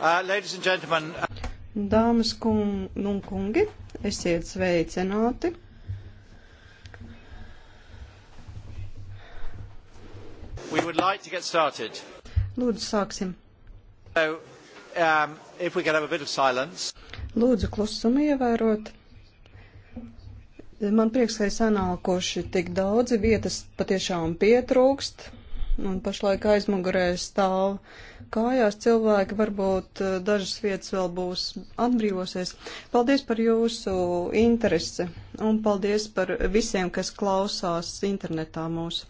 Uh, uh, Dāmas kung, un nu, kungi, esiet sveicināti. Like Lūdzu, sāksim. So, um, silence... Lūdzu, klusumu ievērot. Man prieks, ka ir sanākoši tik daudzi vietas patiešām pietrūkst un pašlaik aizmugurē stāv kājās cilvēki, varbūt eh, dažas vietas vēl būs atbrīvosies. Paldies par jūsu interesi un paldies par visiem, kas klausās internetā mūs.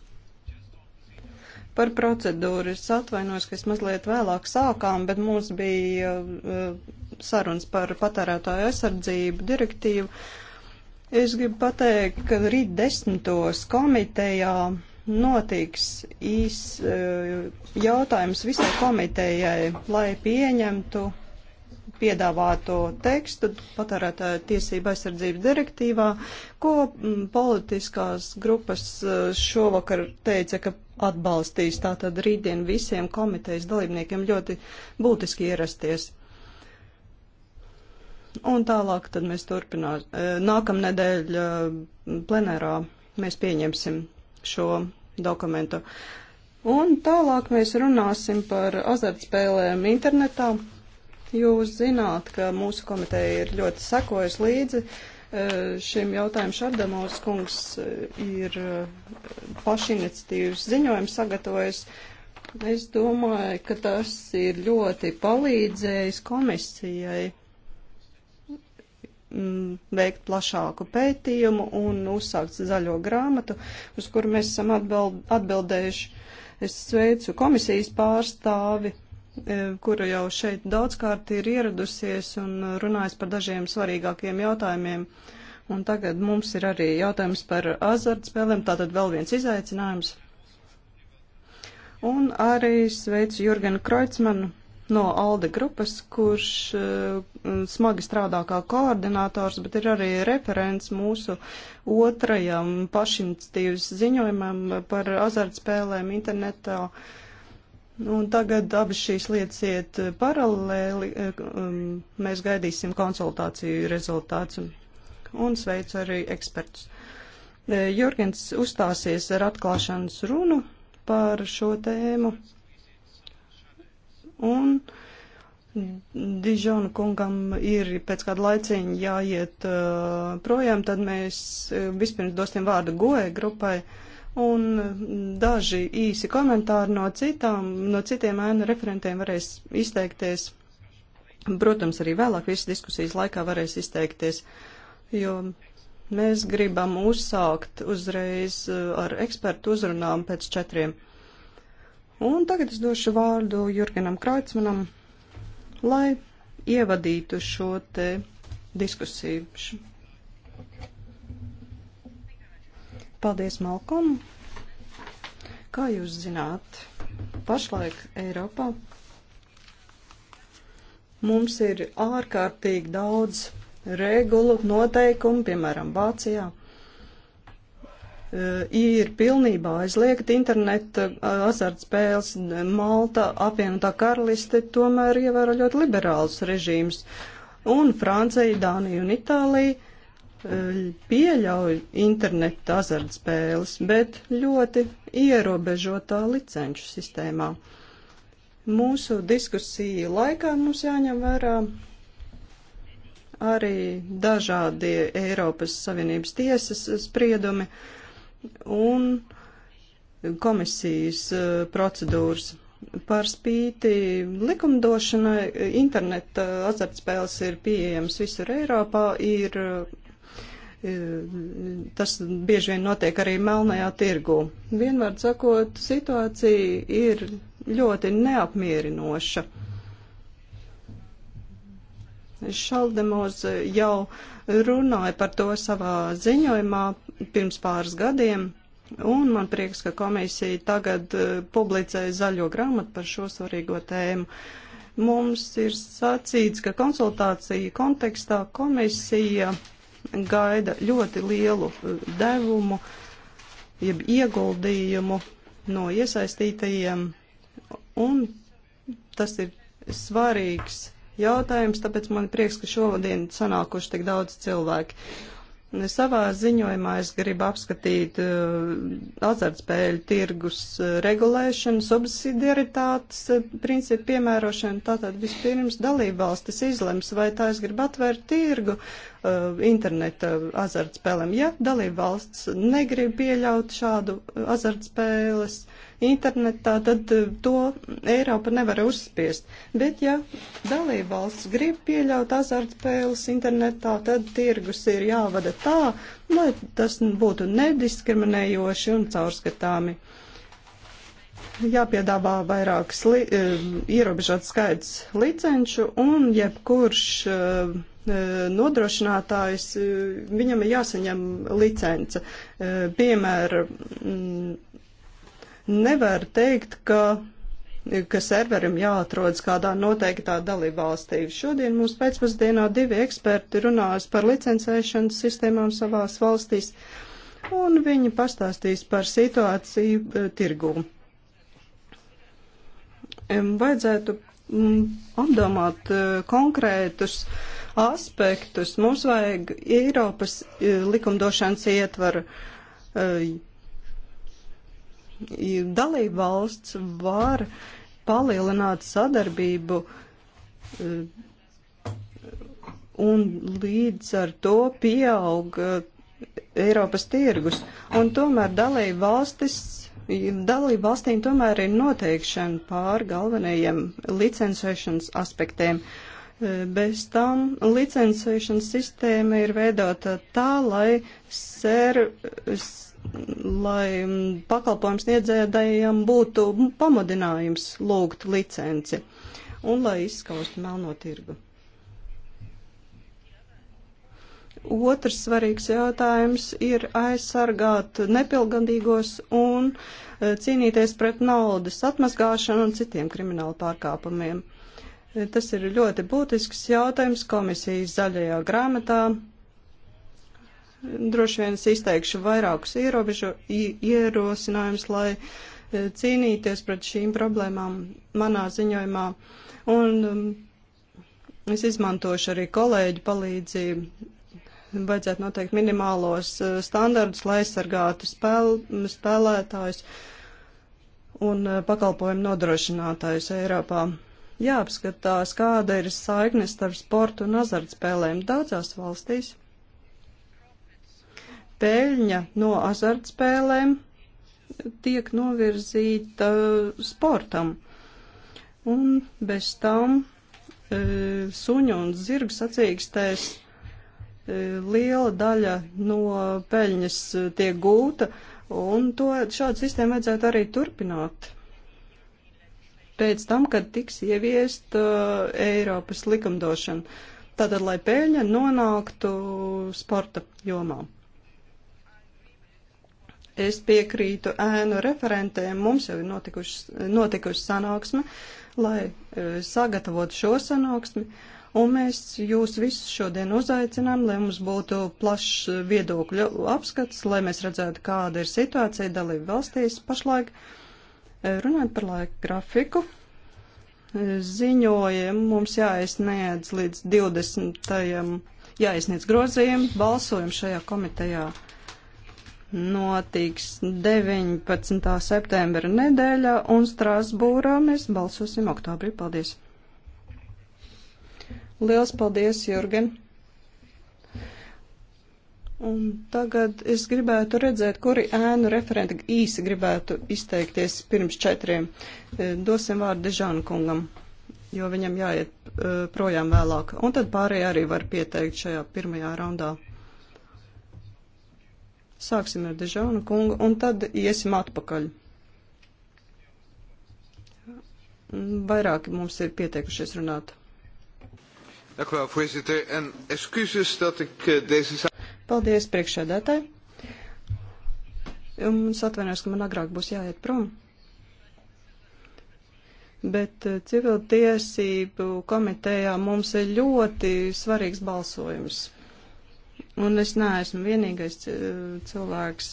Par procedūru es atvainojos, ka es mazliet vēlāk sākām, bet mums bija eh, sarunas par patērētāju aizsardzību direktīvu. Es gribu pateikt, ka rīt desmitos komitejā notiks īs eh, jautājums visai komitejai, lai pieņemtu piedāvāto tekstu patērētāju tiesību aizsardzības direktīvā, ko mm, politiskās grupas eh, šovakar teica, ka atbalstīs. Tātad rītdien visiem komitejas dalībniekiem ļoti būtiski ierasties. Un tālāk tad mēs turpinās. Eh, nākamnedēļ plenērā mēs pieņemsim šo dokumentu. Un tālāk mēs runāsim par azartspēlēm internetā. Jūs zināt, ka mūsu komiteja ir ļoti sekojusi līdzi e, šim jautājumam. Šardamos kungs ir e, pašiniciatīvas ziņojums sagatavojis. Es domāju, ka tas ir ļoti palīdzējis komisijai Mm, veikt plašāku pētījumu un uzsākt zaļo grāmatu, uz kuru mēs esam atbild, atbildējuši. Es sveicu komisijas pārstāvi, e, kura jau šeit daudzkārt ir ieradusies un runājis par dažiem svarīgākiem jautājumiem. Un tagad mums ir arī jautājums par azartspēlēm, tātad vēl viens izaicinājums. Un arī sveicu Jurgenu Kreutzmanu, no ALDE grupas, kurš eh, smagi strādā kā koordinators, bet ir arī referents mūsu otrajam pašinstīvas ziņojumam par azartspēlēm internetā. Un tagad abas šīs lietas iet paralēli. Eh, um, mēs gaidīsim konsultāciju rezultātus un sveicu arī ekspertus. Eh, Jurgens uzstāsies ar atklāšanas runu par šo tēmu un Dižona kungam ir pēc kāda laiciņa jāiet uh, projām, tad mēs uh, vispirms dosim vārdu goe grupai un uh, daži īsi komentāri no, citām, no citiem ēnu referentiem varēs izteikties. Protams, arī vēlāk visas diskusijas laikā varēs izteikties, jo mēs gribam uzsākt uzreiz uh, ar ekspertu uzrunām pēc četriem. Un tagad es došu vārdu Jurgenam Kraucmanam, lai ievadītu šo te diskusiju. Paldies, Malkom! Kā jūs zināt, pašlaik Eiropā mums ir ārkārtīgi daudz regulu noteikumu, piemēram, Vācijā ir pilnībā aizliegta interneta azartspēles. Malta, apvienotā karaliste tomēr ievēro ļoti liberālus režīmus. Un Francija, Dānija un Itālija pieļauj interneta azartspēles, bet ļoti ierobežotā licenču sistēmā. Mūsu diskusiju laikā mums jāņem vērā arī dažādi Eiropas Savienības tiesas spriedumi. Uh, un komisijas e, procedūras. Par spīti likumdošanai interneta azartspēles ir pieejams visur Eiropā, ir e, tas bieži vien notiek arī melnajā tirgu. Vienvārds sakot, situācija ir ļoti neapmierinoša. Šaldemoz jau runāja par to savā ziņojumā pirms pāris gadiem, un man prieks, ka komisija tagad eh, publicē zaļo grāmatu par šo svarīgo tēmu. Mums ir sacīts, ka konsultāciju kontekstā komisija gaida ļoti lielu eh, devumu, jeb ieguldījumu no iesaistītajiem, un tas ir svarīgs jautājums, tāpēc man prieks, ka šovadien sanākuši tik daudz cilvēki. Savā ziņojumā es gribu apskatīt uh, azartspēļu tirgus uh, regulēšanu, subsidiaritātes uh, principu piemērošanu. Tātad vispirms dalībvalstis izlems, vai tās grib atvērt tirgu uh, interneta azartspēlēm. Ja dalībvalsts negrib pieļaut šādu uh, azartspēles, uh, internetā, tad eh, to Eiropa nevar uzspiest. Bet, ja dalībvalsts grib pieļaut azartspēles internetā, tad tirgus ir jāvada tā, lai tas būtu nediskriminējoši un caurskatāmi jāpiedāvā vairāks li, eh, ierobežots skaits licenču un jebkurš eh, nodrošinātājs, viņam ir jāsaņem licence. Piemēram, mm, Nevar teikt, ka ka serverim jāatrodas kādā noteiktā dalībvalstī. Šodien mums pēcpusdienā divi eksperti runās par licencēšanas sistēmām savās valstīs, un viņi pastāstīs par situāciju eh, tirgū. Vajadzētu mm, apdomāt eh, konkrētus aspektus. Mums vajag Eiropas eh, likumdošanas ietvaru dalība valsts var palielināt sadarbību eh, un līdz ar to pieaug eh, Eiropas tirgus. Un tomēr dalība valstis. Dalība valstīm tomēr ir noteikšana pār galvenajiem licencēšanas aspektiem. Eh, bez tam licencēšanas sistēma ir veidota tā, lai ser, lai mm, pakalpojums niedzēdējiem būtu pamudinājums lūgt licenci un lai izskaustu melno tirgu. Otrs svarīgs jautājums ir aizsargāt nepilgandīgos un e, cīnīties pret naudas atmazgāšanu un citiem kriminālu pārkāpumiem. E, tas ir ļoti būtisks jautājums komisijas zaļajā grāmatā, Droši vien es izteikšu vairākus ierobežo, ierosinājumus, lai e, cīnīties pret šīm problēmām manā ziņojumā. Un um, es izmantošu arī kolēģu palīdzību. Vajadzētu noteikti minimālos e, standardus, lai aizsargātu spēl, spēlētājus un e, pakalpojumu nodrošinātājus Eiropā jāapskatās, kāda ir saikne starp sportu un azartspēlēm daudzās valstīs. Pēļņa no azartspēlēm tiek novirzīta sportam. Un bez tam e, suņu un zirgu sacīkstēs e, liela daļa no peļņas e, tiek gūta, un to šādu sistēmu vajadzētu arī turpināt. Pēc tam, kad tiks ieviest e, Eiropas likumdošana, tātad, lai peļņa nonāktu sporta jomām. Es piekrītu ēnu referentēm, mums jau ir notikuši, notikuši sanāksme, lai e, sagatavotu šo sanāksmi, un mēs jūs visus šodien uzaicinām, lai mums būtu plašs viedokļu apskats, lai mēs redzētu, kāda ir situācija dalību valstīs pašlaik. E, runājot par laika grafiku, e, ziņojumi mums jāiesniedz līdz 20. jāiesniedz grozījumi, balsojumi šajā komitejā notiks 19. septembra nedēļā un Strasbūrā mēs balsosim oktobrī. Paldies! Liels paldies, Jurgen! Un tagad es gribētu redzēt, kuri ēnu referenti īsi gribētu izteikties pirms četriem. E, dosim vārdu Dežānu kungam, jo viņam jāiet e, projām vēlāk. Un tad pārējie arī var pieteikt šajā pirmajā raundā. Sāksim ar Dežānu kungu un tad iesim atpakaļ. Vairāki mums ir pieteikušies runāt. Eh, Paldies priekšēdētāji. Jums atvainojos, ka man agrāk būs jāiet prom. Bet eh, civiltiesību komitejā mums ir ļoti svarīgs balsojums. Un es neesmu vienīgais cilvēks.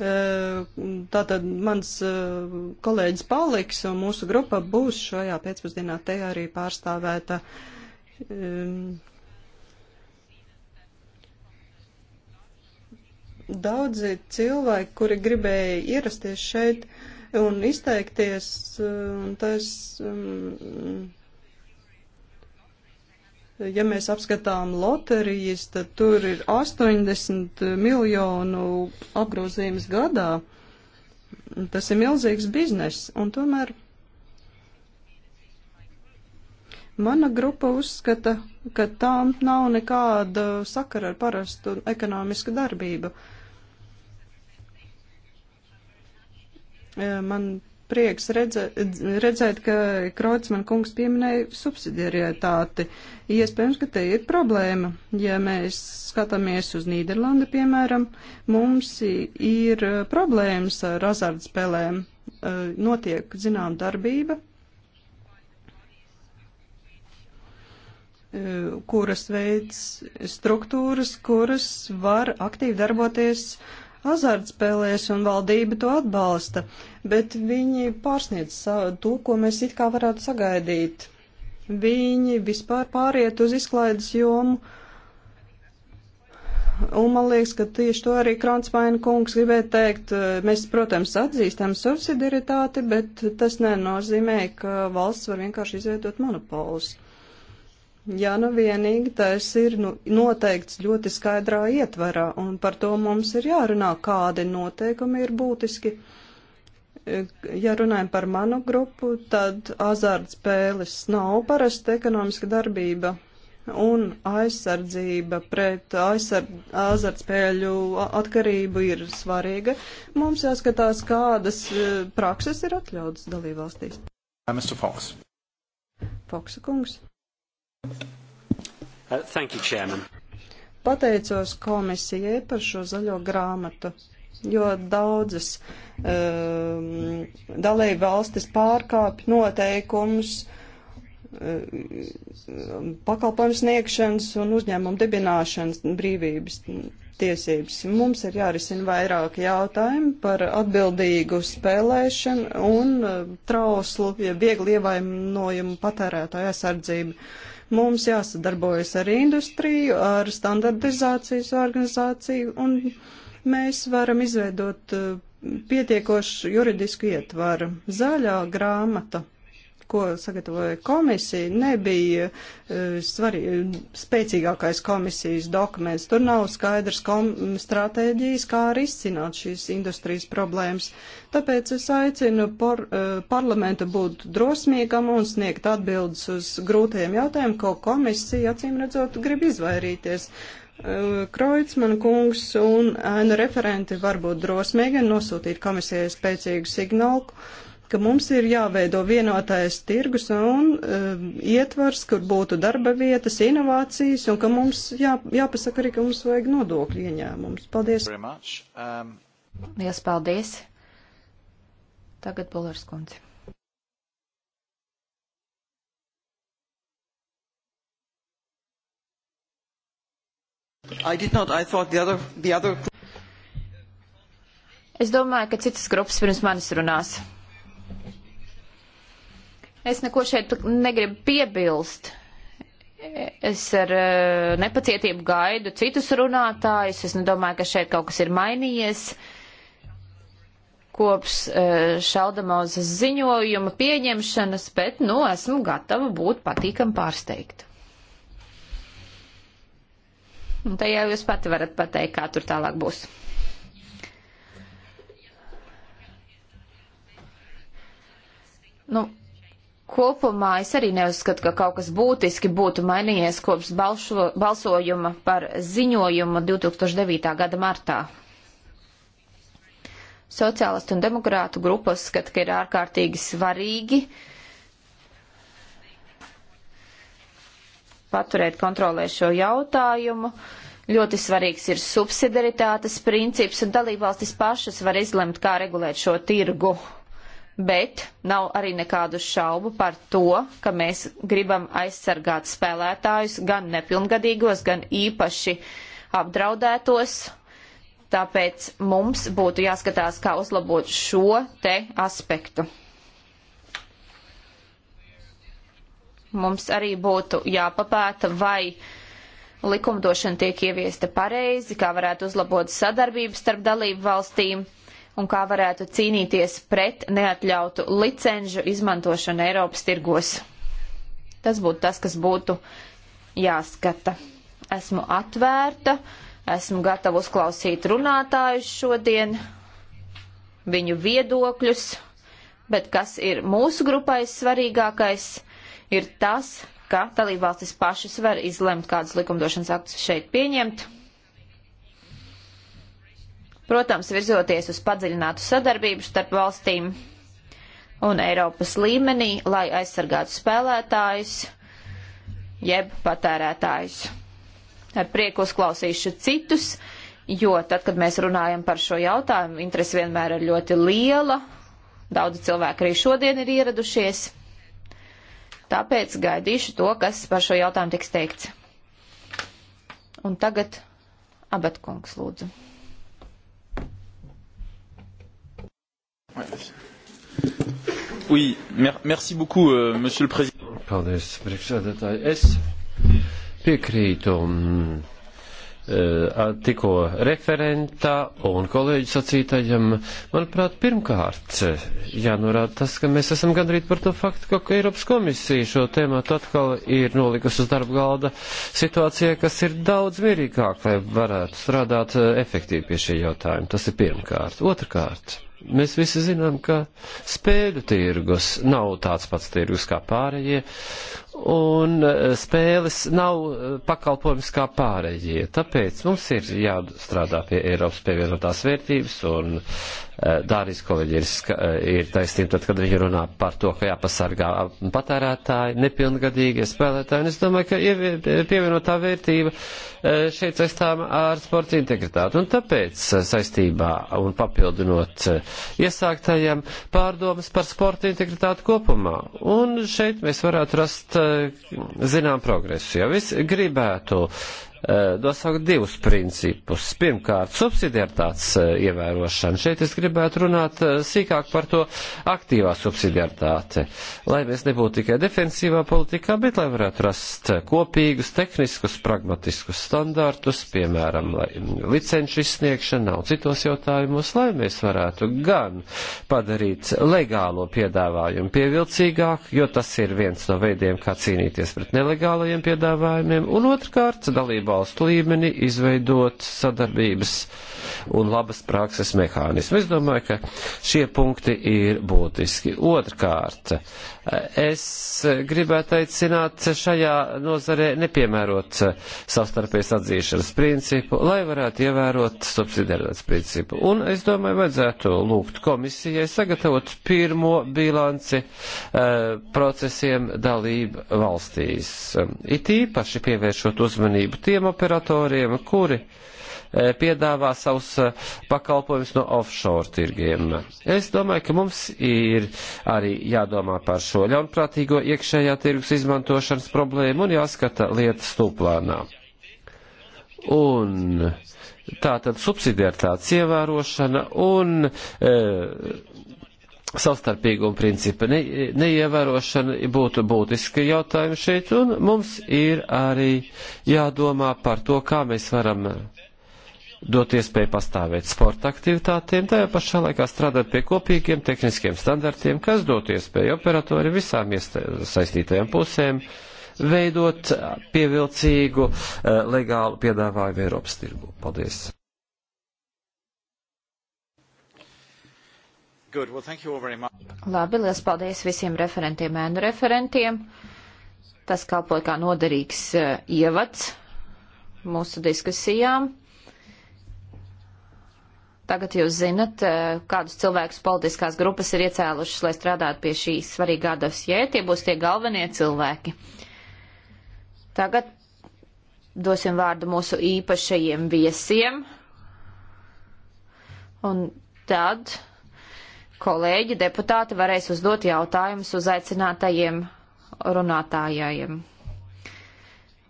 Eh, tātad mans eh, kolēģis paliks un mūsu grupa būs šajā pēcpusdienā te arī pārstāvēta. Eh, daudzi cilvēki, kuri gribēja ierasties šeit un izteikties, un tas. Um, ja mēs apskatām loterijas, tad tur ir 80 miljonu apgrozījums gadā. Tas ir milzīgs bizness, un tomēr mana grupa uzskata, ka tām nav nekāda sakara ar parastu ekonomisku darbību. Eh, man prieks redze, redzēt, ka Kreutzmann kungs pieminēja subsidiarietāti. Iespējams, ka te ir problēma. Ja mēs skatāmies uz Nīderlandi, piemēram, mums ir problēmas ar azartspēlēm. E, notiek, zinām, darbība, e, kuras veids struktūras, kuras var aktīvi darboties uh, azartspēlēs un valdība to atbalsta, bet viņi pārsniedz to, ko mēs it kā varētu sagaidīt. Viņi vispār pāriet uz izklaides jomu, un man liekas, ka tieši to arī Kronsmaina kungs gribēja teikt. Mēs, protams, atzīstam subsidiaritāti, bet tas nenozīmē, ka valsts var vienkārši izveidot monopolus. Ja nu vienīgi tas ir nu, noteikts ļoti skaidrā ietvarā, un par to mums ir jārunā, kādi noteikumi ir būtiski. E, ja runājam par manu grupu, tad azartspēles nav parasta ekonomiska darbība un aizsardzība pret aizsard, azartspēļu atkarību ir svarīga. Mums jāskatās, kādas e, prakses ir atļautas dalībvalstīs. Mr. Fox. Foksa kungs. Uh, thank you, Chairman. Pateicos komisijai par šo zaļo grāmatu, jo daudzas um, dalība valstis pārkāpj noteikumus um, pakalpojums sniegšanas un uzņēmumu dibināšanas brīvības tiesības. Mums ir jārisina vairāki jautājumi par atbildīgu spēlēšanu un uh, trauslu, ja viegli ievainojumu patērētāju aizsardzību. Uh, Mums jāsadarbojas ar industriju, ar standartizācijas organizāciju, un mēs varam izveidot uh, pietiekošu juridisku ietvaru. Zaļā grāmata ko sagatavoja komisija, nebija e, svarī, spēcīgākais komisijas dokuments. Tur nav skaidrs kom, stratēģijas, kā arī izcināt šīs industrijas problēmas. Tāpēc es aicinu por, e, parlamentu būt drosmīgam un sniegt atbildes uz grūtajiem jautājumiem, ko komisija acīm redzot grib izvairīties. E, Kreutzmann kungs un ēnu referenti varbūt drosmīgi nosūtīt komisijai spēcīgu signālu ka mums ir jāveido vienotais tirgus un uh, ietvars, kur būtu darba vietas, inovācijas, un ka mums jā, jāpasaka arī, ka mums vajag nodokļu ieņēmumus. Paldies! Um... Lielas paldies! Tagad Bulārs kundze. I did not, I thought the other, the other... Es domāju, ka citas grupas pirms manis runās. Es neko šeit negribu piebilst. Es ar eh, nepacietību gaidu citus runātājus. Es nedomāju, ka šeit kaut kas ir mainījies kopš eh, šaudamauzas ziņojuma pieņemšanas, bet, nu, esmu gatava būt patīkam pārsteigta. Un tajā jūs pati varat pateikt, kā tur tālāk būs. Nu, Kopumā es arī neuzskatu, ka kaut kas būtiski būtu mainījies kopš balšo, balsojuma par ziņojumu 2009. gada martā. Sociālistu un demokrātu grupas skata, ka ir ārkārtīgi svarīgi paturēt kontrolē šo jautājumu. Ļoti svarīgs ir subsidiaritātes princips, un dalībvalstis pašas var izlemt, kā regulēt šo tirgu bet nav arī nekādu šaubu par to, ka mēs gribam aizsargāt spēlētājus gan nepilngadīgos, gan īpaši apdraudētos. Tāpēc mums būtu jāskatās, kā uzlabot šo te aspektu. Mums arī būtu jāpapēta, vai likumdošana tiek ieviesta pareizi, kā varētu uzlabot sadarbību starp dalību valstīm un kā varētu cīnīties pret neatļautu licenžu izmantošanu Eiropas tirgos. Tas būtu tas, kas būtu jāskata. Esmu atvērta, esmu gatava uzklausīt runātājus šodien, viņu viedokļus, bet kas ir mūsu grupai svarīgākais, ir tas, ka dalībvalstis pašas var izlemt, kādus likumdošanas aktus šeit pieņemt Protams, virzoties uz padziļinātu sadarbību starp valstīm un Eiropas līmenī, lai aizsargātu spēlētājus jeb patērētājus. Ar prieku uzklausīšu citus, jo tad, kad mēs runājam par šo jautājumu, interesi vienmēr ir ļoti liela. Daudzi cilvēki arī šodien ir ieradušies. Tāpēc gaidīšu to, kas par šo jautājumu tiks teikts. Un tagad abatkungs lūdzu. Oui, mer merci beaucoup, euh, monsieur le président. Paldies, priekšsēdētāji. Es piekrītu um, tikko referentā un kolēģi sacītajam. Manuprāt, pirmkārt, jānorāda nu, tas, ka mēs esam gandrīz par to faktu, ka Eiropas komisija šo tēmātu atkal ir nolikusi uz darba galda situācijā, kas ir daudz mierīgāk, lai varētu strādāt uh, efektīvi pie šī jautājuma. Tas ir pirmkārt. Otrkārt. Mēs visi zinām, ka spēļu tirgus nav tāds pats tirgus kā pārējie, un e, spēles nav e, pakalpojums kā pārējie. Tāpēc mums ir jāstrādā pie Eiropas pievienotās vērtības, un e, Dārijas kolēģi ir, ir taisnība tad, kad viņi runā par to, ka jāpasargā patērētāji, nepilngadīgie spēlētāji, un es domāju, ka pievienotā vērtība šeit saistām ar sporta integritāti, un tāpēc saistībā un papildinot iesāktajam pārdomas par sporta integritāti kopumā, un šeit mēs varētu rast zinām progresu. Ja es gribētu uh, nosaukt eh, divus principus. Pirmkārt, subsidiartāts eh, ievērošana. Šeit es gribētu runāt eh, sīkāk par to aktīvā subsidiartāte, lai mēs nebūtu tikai defensīvā politikā, bet lai varētu rast kopīgus, tehniskus, pragmatiskus standārtus, piemēram, licenšu izsniegšanā un citos jautājumos, lai mēs varētu gan padarīt legālo piedāvājumu pievilcīgāk, jo tas ir viens no veidiem, kā cīnīties pret nelegālajiem piedāvājumiem, un otrkārt, dalība valstu līmeni izveidot sadarbības un labas prakses mehānismu. Es domāju, ka šie punkti ir būtiski. Otrkārt, Es gribētu aicināt šajā nozarē nepiemērot savstarpējas atzīšanas principu, lai varētu ievērot subsidiaritātes principu. Un es domāju, vajadzētu lūgt komisijai sagatavot pirmo bilanci uh, procesiem dalību valstīs. It īpaši pievēršot uzmanību tiem operatoriem, kuri uh, E, piedāvā savus e, pakalpojumus no offshore tirgiem. Es domāju, ka mums ir arī jādomā par šo ļaunprātīgo iekšējā tirgus izmantošanas problēmu un jāskata lietas stūplānā. Un tātad subsidiartāts ievērošana un e, savstarpīguma principa ne, neievērošana būtu būtiski jautājumi šeit, un mums ir arī jādomā par to, kā mēs varam dot iespēju pastāvēt sporta aktivitātiem, tajā pašā laikā strādāt pie kopīgiem tehniskiem standartiem, kas dot iespēju operatoriem visām iesaistītajām pusēm veidot pievilcīgu eh, legālu piedāvājumu Eiropas tirgu. Paldies! Good. Well, thank you all very much. Labi, liels paldies visiem referentiem, ēnu referentiem. Tas kalpoja kā noderīgs uh, ievads mūsu diskusijām. Tagad jūs zinat, eh, kādus cilvēkus politiskās grupas ir iecēlušas, lai strādātu pie šīs svarīgā dosjē. Tie būs tie galvenie cilvēki. Tagad dosim vārdu mūsu īpašajiem viesiem. Un tad kolēģi deputāti varēs uzdot jautājumus uz aicinātajiem runātājiem.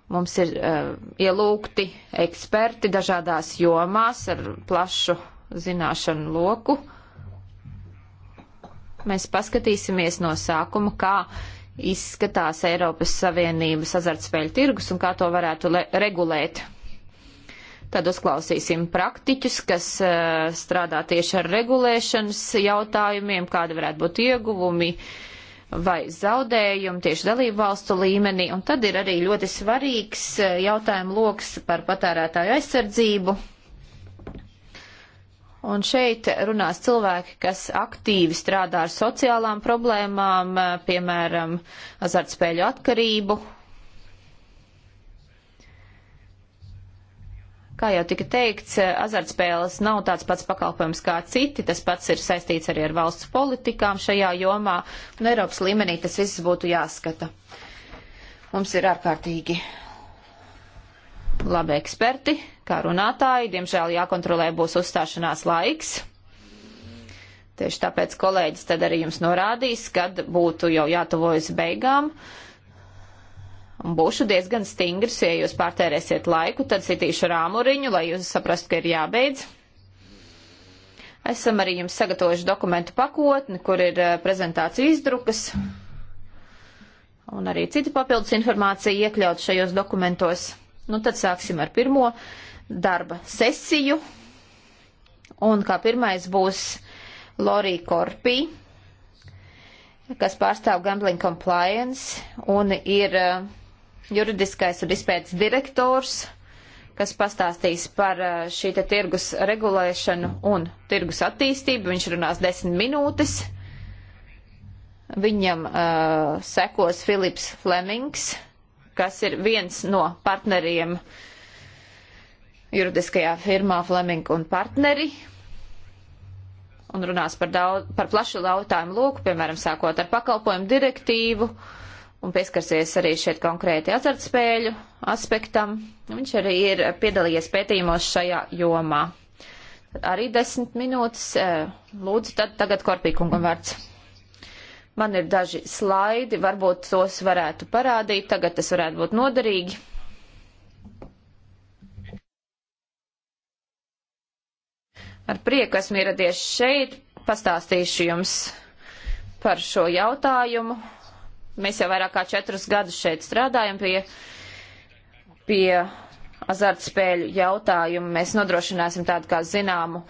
Mums ir uh, ielūgti eksperti dažādās jomās ar plašu zināšanu loku. Mēs paskatīsimies no sākuma, kā izskatās Eiropas Savienības azartspēļu tirgus un kā to varētu regulēt. Tad uzklausīsim praktiķus, kas uh, strādā tieši ar regulēšanas jautājumiem, kāda varētu būt ieguvumi vai zaudējumi tieši dalību valstu līmenī. Un tad ir arī ļoti svarīgs eh, jautājums loks par patērētāju aizsardzību Un šeit runās cilvēki, kas aktīvi strādā ar sociālām problēmām, eh, piemēram, azartspēļu atkarību. Kā jau tika teikts, eh, azartspēles nav tāds pats pakalpojums kā citi, tas pats ir saistīts arī ar valsts politikām šajā jomā, un Eiropas līmenī tas viss būtu jāskata. Mums ir ārkārtīgi labi eksperti, kā runātāji. Diemžēl jākontrolē būs uzstāšanās laiks. Tieši tāpēc kolēģis tad arī jums norādīs, kad būtu jau jātuvojas beigām. Un būšu diezgan stingrs, ja jūs pārtērēsiet laiku, tad sitīšu rāmuriņu, lai jūs saprastu, ka ir jābeidz. Esam arī jums sagatavojuši dokumentu pakotni, kur ir eh, prezentāciju izdrukas un arī cita papildus informācija iekļaut šajos dokumentos. Nu, tad sāksim ar pirmo. Uh, darba sesiju. Un kā pirmais būs Lorija Korpī, kas pārstāv Gambling Compliance un ir uh, juridiskais un izpētes direktors, kas pastāstīs par uh, šī te tirgus regulēšanu un tirgus attīstību. Viņš runās desmit minūtes. Viņam uh, sekos Filips Flemings, kas ir viens no partneriem uh, juridiskajā firmā Fleming un partneri un runās par, daudz, par plašu jautājumu loku, piemēram, sākot ar pakalpojumu direktīvu un pieskarsies arī šeit konkrēti azartspēļu aspektam. Viņš arī ir piedalījies pētījumos šajā jomā. Arī desmit minūtes. Eh, lūdzu, tad tagad Korpīkungam vārds. Man ir daži slaidi, varbūt tos varētu parādīt, tagad tas varētu būt noderīgi. Ar prieku esmu ieradies šeit, pastāstīšu jums par šo jautājumu. Mēs jau vairāk kā četrus gadus šeit strādājam pie, pie azartspēļu jautājumu. Mēs nodrošināsim tādu kā zināmu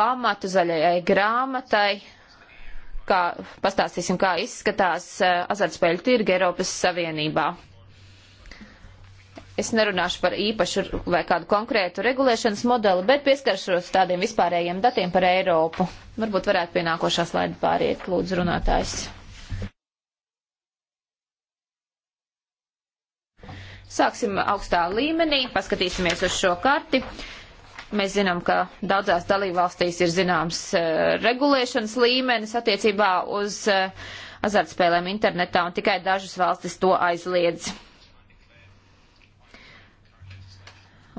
pamatu zaļajai grāmatai, kā pastāstīsim, kā izskatās eh, azartspēļu tirgi Eiropas Savienībā. Es nerunāšu par īpašu vai kādu konkrētu regulēšanas modeli, bet pieskaršos tādiem vispārējiem datiem par Eiropu. Varbūt varētu pienākošā slaida pāriet, lūdzu, runātājs. Sāksim augstā līmenī, paskatīsimies uz šo karti. Mēs zinām, ka daudzās dalībvalstīs ir zināms e, regulēšanas līmenis attiecībā uz e, azartspēlēm internetā, un tikai dažas valstis to aizliedz.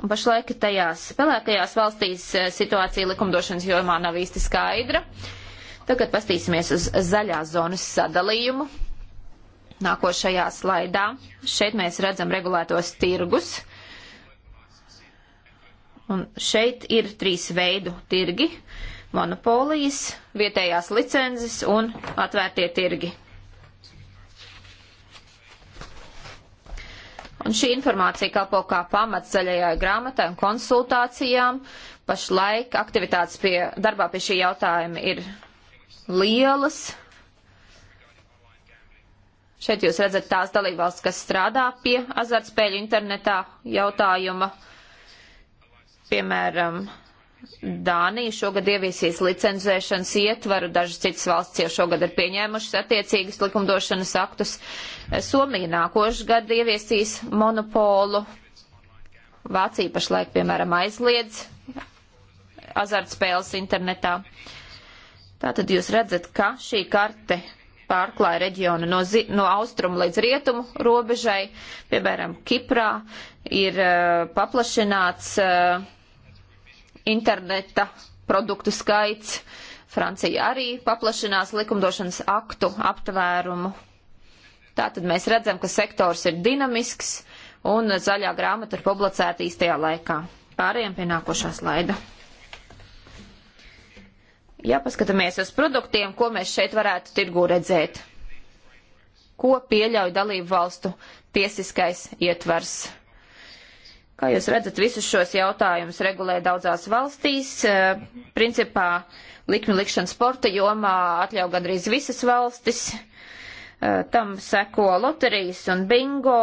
Un pašlaik tajās spēlētajās valstīs eh, situācija likumdošanas jomā nav īsti skaidra. Tagad pastīsimies uz zaļās zonas sadalījumu. Nākošajā slaidā šeit mēs redzam regulētos tirgus. Un šeit ir trīs veidu tirgi - monopolijas, vietējās licences un atvērtie tirgi. Un šī informācija kalpo kā pamats zaļajai grāmatai un konsultācijām. Pašlaik aktivitātes pie, darbā pie šī jautājuma ir lielas. Šeit jūs redzat tās dalībvalsts, kas strādā pie azartspēļu internetā jautājuma. Piemēram, Dānija šogad ieviesīs licenzēšanas ietvaru, dažas citas valsts jau šogad ir pieņēmušas attiecīgas likumdošanas aktus. Eh, Somija nākošu gadu ieviesīs monopolu. Vācija pašlaik, piemēram, aizliedz azartspēles internetā. Tātad jūs redzat, ka šī karte pārklāja reģionu no, zi, no austrumu līdz rietumu robežai. Piemēram, Kiprā ir uh, paplašināts. Uh, interneta produktu skaits. Francija arī paplašinās likumdošanas aktu aptvērumu. Tātad mēs redzam, ka sektors ir dinamisks un zaļā grāmata ir publicēta īstajā laikā. Pārējiem pie nākošā slaida. Ja paskatāmies uz produktiem, ko mēs šeit varētu tirgū redzēt, ko pieļauj dalību valstu tiesiskais ietvers Kā jūs redzat, visus šos jautājumus regulē daudzās valstīs. Eh, principā likmi likšana sporta jomā atļauj gandrīz visas valstis. Eh, tam seko loterijas un bingo.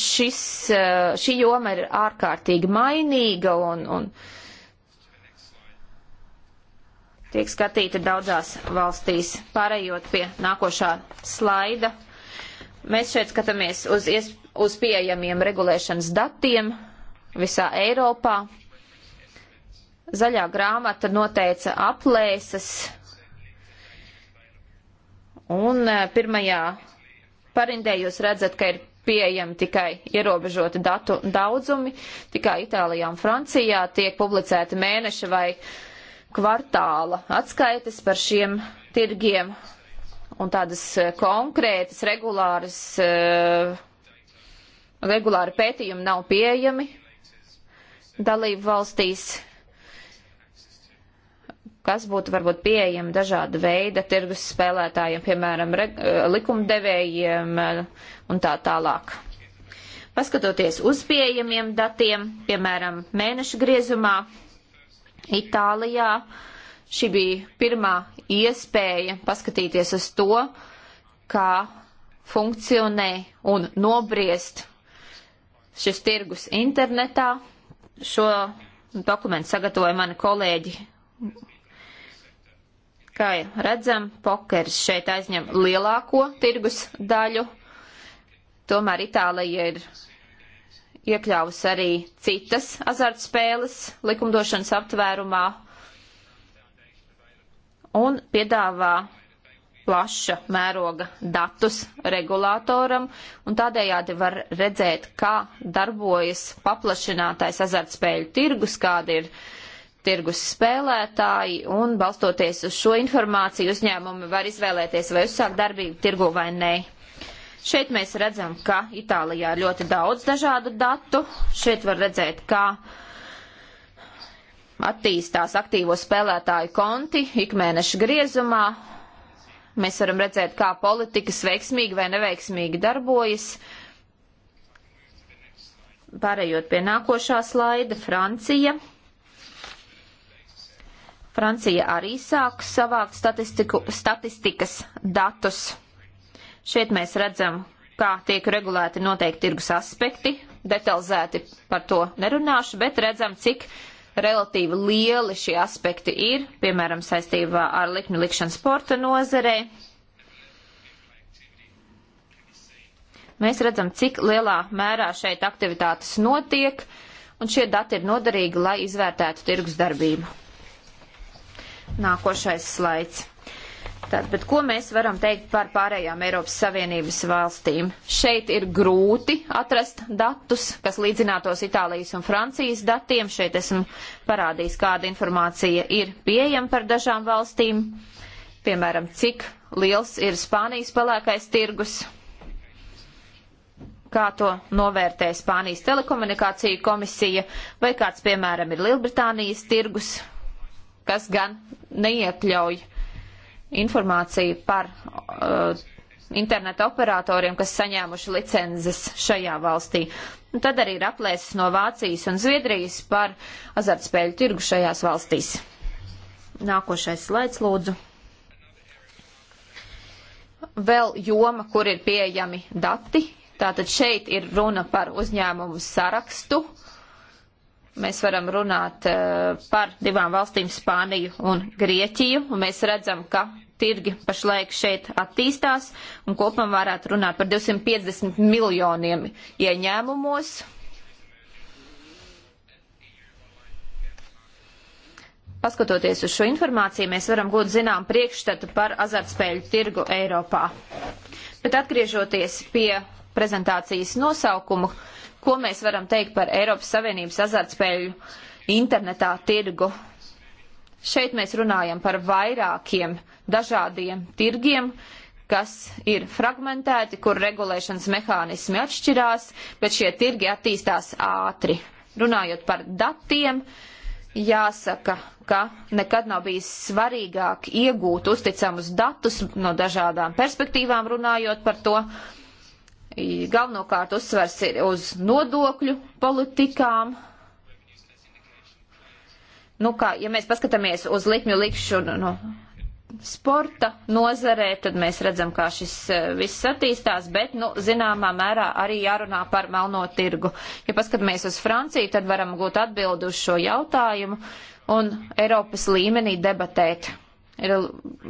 Šis, eh, šī joma ir ārkārtīgi mainīga un, un tiek skatīta daudzās valstīs. Pārējot pie nākošā slaida. Mēs šeit skatāmies uz, ies, uz pieejamiem regulēšanas datiem visā Eiropā. Zaļā grāmata noteica aplēses, un eh, pirmajā parindē jūs redzat, ka ir pieejami tikai ierobežoti datu daudzumi. Tikai Itālijā un Francijā tiek publicēti mēneša vai kvartāla atskaites par šiem tirgiem un tādas eh, konkrētas, regulāras, eh, regulāri pētījumi nav pieejami dalību valstīs, kas būtu varbūt pieejami dažāda veida tirgus spēlētājiem, piemēram, re, eh, likumdevējiem un tā tālāk. Paskatoties uz pieejamiem datiem, piemēram, mēneša griezumā, Itālijā, uh, Šī bija pirmā iespēja paskatīties uz to, kā funkcionē un nobriest šis tirgus internetā. Šo dokumentu sagatavoja mani kolēģi kā redzam, pokers šeit aizņem lielāko tirgus daļu. Tomēr Itālija ir iekļāvusi arī citas azartspēles likumdošanas aptvērumā, un piedāvā plaša mēroga datus regulātoram, un tādējādi var redzēt, kā darbojas paplašinātais azartspēļu tirgus, kādi ir tirgus spēlētāji, un balstoties uz šo informāciju uzņēmumi var izvēlēties, vai uzsākt darbību tirgu vai nē. Šeit mēs redzam, ka Itālijā ir ļoti daudz dažādu datu. Šeit var redzēt, kā uh, attīstās aktīvo spēlētāju konti ikmēneša griezumā. Mēs varam redzēt, kā politikas veiksmīgi vai neveiksmīgi darbojas. Pārējot pie nākošā slaida, Francija. Francija arī sāk savākt statistikas datus. Šeit mēs redzam, kā tiek regulēti noteikti tirgus aspekti. Detalizēti par to nerunāšu, bet redzam, cik uh, relatīvi lieli šie aspekti ir, piemēram, saistībā ar likmi likšanu sporta nozarē. Mēs redzam, cik lielā mērā šeit aktivitātes notiek, un šie dati ir noderīgi, lai izvērtētu tirgus darbību. Nākošais slaids. Tad, bet ko mēs varam teikt par pārējām Eiropas Savienības valstīm? Šeit ir grūti atrast datus, kas līdzinātos Itālijas un Francijas datiem. Šeit esmu parādījis, kāda informācija ir pieejama par dažām valstīm. Piemēram, cik liels ir Spānijas pelēkais tirgus, kā to novērtē Spānijas telekomunikāciju komisija, vai kāds, piemēram, ir Lielbritānijas tirgus, kas gan neiekļauj informāciju par uh, interneta operatoriem, kas saņēmuši licences šajā valstī. Un tad arī ir aplēses no Vācijas un Zviedrijas par azartspēļu tirgu šajās valstīs. Nākošais slaids lūdzu. Vēl joma, kur ir pieejami dati. Tātad šeit ir runa par uzņēmumu sarakstu. Uh, mēs varam runāt eh, par divām valstīm Spāniju un Grieķiju, un mēs redzam, ka tirgi pašlaik šeit attīstās, un kopumā varētu runāt par 250 miljoniem ieņēmumos. Paskatoties uz šo informāciju, mēs varam gūt zinām priekšstatu par azartspēļu tirgu Eiropā. Bet atgriežoties pie prezentācijas nosaukumu, uh, ko mēs varam teikt par Eiropas Savienības azartspēļu internetā tirgu. Šeit mēs runājam par vairākiem dažādiem tirgiem, kas ir fragmentēti, kur regulēšanas mehānismi atšķirās, bet šie tirgi attīstās ātri. Runājot par datiem, jāsaka, ka nekad nav bijis svarīgāk iegūt uzticamus datus no dažādām perspektīvām runājot par to, Galvenokārt uzsvers ir uz nodokļu politikām. Nu, kā, ja mēs paskatāmies uz likmju likšanu nu, sporta nozarē, tad mēs redzam, kā šis e, viss attīstās, bet, nu, zināmā mērā arī jārunā par melno tirgu. Ja paskatāmies uz Franciju, tad varam gūt atbildu uz šo jautājumu un Eiropas līmenī debatēt ir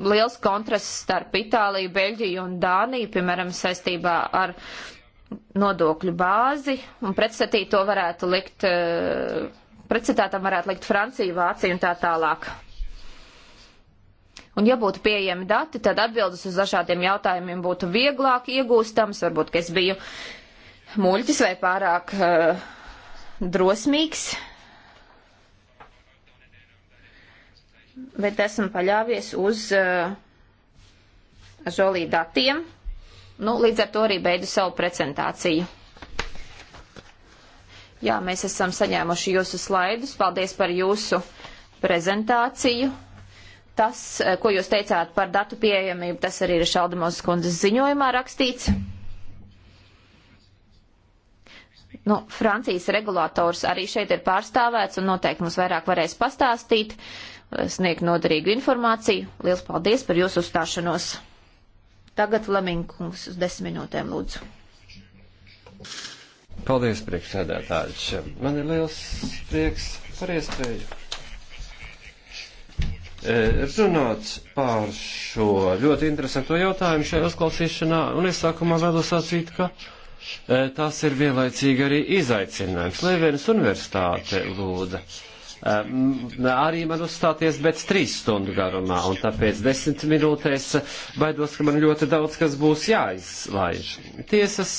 liels kontrasts starp Itāliju, Beļģiju un Dāniju, piemēram, saistībā ar nodokļu bāzi, un pretstatī to varētu likt, eh, pretstatā tam varētu likt Franciju, Vāciju un tā tālāk. Un ja būtu pieejami dati, tad atbildes uz dažādiem jautājumiem būtu vieglāk iegūstams, varbūt, ka es biju muļķis vai pārāk uh, drosmīgs, bet esam paļāvies uz uh, eh, žolī datiem. Nu, līdz ar to arī beidu savu prezentāciju. Jā, mēs esam saņēmuši jūsu slaidus. Paldies par jūsu prezentāciju. Tas, eh, ko jūs teicāt par datu pieejamību, tas arī ir Šaldamos kundzes ziņojumā rakstīts. Nu, Francijas regulators arī šeit ir pārstāvēts un noteikti mums vairāk varēs pastāstīt. Uh, sniegt noderīgu informāciju. Lielas paldies par jūsu uzstāšanos. Tagad Leminkungs uz desmit minūtēm lūdzu. Paldies, priekšsēdētājs. Man ir liels prieks par iespēju e, runāt pār šo ļoti interesanto jautājumu šajā uzklausīšanā, un es sākumā vēlos atzīt, ka e, tas ir vienlaicīgi arī izaicinājums. Lēvienas universitāte lūdza arī man uzstāties, bet trīs stundu garumā, un tāpēc desmit minūtēs baidos, ka man ļoti daudz kas būs jāizlaiž. Tiesas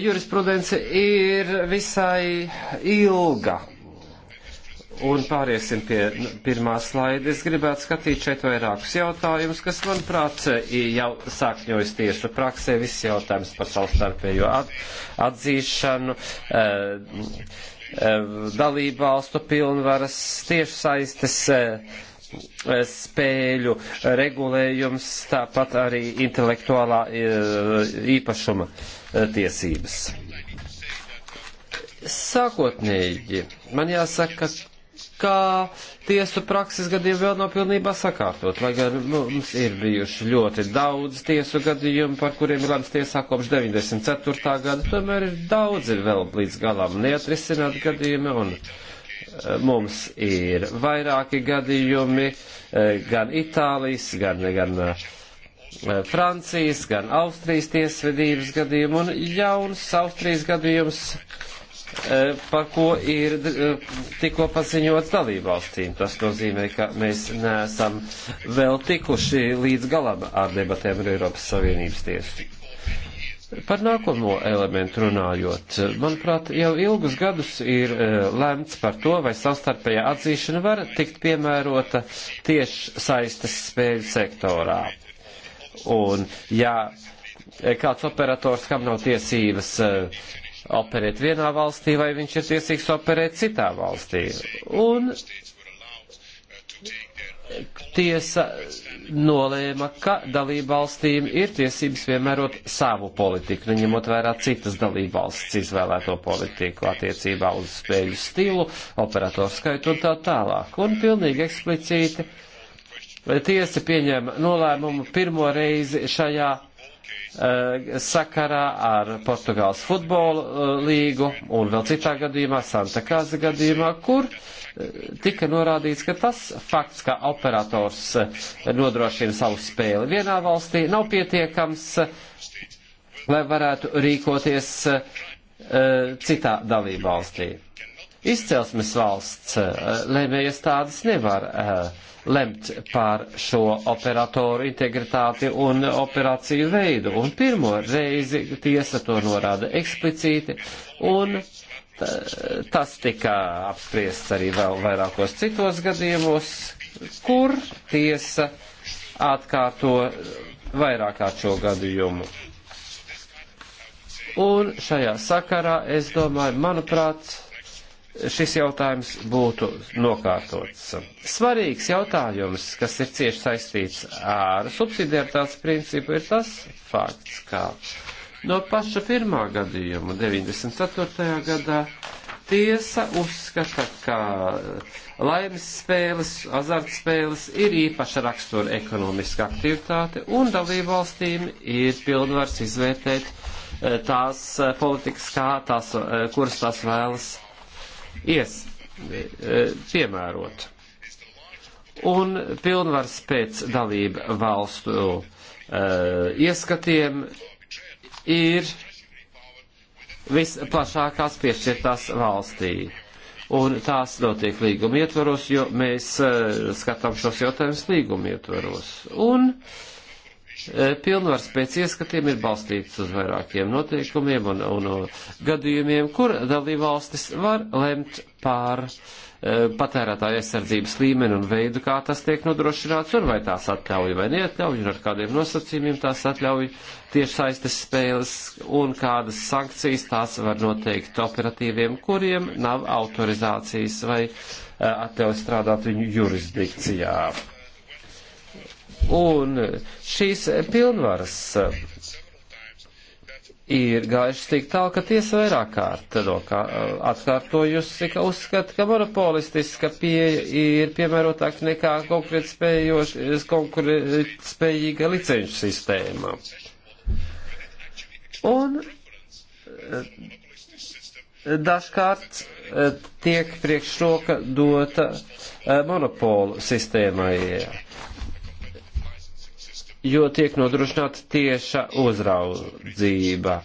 jurisprudence ir visai ilga. Un pāriesim pie pirmā slaida. Es gribētu skatīt šeit vairākus jautājumus, kas, manuprāt, jau sākņojas tiesu praksē. Viss jautājums par savstarpējo atzīšanu. Uh, Eh, dalību valstu pilnvaras tiešsaistes eh, eh, spēļu regulējums, tāpat arī intelektuālā īpašuma tiesības. Sākotnēji man jāsaka, ka tiesu prakses gadījumi vēl nav pilnībā sakārtot, lai gan nu, mums ir bijuši ļoti daudz tiesu gadījumu, par kuriem ir lēmts tiesā kopš 94. gada, tomēr ir daudz ir vēl līdz galam neatrisināt gadījumi un eh, mums ir vairāki gadījumi eh, gan Itālijas, gan, gan eh, Francijas, gan Austrijas tiesvedības gadījumu un jauns Austrijas gadījums E, par ko ir e, tikko paziņots dalībvalstīm. Tas nozīmē, ka mēs neesam vēl tikuši līdz galam ar debatēm ar Eiropas Savienības tiesu. Par nākamo elementu runājot, manuprāt, jau ilgus gadus ir e, lemts par to, vai savstarpējā atzīšana var tikt piemērota tieši saistes spēļu sektorā. Un, ja kāds operators, kam nav tiesības operēt vienā valstī, vai viņš ir tiesīgs operēt citā valstī. Un tiesa nolēma, ka dalībvalstīm ir tiesības piemērot savu politiku, nu, ņemot vērā citas dalībvalsts izvēlēto politiku attiecībā uz spēļu stilu, operatoru skaitu un tā tālāk. Un pilnīgi eksplicīti tiesa pieņēma nolēmumu pirmo reizi šajā Eh, sakarā ar Portugāles futbola eh, līgu un vēl citā gadījumā, Santa Krāza gadījumā, kur eh, tika norādīts, ka tas fakts, ka operators nodrošina savu spēli vienā valstī, nav pietiekams, lai varētu rīkoties citā dalībvalstī izcelsmes valsts eh, lēmējiestādes nevar eh, lemt par šo operatoru integritāti un operāciju veidu. Un pirmo reizi tiesa to norāda eksplicīti, un tas tika apspriests arī vēl vairākos citos gadījumos, kur tiesa atkārto vairākārt šo gadījumu. Un šajā sakarā, es domāju, manuprāt, šis jautājums būtu nokārtots. Svarīgs jautājums, kas ir cieši saistīts ar subsidiaritātes principu, ir tas fakts, ka no paša pirmā gadījuma, 94. gadā, tiesa uzskata, ka laimes spēles, azartspēles ir īpaša rakstura ekonomiska aktivitāte un dalību valstīm ir pilnvars izvērtēt eh, tās eh, politikas, kā tās, eh, kuras tās vēlas ies, piemērot. E, e, Un pilnvars pēc dalību valstu uh, ieskatiem ir visplašākās piešķirtās valstī. Un tās notiek līguma ietvaros, jo mēs uh, skatām šos jautājumus līguma ietvaros. Un uh, Eh, pilnvars pēc ieskatiem ir balstīts uz vairākiem noteikumiem un, un, un gadījumiem, kur dalībvalstis var lemt pār uh, eh, patērētāja aizsardzības līmeni un veidu, kā tas tiek nodrošināts, un vai tās atļauj vai neatļauj, un ar kādiem nosacījumiem tās atļauj tiešsaistes spēles, un kādas sankcijas tās var noteikt operatīviem, kuriem nav autorizācijas vai uh, atļauj strādāt viņu jurisdikcijā. Un šīs pilnvaras ir gājušas tik tālu, ka tiesa vairāk kārt no kā, atkārtojusi, ka uzskata, ka monopolistiska pieeja ir piemērotāk nekā konkurētspējīga licenšu sistēma. Un eh, dažkārt eh, tiek priekšroka dota eh, monopolu sistēmai jo tiek nodrošināta tieša uzraudzība.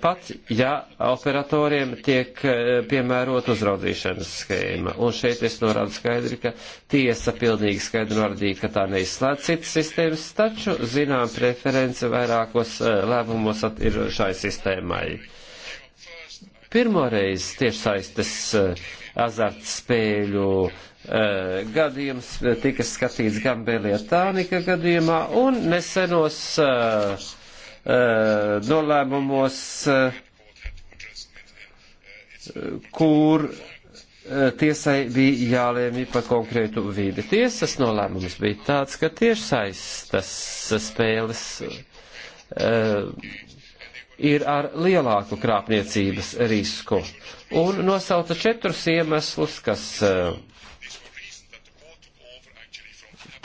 Pat, ja operatoriem tiek eh, piemērot uzraudzīšanas schēma, un šeit es norādu skaidri, ka tiesa pilnīgi skaidri norādīja, ka tā neizslēdz citas sistēmas, taču, zinām, preference vairākos eh, lēmumos ir šai sistēmai. Pirmoreiz tiešsaistes eh, azartspēļu Eh, gadījums tika skatīts gan Belietānika gadījumā un nesenos uh, uh, nolēmumos, uh, kur tiesai bija jālēmj par konkrētu vīdi. Tiesas nolēmums bija tāds, ka tiešsaistas spēles ir ar lielāku krāpniecības risku. Un nosauca četrus iemeslus, kas uh,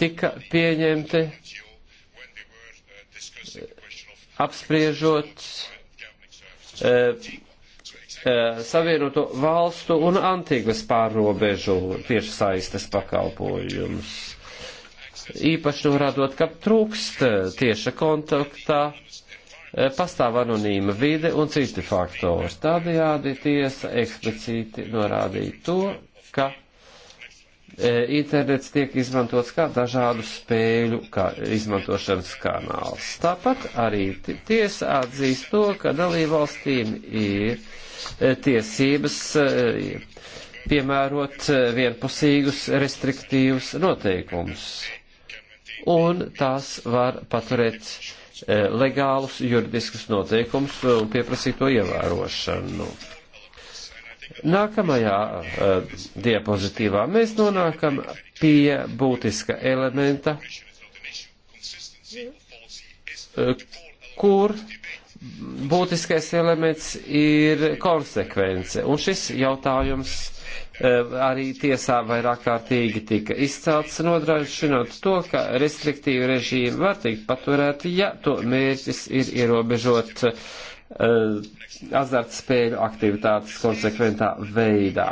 tika pieņemti apspriežot e, e, Savienoto valstu un Antīgas pārrobežu tiešsaistes pakalpojumus. Īpaši norādot, ka trūkst tieša kontaktā, e, pastāv anonīma vide un citi faktori. Tādējādi tiesa eksplicīti norādīja to, ka E, internets tiek izmantots kā dažādu spēļu kā izmantošanas kanāls. Tāpat arī tiesa atzīst to, ka dalībvalstīm ir e, tiesības e, piemērot vienpusīgus restriktīvus noteikumus, un tās var paturēt legālus juridiskus noteikumus un pieprasīt to ievērošanu. Nākamajā uh, diapozitīvā mēs nonākam pie būtiska elementa, uh, kur būtiskais elements ir konsekvence. Un šis jautājums eh, arī tiesā vairāk kārtīgi tika izcelts, nodrošinot to, ka restriktīvi režīmi var tikt paturēti, ja to mērķis ir ierobežot uh, Eh, azartspēļu aktivitātes konsekventā veidā.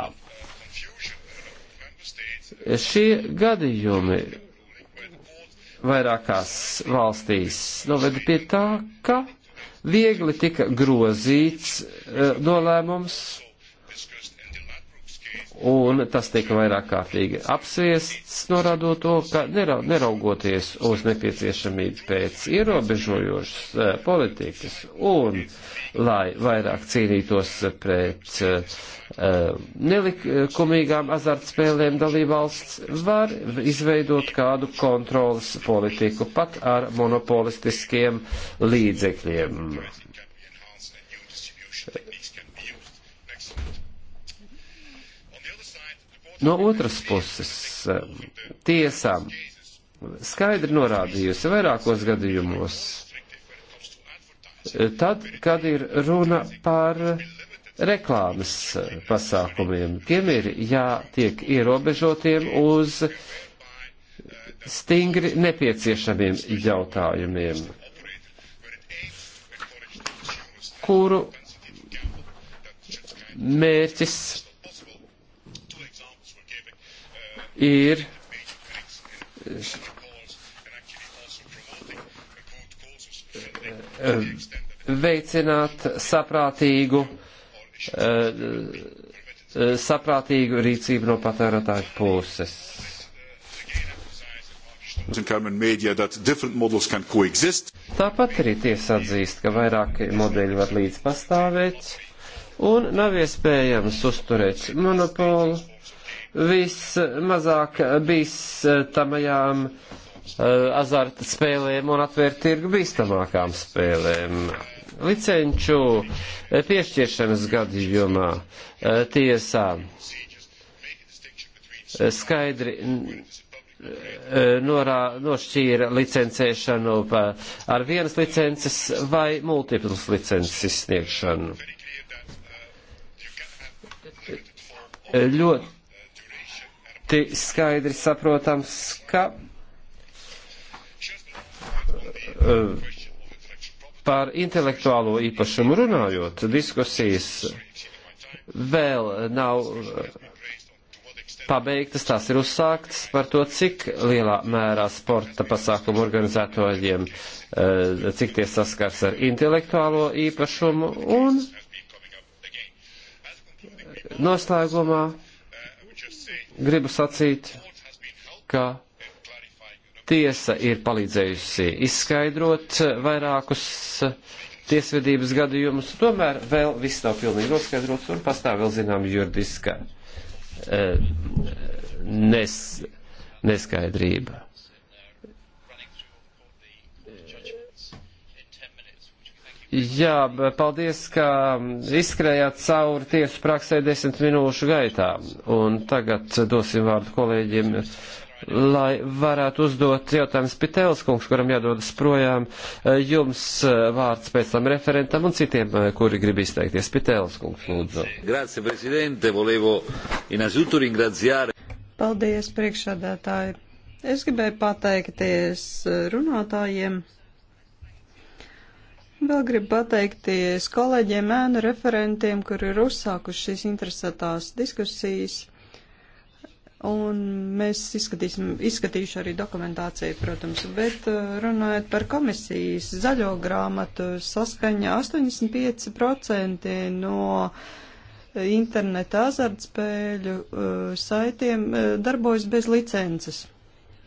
Šie gadījumi vairākās valstīs noveda pie tā, ka viegli tika grozīts eh, nolēmums un tas tika vairāk kārtīgi apsviests, norādot to, ka neraugoties uz nepieciešamību pēc ierobežojošas uh, politikas un lai vairāk cīnītos pret uh, nelikumīgām azartspēlēm dalībvalsts var izveidot kādu kontrolas politiku pat ar monopolistiskiem līdzekļiem No otras puses, tiesām skaidri norādījusi vairākos gadījumos, tad, kad ir runa par reklāmas pasākumiem, tiem ir jātiek ierobežotiem uz stingri nepieciešamiem jautājumiem, kuru mērķis ir veicināt saprātīgu, saprātīgu rīcību no patērētāju puses. Tāpat arī tiesa atzīst, ka vairāki modeļi var līdz pastāvēt un nav iespējams uzturēt monopolu vismazāk bīstamajām eh, eh, azartspēlēm un atvērt tirgu bīstamākām spēlēm. Licenču eh, piešķiršanas gadījumā tiesā skaidri norā, nošķīra licencēšanu ar vienas licences vai multiplas licences izsniegšanu. Ļoti ļoti skaidri saprotams, ka e, par intelektuālo īpašumu runājot, diskusijas vēl nav e, pabeigtas, tās ir uzsāktas par to, cik lielā mērā sporta pasākumu organizatoriem, e, cik tie saskars ar intelektuālo īpašumu un noslēgumā gribu sacīt, ka tiesa ir palīdzējusi izskaidrot vairākus tiesvedības gadījumus, tomēr vēl viss nav pilnīgi noskaidrots un pastāv vēl zinām juridiskā eh, nes, neskaidrība. Jā, paldies, ka izskrējāt cauri tiesu praksē desmit minūšu gaitā. Un tagad dosim vārdu kolēģiem, lai varētu uzdot jautājumus Pitēls kungs, kuram jādodas projām. E, jums e, vārds pēc tam referentam un citiem, e, kuri grib izteikties. Pitēls kungs, lūdzu. Grazie, prezidente. Volevo innanzitutto ringraziare. Paldies, priekšādātāji. Es gribēju pateikties runātājiem Vēl gribu pateikties kolēģiem, ēnu referentiem, kuri ir uzsākuši šīs interesētās diskusijas. Un mēs izskatīsim, izskatīšu arī dokumentāciju, protams, bet uh, runājot par komisijas zaļo grāmatu saskaņā 85% no interneta azartspēļu uh, saitiem uh, darbojas bez licences.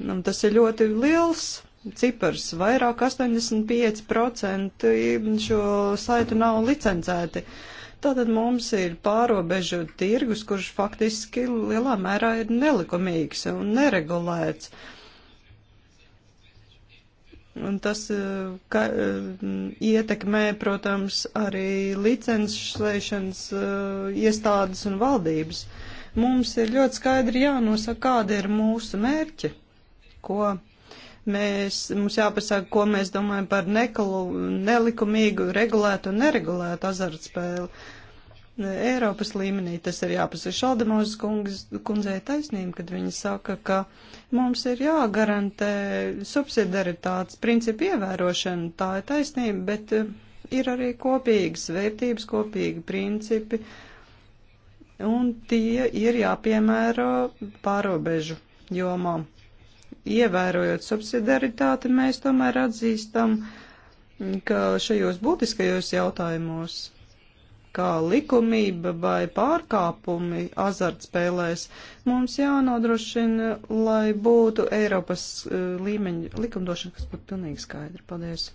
Un tas ir ļoti liels cipars. Vairāk 85% šo saitu nav licencēti. Tātad mums ir pārobežu tirgus, kurš faktiski lielā mērā ir nelikumīgs un neregulēts. Un tas e, ka, e, ietekmē, protams, arī licenšlēšanas e, iestādes un valdības. Mums ir ļoti skaidri jānosaka, kāda ir mūsu mērķi, ko Mēs, mums jāpasaka, ko mēs domājam par nekalu, nelikumīgu, regulētu un neregulētu azartspēli. Eiropas līmenī tas ir jāpasaka. Šaldemozes kundzei taisnība, kad viņa saka, ka mums ir jāgarantē subsidaritātes principu ievērošana. Tā ir taisnība, bet eh, ir arī kopīgas vērtības, kopīgi principi, un tie ir jāpiemēro pārobežu jomām ievērojot subsidiaritāti, mēs tomēr atzīstam, ka šajos būtiskajos jautājumos, kā likumība vai pārkāpumi azartspēlēs, mums jānodrošina, lai būtu Eiropas eh, līmeņa likumdošana, kas būtu pilnīgi skaidra. Paldies!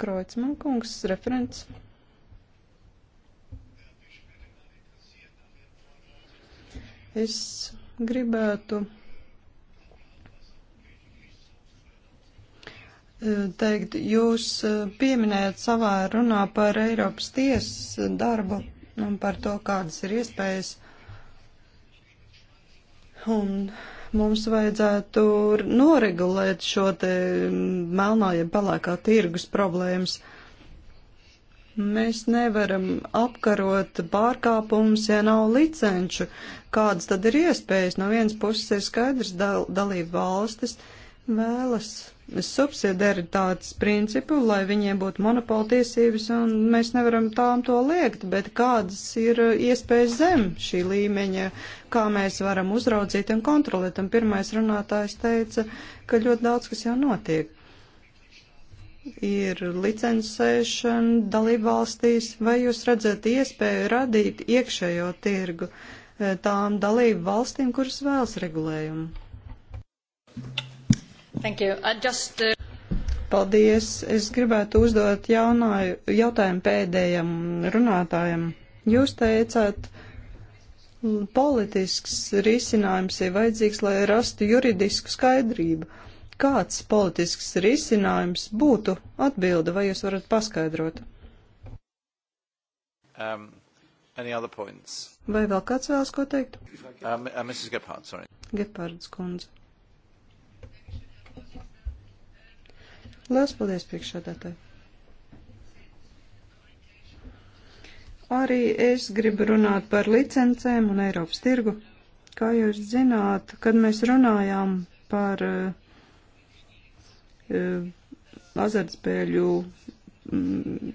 Kroicman kungs, referents. Es gribētu teikt, jūs eh, pieminējat savā runā par Eiropas tiesas darbu un par to, kādas ir iespējas. Un mums vajadzētu noregulēt šo te melnā, ja pelēkā tirgus problēmas. Mēs nevaram apkarot pārkāpumus, ja nav licenču. Kādas tad ir iespējas? No vienas puses ir skaidrs, dal dalība valstis vēlas subsidiaritātes principu, lai viņiem būtu monopola tiesības, un mēs nevaram tām to liekt, bet kādas ir iespējas zem šī līmeņa, kā mēs varam uzraudzīt un kontrolēt. Un pirmais runātājs teica, ka ļoti daudz kas jau notiek. Ir licencēšana dalībvalstīs, vai jūs redzat iespēju radīt iekšējo tirgu eh, tām dalību valstīm, kuras vēlas regulējumu? Thank you. I uh, just, uh... Paldies. Es gribētu uzdot jaunāju, jautājumu pēdējam runātājam. Jūs teicāt, politisks risinājums ir vajadzīgs, lai rastu juridisku skaidrību. Kāds politisks risinājums būtu atbilde, vai jūs varat paskaidrot? Um, vai vēl kāds vēlas ko teikt? Um, uh, uh Gepārds kundze. Lielas paldies priekšādātāji! Arī es gribu runāt par licencēm un Eiropas tirgu. Kā jūs zināt, kad mēs runājām par uh, azartspēļu um,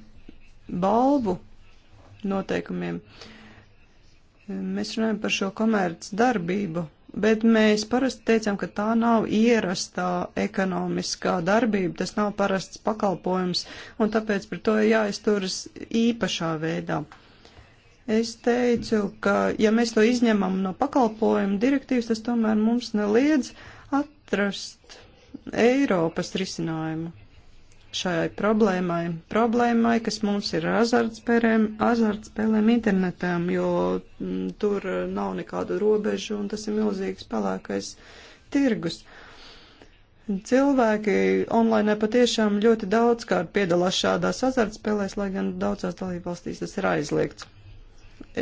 balvu noteikumiem, eh, mēs runājam par šo komerc darbību bet mēs parasti teicām, ka tā nav ierastā ekonomiskā darbība, tas nav parasts pakalpojums, un tāpēc par to jāizturas īpašā veidā. Es teicu, ka ja mēs to izņemam no pakalpojuma direktīvas, tas tomēr mums neliedz atrast Eiropas risinājumu šai problēmai, problēmai, kas mums ir ar azartspēlēm, azartspēlēm internetām, jo m, mm, tur eh, nav nekādu robežu un tas ir milzīgs pelēkais tirgus. Cilvēki online patiešām ļoti daudzkārt piedalās šādās azartspēlēs, lai gan daudzās dalībvalstīs tas ir aizliegts.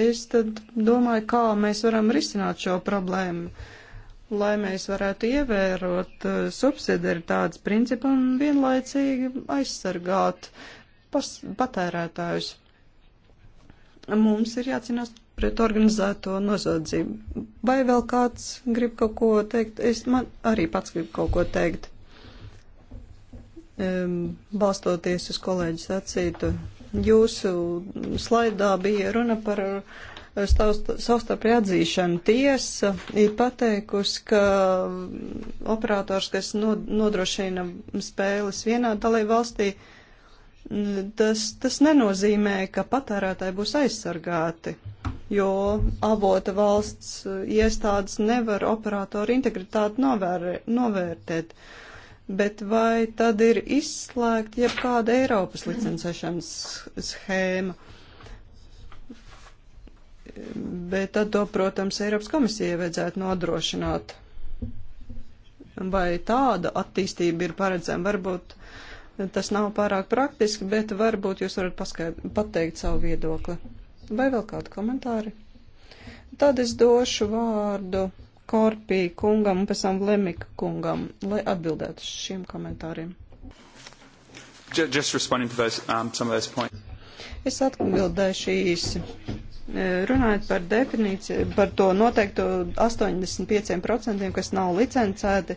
Es tad domāju, kā mēs varam risināt šo problēmu lai mēs varētu ievērot uh, subsidiaritātes principu un vienlaicīgi aizsargāt pas, patērētājus. Mums ir jācīnās pret organizēto nozadzību. Vai vēl kāds grib kaut ko teikt? Es man arī pats gribu kaut ko teikt. Um, balstoties uz kolēģis sacītu, jūsu slaidā bija runa par uh, savstarpēju atzīšanu. Tiesa ir pateikusi, ka operators, kas nodrošina spēles vienā dalību valstī, tas, tas nenozīmē, ka patērētāji būs aizsargāti, jo avota valsts iestādes nevar operatoru integritāti novēr, novērtēt bet vai tad ir izslēgta jebkāda Eiropas licencēšanas schēma? bet tad to, protams, Eiropas komisijai vajadzētu nodrošināt. Vai tāda attīstība ir paredzama? Varbūt tas nav pārāk praktiski, bet varbūt jūs varat paskaid, pateikt savu viedokli. Vai vēl kādi komentāri? Tad es došu vārdu Korpī kungam un pēc tam Lemika kungam, lai atbildētu uz šiem komentāriem. Just responding to those, um, some of those points. Es atbildēšu īsi Runājot par definīciju, par to noteikto 85%, kas nav licencēti,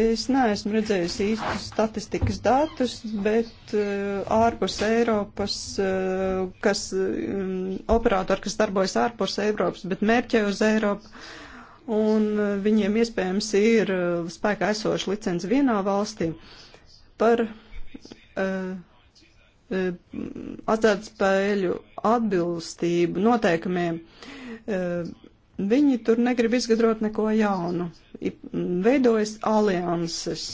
es neesmu redzējis īstus statistikas datus, bet eh, ārpus Eiropas, eh, kas mm, operatori, kas darbojas ārpus Eiropas, bet mērķē uz Eiropu, un eh, viņiem iespējams ir spēkā esoša licence vienā valstī par. Uh, Eh, azartspēļu atbilstību noteikumiem. Eh, viņi tur negrib izgudrot neko jaunu. Veidojas alianses.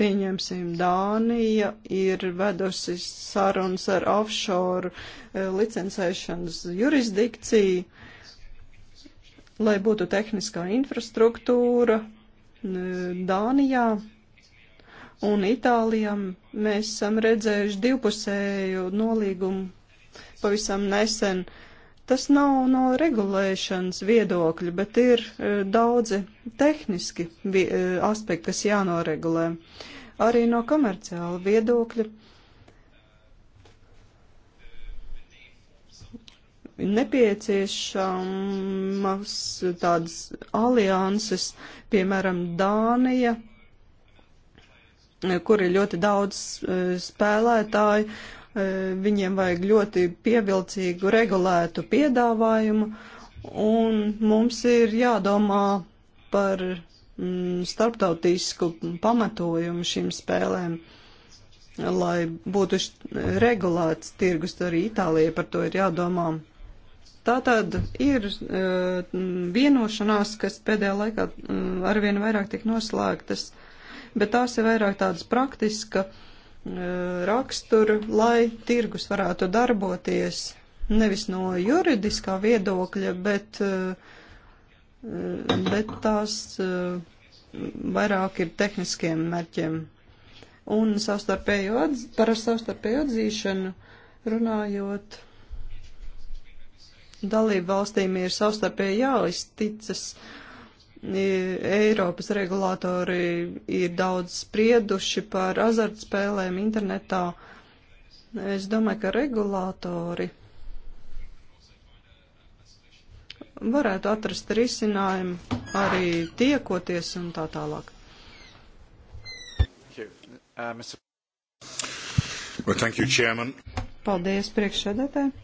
Pieņemsim, Dānija ir vedusi sarunas ar offshore eh, licencēšanas jurisdikciju, lai būtu tehniskā infrastruktūra Dānijā un Itālijam mēs esam redzējuši divpusēju nolīgumu pavisam nesen. Tas nav no regulēšanas viedokļa, bet ir e, daudzi tehniski e, aspekti, kas jānoregulē. Arī no komerciāla viedokļa nepieciešamas tādas alianses, piemēram, Dānija kur ir ļoti daudz e, spēlētāju, e, viņiem vajag ļoti pievilcīgu regulētu piedāvājumu, un mums ir jādomā par mm, starptautisku pamatojumu šīm spēlēm, lai būtu e, regulēts tirgus, arī Itālijai par to ir jādomā. Tā tad ir vienošanās, kas pēdējā laikā arvien vairāk tiek noslēgtas bet tās ir vairāk tādas praktiska eh, rakstura, lai tirgus varētu darboties nevis no juridiskā viedokļa, bet, eh, bet tās eh, vairāk ir tehniskiem mērķiem. Un savstarpēju atz, par savstarpēju atzīšanu runājot, dalību valstīm ir savstarpēji jāizticas. Uh, Eiropas regulātori ir daudz sprieduši par azartspēlēm internetā. Es domāju, ka regulātori varētu atrast risinājumu arī tiekoties un tā tālāk. Uh, Paldies priekšsēdētāji.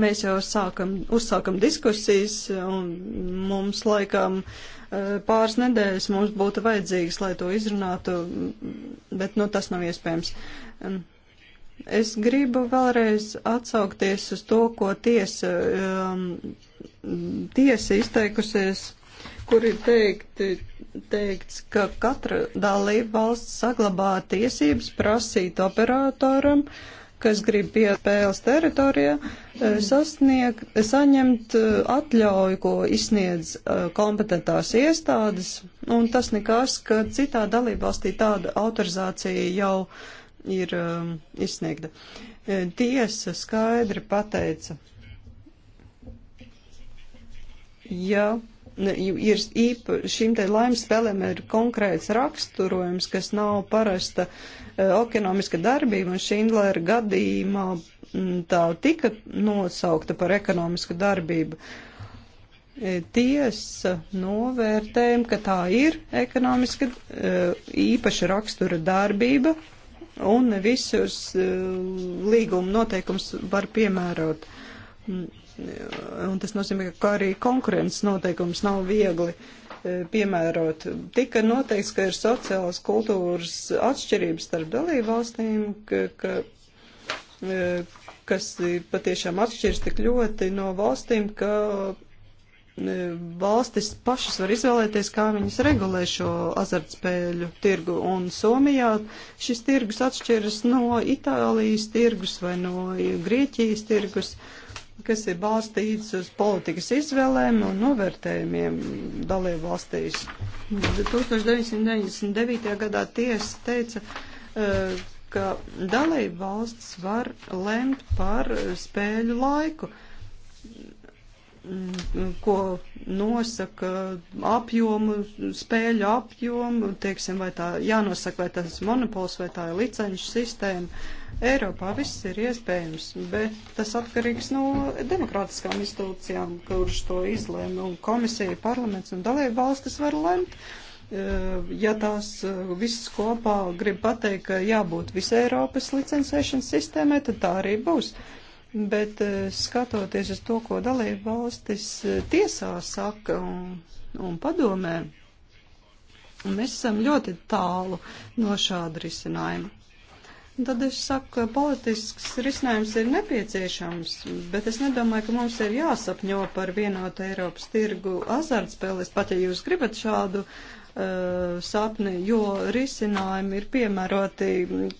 Mēs jau sākam, uzsākam diskusijas, un mums laikam eh, pāris nedēļas mums būtu vajadzīgas, lai to izrunātu, bet nu, tas nav iespējams. Es gribu vēlreiz atsaukties uz to, ko tiesa, tiesa izteikusies kur ir teikti, teikts, ka katra dalība valsts saglabā tiesības prasīt operatoram uh, kas grib piespēles teritorijā, eh, sasniegt, saņemt eh, atļauju, ko izsniedz eh, kompetentās iestādes, un tas nekas, ka citā dalībvalstī tāda autorizācija jau ir izsniegta. Tiesa skaidri pateica, ja ir īpa, šīm te laimes spēlēm ir konkrēts raksturojums, kas nav parasta uh, Eh, ekonomiska darbība un Šindlera gadījumā mm, tā tika nosaukta par ekonomisku darbību. Eh, tiesa novērtējuma, ka tā ir ekonomiska eh, īpaša rakstura darbība un visus līguma noteikums var piemērot. Mm, un tas nozīmē, ka arī konkurences noteikums nav viegli. Uh, E, piemērot. Tika noteikts, ka ir sociālas kultūras atšķirības starp dalībvalstīm, ka, ka, e, kas patiešām atšķiras tik ļoti no valstīm, ka e, valstis pašas var izvēlēties, kā viņas regulē šo azartspēļu tirgu. Un Somijā šis tirgus atšķiras no Itālijas tirgus vai no Grieķijas tirgus. Uh, kas ir balstīts uz politikas izvēlēm un novērtējumiem dalību valstīs. 1999. gadā tiesa teica, eh, ka dalību valsts var lemt par spēļu laiku, ko nosaka apjomu, spēļu apjomu, teiksim, vai tā jānosaka, vai tas monopols vai tā ir licenšu sistēma Eiropā viss ir iespējams, bet tas atkarīgs no demokrātiskām institūcijām, kurš to izlēma, un komisija, parlaments un dalība valstis var lemt. Eh, ja tās eh, visas kopā grib pateikt, ka jābūt visai Eiropas licencēšanas sistēmai, tad tā arī būs. Bet eh, skatoties uz to, ko dalība valstis tiesā saka un, un padomē, mēs esam ļoti tālu no šāda risinājuma tad es saku, ka politisks risinājums ir nepieciešams, bet es nedomāju, ka mums ir jāsapņo par vienotu Eiropas tirgu azartspēles, pat ja jūs gribat šādu uh, sapni, jo risinājumi ir piemēroti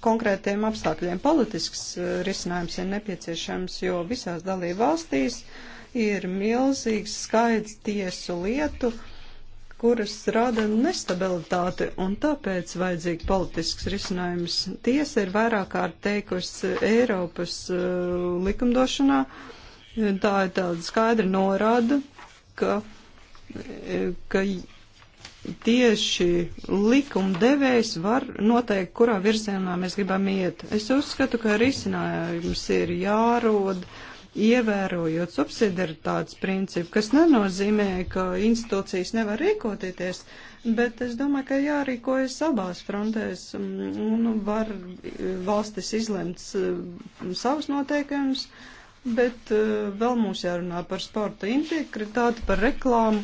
konkrētiem apstākļiem. Politisks uh, risinājums ir nepieciešams, jo visās dalību valstīs ir milzīgs skaits tiesu lietu, uh, kuras rada nestabilitāti, un tāpēc vajadzīga politisks risinājums. Tiesa ir vairāk kārt teikusi Eiropas uh, likumdošanā, tā ir tāda skaidra norāda, ka, uh, ka tieši likumdevējs var noteikt, kurā virzienā mēs gribam iet. Es uzskatu, ka risinājums ir jārod. Uh, ievērojot subsidiaritātes principu, kas nenozīmē, ka institūcijas nevar rīkoties, bet es domāju, ka jārīkojas abās frontēs un var valstis izlemt eh, savus noteikumus, bet eh, vēl mums jārunā par sporta integritāti, par reklāmu,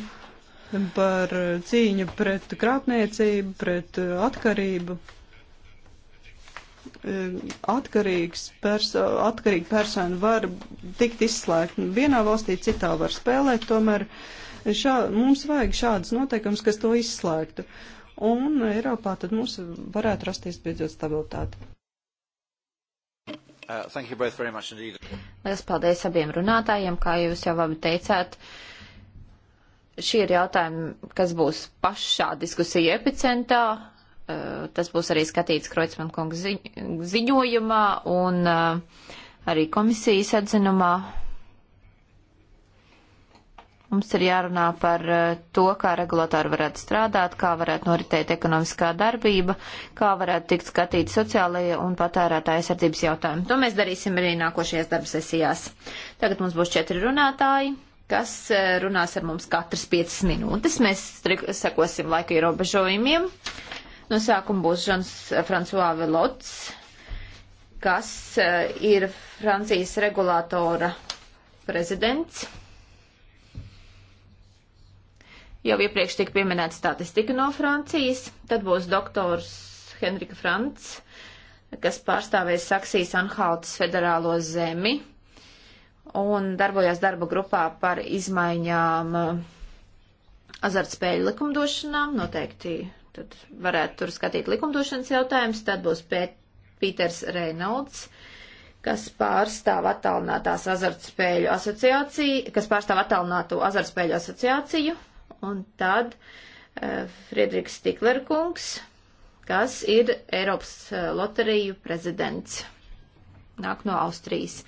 par cīņu pret krāpniecību, pret eh, atkarību. Eh, atkarīgs perso atkarīga persona var tikt izslēgta vienā valstī, citā var spēlēt, tomēr šā, mums vajag šādas noteikums, kas to izslēgtu. Un Eiropā tad mums varētu rasties beidzot stabilitāte. Uh, Lielas paldies abiem runātājiem, kā jūs jau abi teicāt. Šie ir jautājumi, kas būs pašā diskusija epicentrā tas būs arī skatīts Kreutzmann kunga ziņojumā un arī komisijas atzinumā. Mums ir jārunā par to, kā regulatori varētu strādāt, kā varētu noritēt ekonomiskā darbība, kā varētu tikt skatīti sociālajie un patērētāja aizsardzības jautājumi. To mēs darīsim arī nākošajās darba sesijās. Tagad mums būs četri runātāji, kas runās ar mums katrs piecas minūtes. Mēs sekosim laika ierobežojumiem. Uh, No sākuma būs Žans eh, Fransuā Velots, kas eh, ir Francijas regulātora prezidents. Jau iepriekš tika pieminēta statistika no Francijas, tad būs doktors Henrika Frants, kas pārstāvēs Saksijas Anhaltas federālo zemi un darbojās darba grupā par izmaiņām eh, azartspēļu likumdošanām. Noteikti Tad varētu tur skatīt likumdošanas jautājumus, tad būs pēt, Pīters Reinolds, kas pārstāv attālinātās azartspēļu asociāciju, kas pārstāv attālināto azartspēļu asociāciju, un tad uh, eh, Friedriks Stiklerkungs, kas ir Eiropas eh, loteriju prezidents. Nāk no Austrijas.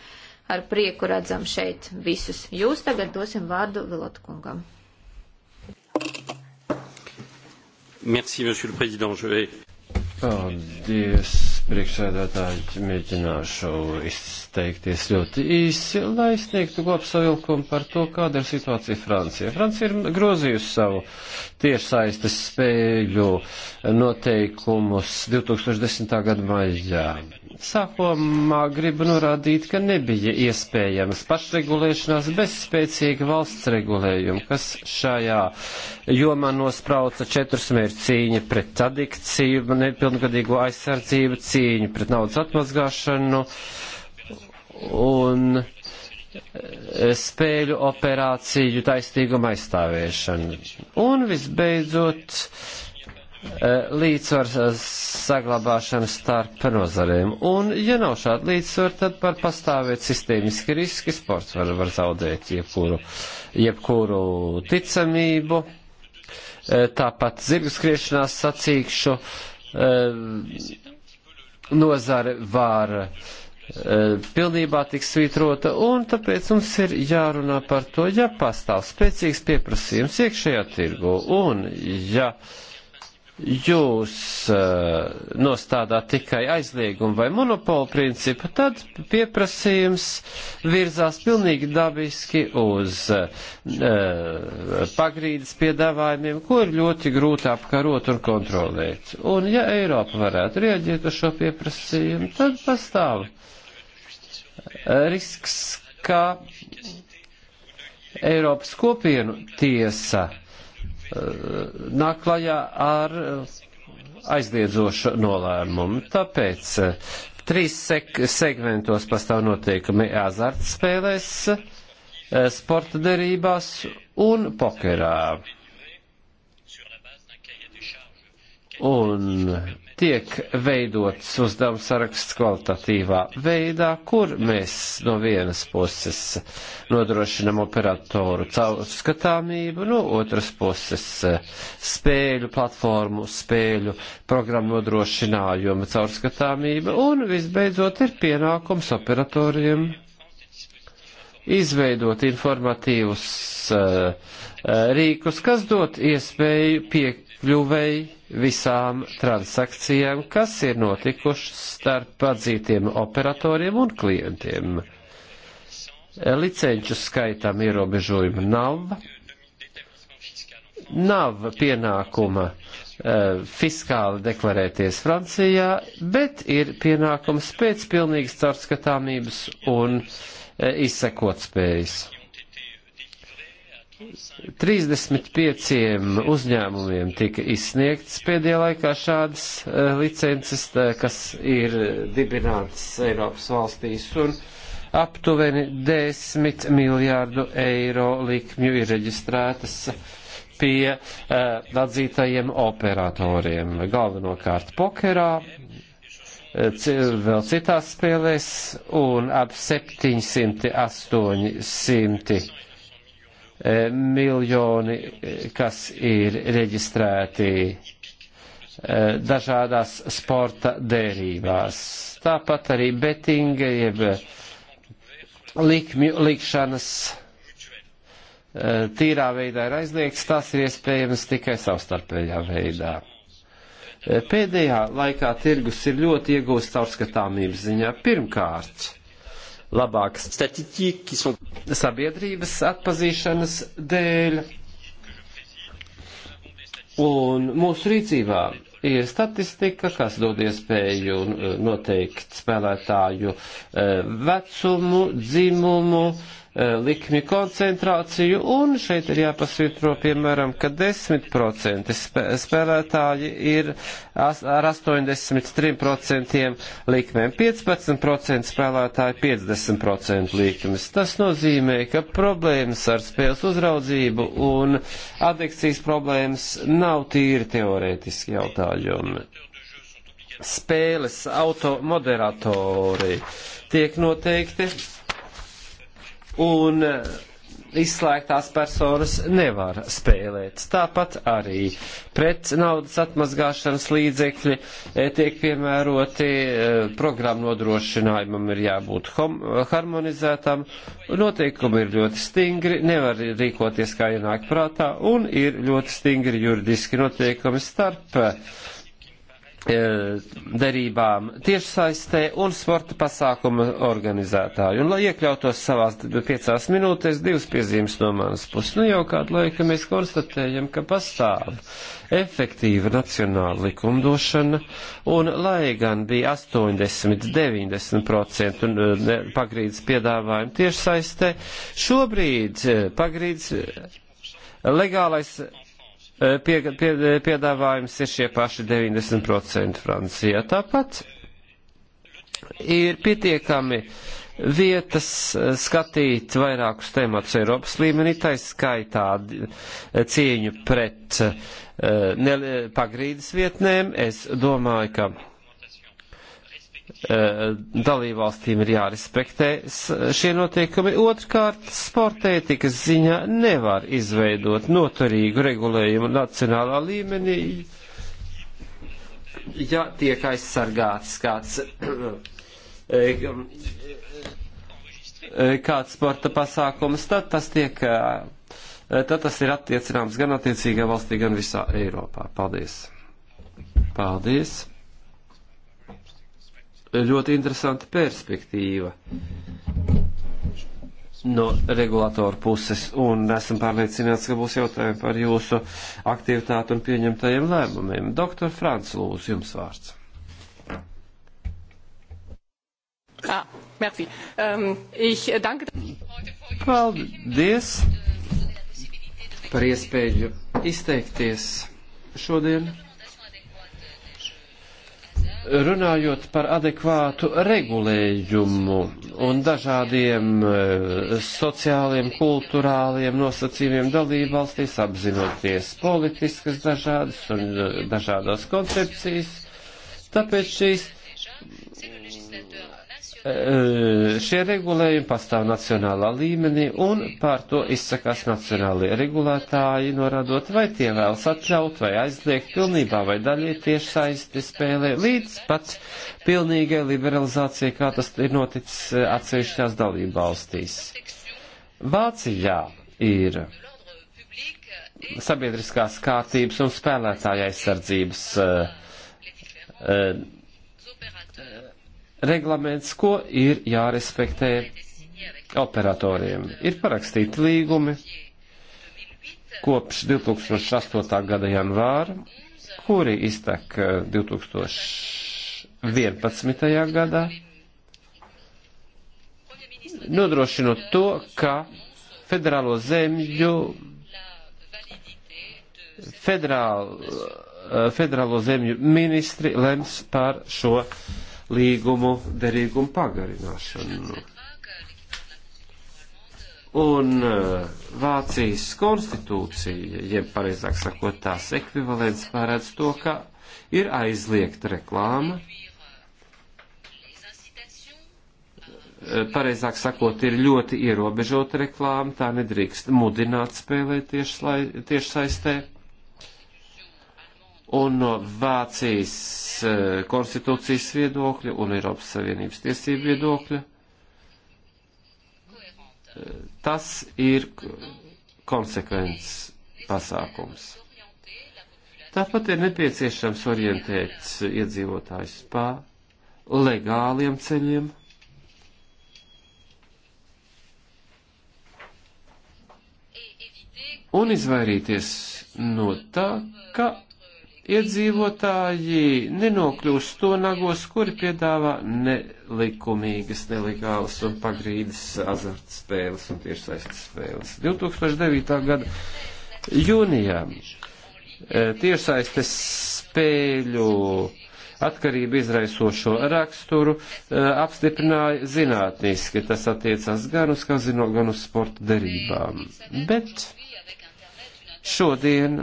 Ar prieku redzam šeit visus. Jūs tagad dosim vārdu Vilotkungam. Thank you. Merci, Monsieur le Président. Je vais. Paldies priekšsēdētāji, mēģināšu izteikties ļoti īsi, lai sniegtu kopsavilkumu par to, kāda ir situācija Francijā. Francija ir grozījusi savu tiešsaistes spēļu noteikumus 2010. gada maijā. Sākumā gribu norādīt, ka nebija iespējams pašregulēšanās bez spēcīga valsts regulējuma, kas šajā jomā nosprauca četrus mērķi cīņa pret adikciju, nepilngadīgo aizsardzību, cīņa cīņu pret naudas atmazgāšanu un spēļu operāciju taisnīguma aizstāvēšanu. Un visbeidzot, eh, līdzsvars saglabāšana starp nozarēm. Un, ja nav šāda līdzsvara, tad var pastāvēt sistēmiski riski, sports var, var zaudēt jebkuru, jebkuru ticamību. Eh, tāpat zirgu skriešanās sacīkšu eh, nozare var e, pilnībā tik svītrota, un tāpēc mums ir jārunā par to, ja pastāv spēcīgs pieprasījums iekšējā tirgu, un ja uh, jūs uh, nostādāt tikai aizliegumu vai monopolu principu, tad pieprasījums virzās pilnīgi dabiski uz uh, pagrīdes piedāvājumiem, ko ir ļoti grūti apkarot un kontrolēt. Un ja Eiropa varētu rieģēt uz šo pieprasījumu, tad pastāv eh, risks, ka Eiropas kopienu tiesa Eh, nāk klajā ar eh, aizliedzošu nolēmumu. Tāpēc eh, trīs seg segmentos pastāv noteikumi azartspēlēs, sporta derībās un pokerā. Un tiek veidots uzdevums saraksts kvalitatīvā veidā, kur mēs no vienas puses nodrošinam operatoru caurskatāmību, no otras puses eh, spēļu platformu, spēļu programmu nodrošinājumu caurskatāmību, un visbeidzot ir pienākums operatoriem izveidot informatīvus uh, rīkus, kas dot iespēju piekļuvēji visām transakcijām, kas ir notikušas starp atzītiem operatoriem un klientiem. Licenču skaitam ierobežojumu nav, nav pienākuma eh, fiskāli deklarēties Francijā, bet ir pienākums pēc pilnīgas caurskatāmības un eh, izsekot spējas. 35 uzņēmumiem tika izsniegts pēdējā laikā šādas eh, licences, eh, kas ir eh, dibinātas Eiropas valstīs, un aptuveni 10 miljārdu eiro likmju ir reģistrētas pie atzītajiem operatoriem, galvenokārt pokerā, vēl citās spēlēs, un ap 700, 800 Eh, miljoni, kas ir reģistrēti eh, dažādās sporta dērībās. Tāpat arī betinga, jeb eh, likmju likšanas tīrā veidā ir aizliegts, tas ir iespējams tikai savstarpējā veidā. Pēdējā laikā tirgus ir ļoti iegūst caurskatāmības ziņā. Pirmkārt, labākas statistikas un sabiedrības atpazīšanas dēļ. Un mūsu rīcībā ir statistika, kas dod iespēju uh, noteikt spēlētāju uh, vecumu, dzimumu, Eh, likmju koncentrāciju, un šeit ir jāpasvitro, piemēram, ka 10% spēlētāji ir ar 83% likmēm, 15% spēlētāji 50% likmes. Tas nozīmē, ka problēmas ar spēles uzraudzību un adikcijas problēmas nav tīri teorētiski jautājumi. Spēles automoderatori tiek noteikti un e, izslēgtās personas nevar spēlēt. Tāpat arī pret naudas atmazgāšanas līdzekļi e, tiek piemēroti, e, programmu nodrošinājumam ir jābūt harmonizētam, noteikumi ir ļoti stingri, nevar rīkoties kā ienāk prātā, un ir ļoti stingri juridiski noteikumi starp uh, E, derībām tiešsaistē un sporta pasākuma organizētāju. Un, lai iekļautos savās piecās minūtēs, divas piezīmes no manas puses. Nu jau kādu laiku mēs konstatējam, ka pastāv efektīva nacionāla likumdošana, un lai gan bija 80-90% nu, pagrīdes piedāvājumu tiešsaistē, šobrīd e, pagrīdes e, legālais pie, pie, piedāvājums ir šie paši 90% Francijā. Tāpat ir pietiekami vietas eh, skatīt vairākus tematus Eiropas līmenī, tā skaitā eh, cieņu pret eh, ne, pagrīdes vietnēm. Es domāju, ka Eh, dalībvalstīm ir jārespektē šie noteikumi. Otrkārt, sporta ētikas ziņā nevar izveidot noturīgu regulējumu nacionālā līmenī, ja tiek aizsargāts kāds, eh, eh, kāds sporta pasākums, tad tas tiek. Tad tas ir attiecināms gan attiecīgā valstī, gan visā Eiropā. Paldies! Paldies! ļoti interesanta perspektīva no regulātora puses, un esam pārliecināts, ka būs jautājumi par jūsu aktivitātu un pieņemtajiem lēmumiem. Doktor Frants Lūs, jums vārds. Ah, merci. Um, ich danke. Paldies par iespēju izteikties šodien runājot par adekvātu regulējumu un dažādiem eh, sociāliem, kulturāliem nosacījumiem dalībvalstīs, apzinoties politiskas dažādas un eh, dažādās koncepcijas, tāpēc šīs E, šie regulējumi pastāv nacionālā līmenī un pār to izsakās nacionālie regulētāji, norādot, vai tie vēlas atļaut vai aizliegt pilnībā vai daļai tieši saisti spēlē līdz pat pilnīgai liberalizācijai, kā tas ir noticis e, atsevišķās dalību valstīs. Vācijā ir sabiedriskās kārtības un spēlētāja aizsardzības uh, uh, reglaments, ko ir jārespektē operatoriem. Ir parakstīti līgumi kopš 2008. gada janvāra, kuri iztek 2011. Eh, gadā, nodrošinot to, ka federālo zemju federālo, eh, federālo zemju ministri lems par šo uh, līgumu derīgumu pagarināšanu. Un eh, Vācijas konstitūcija, jeb pareizāk sakot tās ekvivalents, paredz to, ka ir aizliegta reklāma. Eh, pareizāk sakot, ir ļoti ierobežota reklāma, tā nedrīkst mudināt spēlēt tieši, lai, tieši saistē un no Vācijas eh, konstitūcijas viedokļa un Eiropas Savienības tiesību viedokļa. Eh, tas ir konsekvents pasākums. Tāpat ir nepieciešams orientēt iedzīvotājus pa legāliem ceļiem. Un izvairīties no tā, ka iedzīvotāji nenokļūst to nagos, kuri piedāvā nelikumīgas, nelegālas un pagrīdas azartspēles un tiešsaistes spēles. 2009. gada jūnijā eh, tiešsaistes spēļu atkarību izraisošo raksturu eh, apstiprināja zinātniski. Tas attiecās gan uz kazino, gan uz sporta derībām. Bet šodien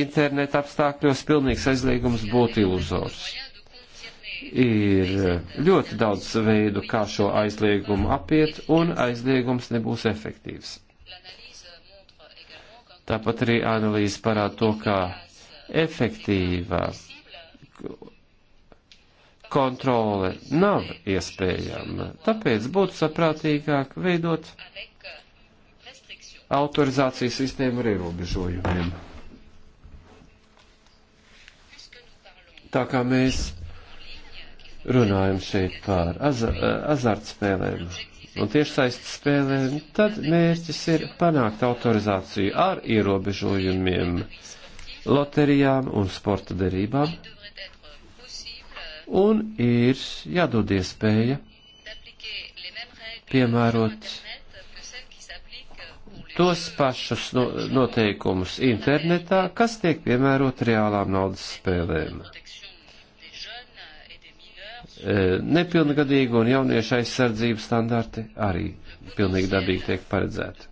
interneta apstākļos pilnīgs aizliegums būtu iluzors. Ir ļoti daudz veidu, kā šo aizliegumu apiet, un aizliegums nebūs efektīvs. Tāpat arī analīze parāda to, kā efektīva kontrole nav iespējama. Tāpēc būtu saprātīgāk veidot autorizācijas sistēmu ar ierobežojumiem. tā kā mēs runājam šeit par azartspēlēm un tiešsaistes spēlēm, tad mērķis ir panākt autorizāciju ar ierobežojumiem loterijām un sporta derībām, un ir jādod iespēja piemērot tos pašus noteikumus internetā, kas tiek piemērot reālām naudas spēlēm. E, nepilngadīgu un jauniešu aizsardzību standarti arī pilnīgi dabīgi tiek paredzēti.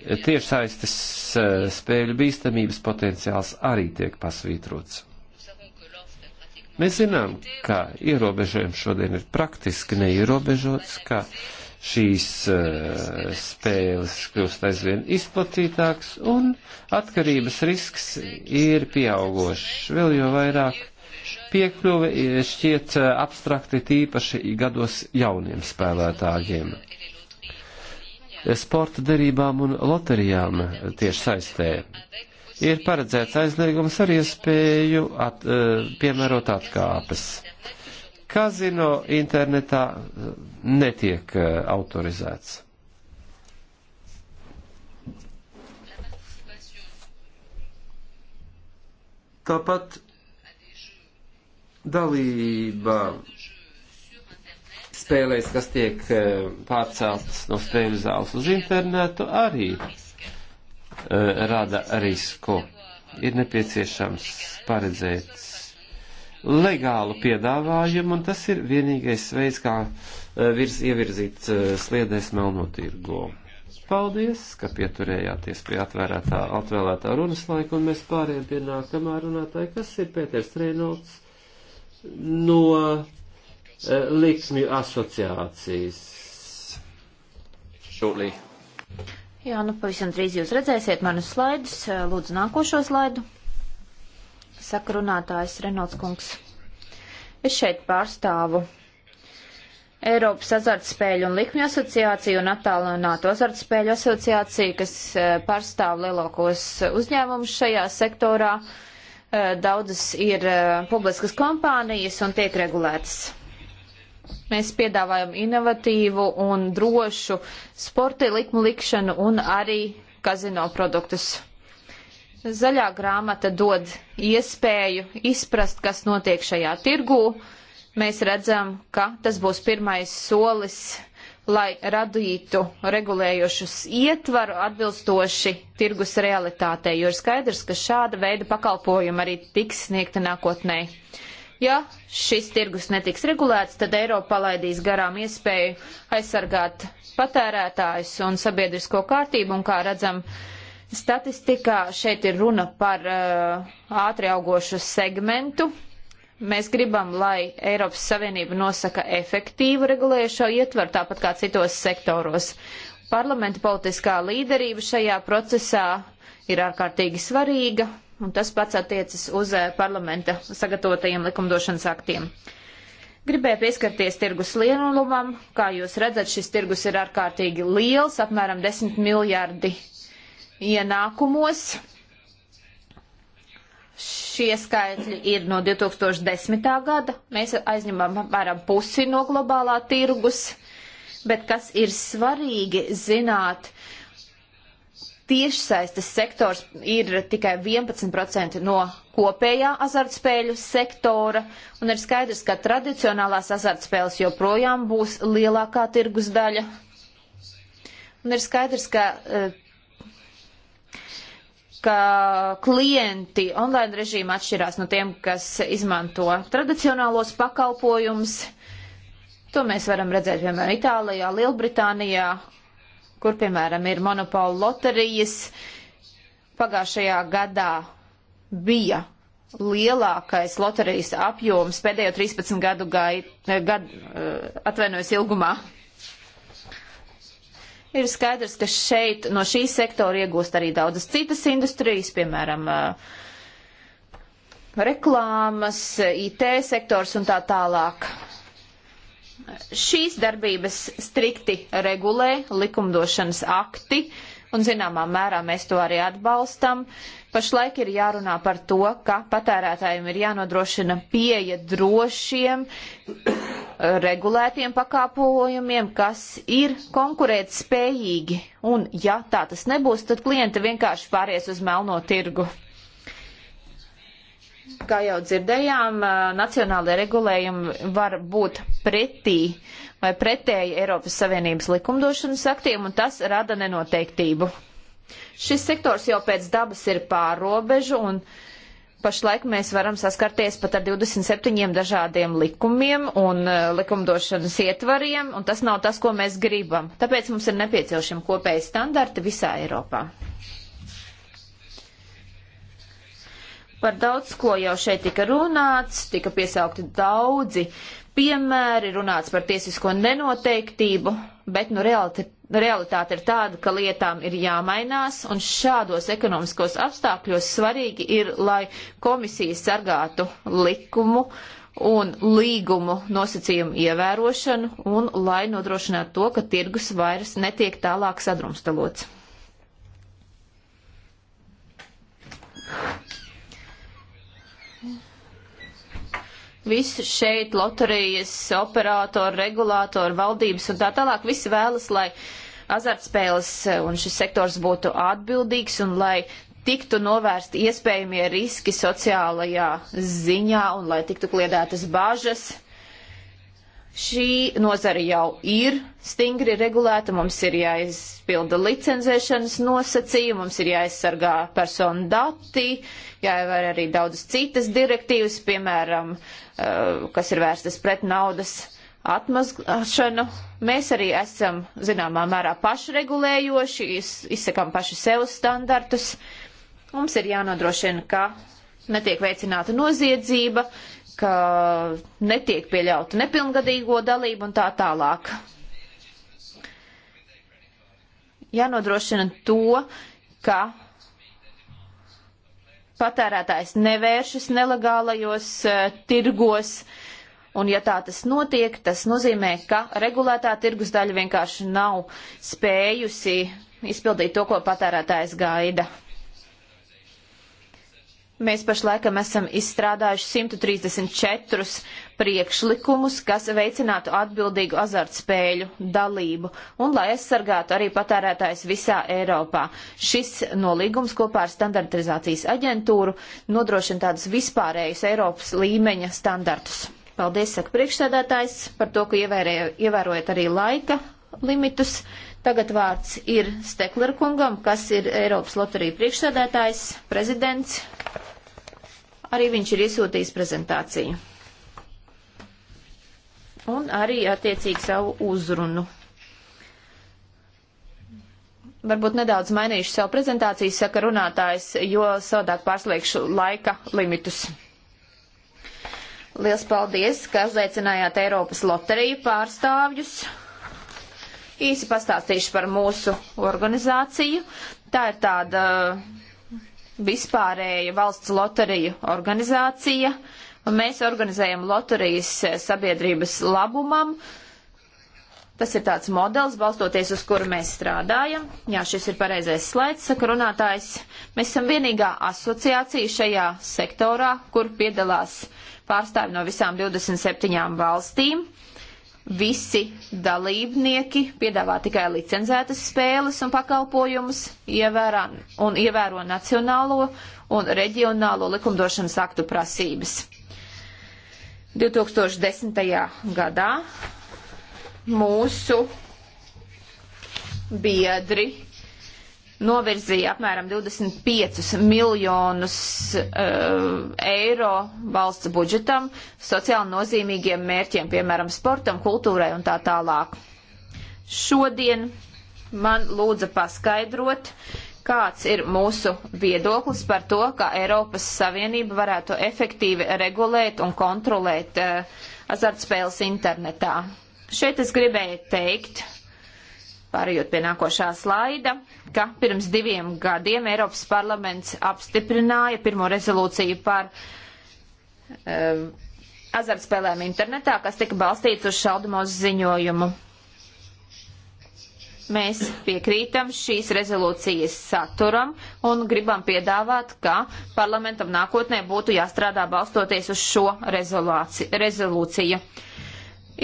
E, tiešsaistes e, spēļu bīstamības potenciāls arī tiek pasvītrots. Mēs zinām, ka ierobežojums šodien ir praktiski neierobežots, ka šīs uh, spēles kļūst aizvien izplatītāks un atkarības risks ir pieaugošs vēl jo vairāk Piekļuve šķiet eh, abstrakti tīpaši gados jauniem spēlētājiem. Sporta derībām un loterijām tieši saistē ir paredzēts aizliegums ar iespēju at, eh, piemērot atkāpes. Kazino internetā eh, netiek autorizēts. Tāpat dalība spēlēs, kas tiek eh, pārceltas no spēļu zāles uz internetu, arī eh, rada risku. Ir nepieciešams paredzēt legālu piedāvājumu, un tas ir vienīgais veids, kā eh, virs ievirzīt sliedēs melno tirgo. Paldies, ka pieturējāties pie atvērētā, atvēlētā runas laika, un mēs pāriem pie nākamā runātāja, kas ir Pēters Reinolds no eh, liksmju asociācijas. Shortly. Jā, nu pavisam drīz jūs redzēsiet manus slaidus. Eh, lūdzu, nākošo slaidu. Saka runātājs Renots Kungs. Es šeit pārstāvu Eiropas azartspēļu un likmju asociāciju un attālināto azartspēļu asociāciju, kas eh, pārstāv lielākos uzņēmumus šajā sektorā. Uh, Eh, daudzas ir eh, publiskas kompānijas un tiek regulētas. Mēs piedāvājam inovatīvu un drošu sporta likmu likšanu un arī kazino produktus. Zaļā grāmata dod iespēju izprast, kas notiek šajā tirgū. Mēs redzam, ka tas būs pirmais solis lai radītu regulējošus ietvaru atbilstoši tirgus realitātei, jo ir skaidrs, ka šāda veida pakalpojumi arī tiks sniegta nākotnē. Ja šis tirgus netiks regulēts, tad Eiropa palaidīs garām iespēju aizsargāt patērētājus un sabiedrisko kārtību, un kā redzam, statistikā šeit ir runa par uh, ātri augošu segmentu, Mēs gribam, lai Eiropas Savienība nosaka efektīvu regulējušo ietvaru, tāpat kā citos sektoros. Parlamenta politiskā līderība šajā procesā ir ārkārtīgi svarīga, un tas pats attiecas uz eh, parlamenta sagatavotajiem likumdošanas aktiem. Gribēju pieskarties tirgus lielumam. Kā jūs redzat, šis tirgus ir ārkārtīgi liels, apmēram 10 miljardi ienākumos. Šie skaitļi ir no 2010. gada. Mēs aizņemam apmēram pusi no globālā tirgus, bet kas ir svarīgi zināt, tiešsaistes sektors ir tikai 11% no kopējā azartspēļu sektora, un ir skaidrs, ka tradicionālās azartspēles joprojām būs lielākā tirgus daļa. Un ir skaidrs, ka uh, ka klienti online režīmā atšķirās no tiem, kas izmanto tradicionālos pakalpojumus. To mēs varam redzēt, piemēram, Itālijā, Lielbritānijā, kur, piemēram, ir monopola loterijas. Pagājušajā gadā bija lielākais loterijas apjoms pēdējo 13 gadu gaitu, eh, gad, eh, atvainojas ilgumā. Ir skaidrs, ka šeit no šī sektora iegūst arī daudzas citas industrijas, piemēram, uh, reklāmas, IT sektors un tā tālāk. Šīs darbības strikti regulē likumdošanas akti, uh, un zināmā mērā mēs to arī atbalstam. Pašlaik ir jārunā par to, ka patērētājiem ir jānodrošina pieeja drošiem, regulētiem pakāpojumiem, kas ir konkurēt spējīgi, un ja tā tas nebūs, tad klienti vienkārši pāries uz melno tirgu. Kā jau dzirdējām, eh, nacionālajie regulējumi var būt pretī uh, vai pretēji Eiropas Savienības likumdošanas aktiem, un tas rada nenoteiktību. Šis sektors jau pēc dabas ir pārobežu, un pašlaik mēs varam saskarties pat ar 27 dažādiem likumiem un e, likumdošanas ietvariem, un tas nav tas, ko mēs gribam. Tāpēc mums ir nepieciešami kopēji standarti visā Eiropā. Par daudz ko jau šeit tika runāts, tika piesaukti daudzi uh, piemēri, runāts par tiesisko nenoteiktību, bet nu, realti, realitāte ir tāda, ka lietām ir jāmainās, un šādos ekonomiskos apstākļos svarīgi ir, lai komisija sargātu likumu un līgumu nosacījumu ievērošanu, un lai nodrošinātu to, ka tirgus vairs netiek tālāk sadrumstalots. Visi šeit, loterijas operātori, regulātori, valdības un tā tālāk, visi vēlas, lai azartspēles eh, un šis sektors būtu atbildīgs un lai tiktu novērsti iespējamie riski sociālajā ziņā un lai tiktu kliedētas bažas Šī nozara jau ir stingri regulēta, mums ir jāizpilda licenzēšanas nosacījumi, mums ir jāaizsargā personu dati, jāievēr arī daudzas citas direktīvas, piemēram, eh, kas ir vērstas pret naudas atmazgāšanu. Mēs arī esam zināmā mērā pašregulējoši, izsakam paši sev standartus. Mums ir jānodrošina, ka netiek veicināta noziedzība, ka netiek pieļauta nepilngadīgo dalība un tā tālāk. Jānodrošina to, ka patērētājs nevēršas nelegālajos uh, tirgos, un ja tā tas notiek, tas nozīmē, ka regulētā tirgus daļa vienkārši nav spējusi izpildīt to, ko patērētājs gaida. Mēs pašlaikam esam izstrādājuši 134 priekšlikumus, kas veicinātu atbildīgu azartspēļu dalību un lai aizsargātu arī patērētājs visā Eiropā. Šis nolīgums kopā ar standartizācijas aģentūru nodrošina tādus vispārējus Eiropas līmeņa standartus. Paldies, saka priekšsēdētājs, par to, ka ievērojat arī laika limitus. Tagad vārds ir Stekler kungam, kas ir Eiropas loterija priekšsēdētājs, prezidents. Arī viņš ir iesūtījis prezentāciju. Un arī attiecīgi savu uzrunu. Varbūt nedaudz mainīšu savu prezentāciju, saka runātājs, jo savādāk pārslēgšu laika limitus. Liels paldies, ka uzaicinājāt Eiropas loteriju pārstāvjus. Īsi pastāstīšu par mūsu organizāciju. Tā ir tāda uh, vispārēja valsts loteriju organizācija, un mēs organizējam loterijas sabiedrības labumam. Tas ir tāds modelis, balstoties uz kuru mēs strādājam. Jā, šis ir pareizais slaids, saka runātājs. Mēs esam vienīgā asociācija šajā sektorā, kur piedalās pārstāvi no visām 27 valstīm visi dalībnieki piedāvā tikai licencētas spēles un pakalpojumus, ievērā, un ievēro nacionālo un reģionālo likumdošanas aktu prasības. 2010. gadā mūsu biedri novirzīja apmēram 25 miljonus uh, eiro valsts budžetam sociāli nozīmīgiem mērķiem, piemēram, sportam, kultūrai un tā tālāk. Šodien man lūdza paskaidrot, kāds ir mūsu viedoklis par to, kā Eiropas Savienība varētu efektīvi regulēt un kontrolēt uh, azartspēles internetā. Šeit es gribēju teikt, uh, Pārējot pie nākošā slaida, ka pirms diviem gadiem Eiropas parlaments apstiprināja pirmo rezolūciju par uh, azartspēlēm internetā, kas tika balstīts uz šaldumos ziņojumu. Mēs piekrītam šīs rezolūcijas saturam un gribam piedāvāt, ka parlamentam nākotnē būtu jāstrādā balstoties uz šo rezolūciju.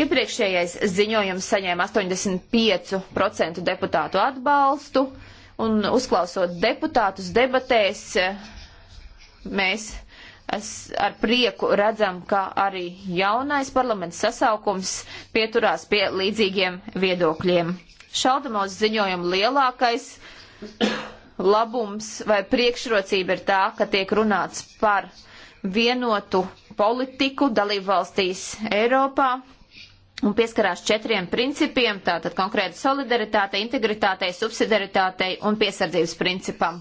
Iepriekšējais ziņojums saņēma 85% deputātu atbalstu, un uzklausot deputātus debatēs, mēs Es ar prieku redzam, ka arī jaunais parlaments sasaukums pieturās pie līdzīgiem viedokļiem. Šaudamos ziņojuma lielākais labums vai priekšrocība ir tā, ka tiek runāts par vienotu politiku dalību valstīs Eiropā, un pieskarās četriem principiem, tātad konkrēti solidaritātei, integritātei, subsidiaritātei un piesardzības principam.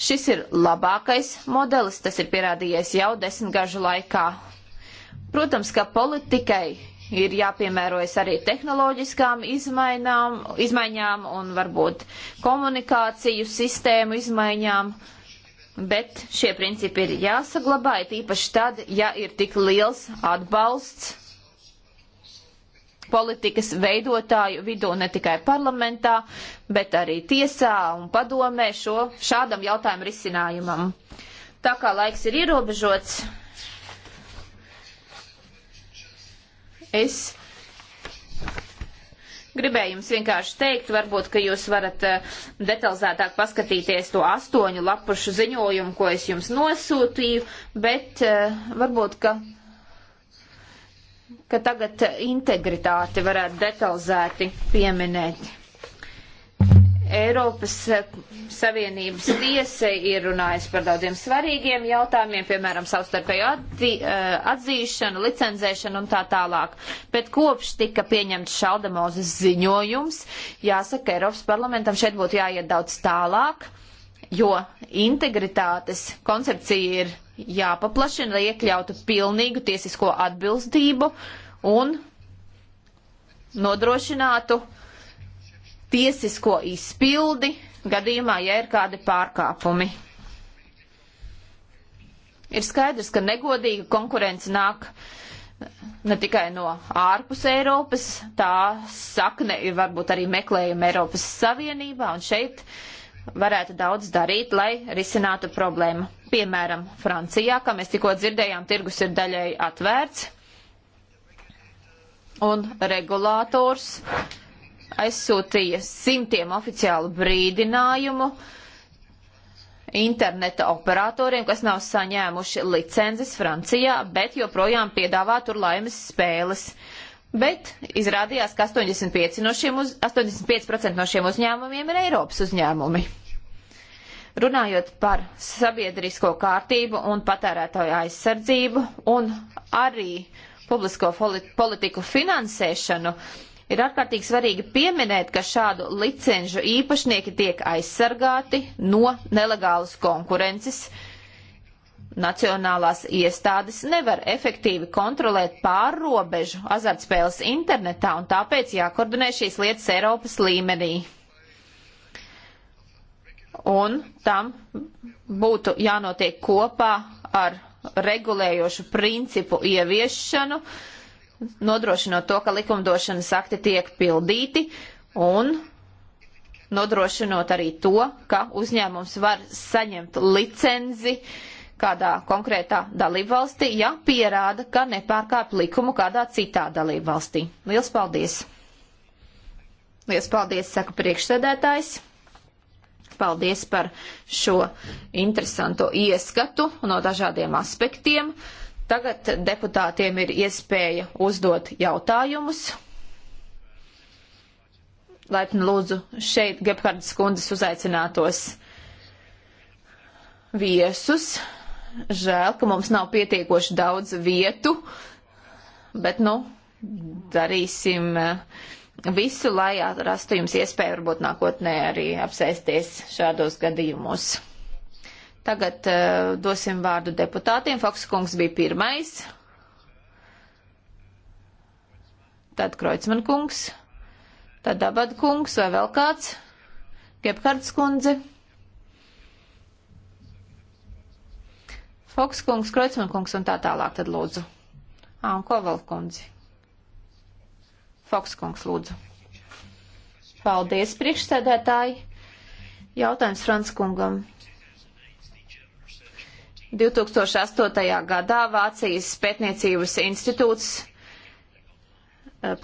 Šis ir labākais modelis, tas ir pierādījies jau desmitgažu laikā. Protams, ka politikai ir jāpiemērojas arī tehnoloģiskām izmainām, izmaiņām un varbūt komunikāciju sistēmu izmaiņām. Bet šie principi ir jāsaglabā, it īpaši tad, ja ir tik liels atbalsts politikas veidotāju vidū ne tikai parlamentā, bet arī tiesā un padomē šo šādam jautājumu risinājumam. Tā kā laiks ir ierobežots, es gribēju jums vienkārši teikt, varbūt, ka jūs varat eh, detalizētāk paskatīties to astoņu lapušu ziņojumu, ko es jums nosūtīju, bet eh, varbūt, ka ka tagad integritāti varētu detalizēti pieminēt. Eiropas Savienības tiesa ir runājusi par daudziem svarīgiem jautājumiem, piemēram, savstarpēju atzi, eh, atzīšanu, licenzēšanu un tā tālāk. Bet kopš tika pieņemts šaldamozes ziņojums, jāsaka, Eiropas parlamentam šeit būtu jāiet daudz tālāk. Uh, jo integritātes koncepcija ir jāpaplašina, lai iekļautu pilnīgu tiesisko atbilstību un nodrošinātu tiesisko izpildi gadījumā, ja ir kādi pārkāpumi. Ir skaidrs, ka negodīga konkurence nāk eh, ne tikai no ārpus Eiropas, tā sakne ir varbūt arī meklējuma Eiropas Savienībā, un šeit uh, varētu daudz darīt, lai risinātu problēmu. Piemēram, Francijā, kā mēs tikko dzirdējām, tirgus ir daļai atvērts, un regulators aizsūtīja simtiem oficiālu brīdinājumu interneta operatoriem, kas nav saņēmuši licences Francijā, bet joprojām piedāvā tur laimes spēles. Uh, Bet izrādījās, ka 85%, no šiem, uz, 85 no šiem uzņēmumiem ir Eiropas uzņēmumi. Runājot par sabiedrisko kārtību un patērētāju aizsardzību un arī publisko politiku finansēšanu, ir ārkārtīgi svarīgi pieminēt, ka šādu licenžu īpašnieki tiek aizsargāti no nelegālas konkurences, uh, nacionālās iestādes nevar efektīvi kontrolēt pārrobežu azartspēles internetā un tāpēc jākoordinē šīs lietas Eiropas līmenī. Un tam būtu jānotiek kopā ar regulējošu principu ieviešanu, nodrošinot to, ka likumdošanas akti tiek pildīti un nodrošinot arī to, ka uzņēmums var saņemt licenzi uh, kādā konkrētā dalībvalstī, ja pierāda, ka nepārkāp likumu kādā citā dalībvalstī. Liels paldies! Liels paldies, saka priekšsēdētājs. Paldies par šo interesanto ieskatu no dažādiem aspektiem. Tagad deputātiem ir iespēja uzdot jautājumus. Laipni lūdzu šeit Gebhardas kundzes uzaicinātos viesus. Žēl, ka mums nav pietiekoši daudz vietu, bet, nu, darīsim eh, visu, lai atrastu jums iespēju varbūt nākotnē arī apsēsties šādos gadījumos. Tagad uh, dosim vārdu deputātiem. Fokskungs bija pirmais. Tad Kreutzmann kungs. Tad Abad kungs vai vēl kāds? Gebhards kundze. Foks kungs, Kreutzmann kungs un tā tālāk tad lūdzu. Ā, un Koval kundzi. Foks kungs, lūdzu. Paldies, priekšsēdētāji. Jautājums Franskungam. 2008. gadā Vācijas pētniecības institūts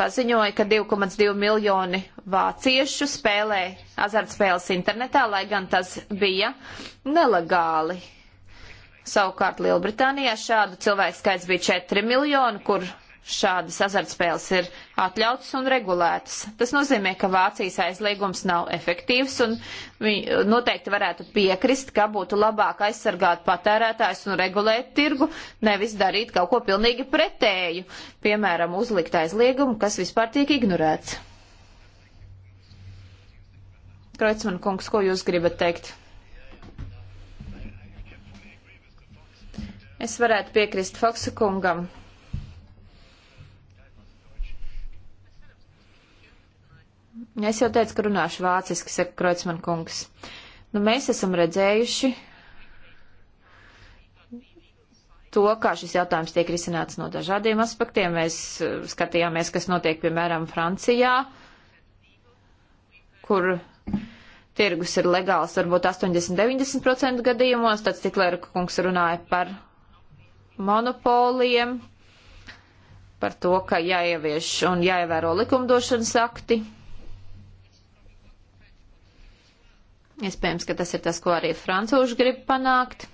paziņoja, ka 2,2 miljoni vāciešu spēlē azartspēles internetā, lai gan tas bija nelegāli. Savukārt Lielbritānijā šādu cilvēku skaits bija 4 miljoni, kur šādas azartspēles ir atļautas un regulētas. Tas nozīmē, ka Vācijas aizliegums nav efektīvs un viņi noteikti varētu piekrist, ka būtu labāk aizsargāt patērētājs un regulēt tirgu, nevis darīt kaut ko pilnīgi pretēju, piemēram, uzlikt aizliegumu, kas vispār tiek ignorēts. Kreutzmann kungs, ko jūs gribat teikt? Es varētu piekrist Foksa kungam. Es jau teicu, ka runāšu vāciski, saka Kreutzmann kungs. Nu, mēs esam redzējuši to, kā šis jautājums tiek risināts no dažādiem aspektiem. Mēs uh, skatījāmies, kas notiek, piemēram, Francijā, kur tirgus ir legāls varbūt 80-90% gadījumos, tad Stiklera kungs runāja par monopoliem, par to, ka jāievieš un jāievēro likumdošanas akti. Iespējams, ka tas ir tas, ko arī francūži grib panākt.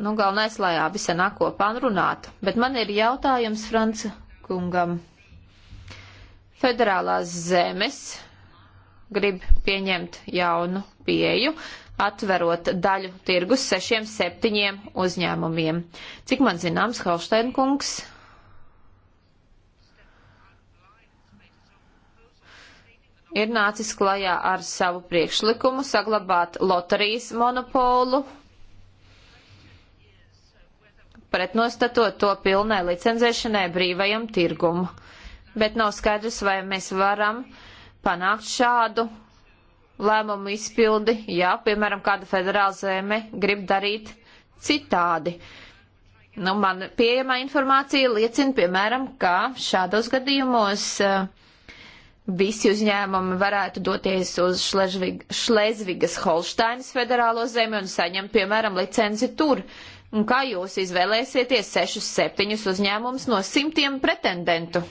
Nu, galvenais, lai abi sanāk kopā un runātu. Bet man ir jautājums Franca kungam. Federālās zemes grib pieņemt jaunu pieju, atverot daļu tirgus sešiem, septiņiem uzņēmumiem. Cik man zināms, Holstein kungs ir nācis klajā ar savu priekšlikumu saglabāt loterijas monopolu, pretnostatot to pilnai licenzēšanai brīvajam tirgumu. Bet nav skaidrs, vai mēs varam panākt šādu lēmumu izpildi, ja, piemēram, kāda federāla zeme grib darīt citādi. Nu, man pieejamā informācija liecina, piemēram, ka šādos gadījumos eh, visi uzņēmumi varētu doties uz Šlezvig Šlezvigas Holštainas federālo zemi un saņemt, piemēram, licenci tur. Un kā jūs izvēlēsieties sešus, septiņus uzņēmumus no simtiem pretendentu?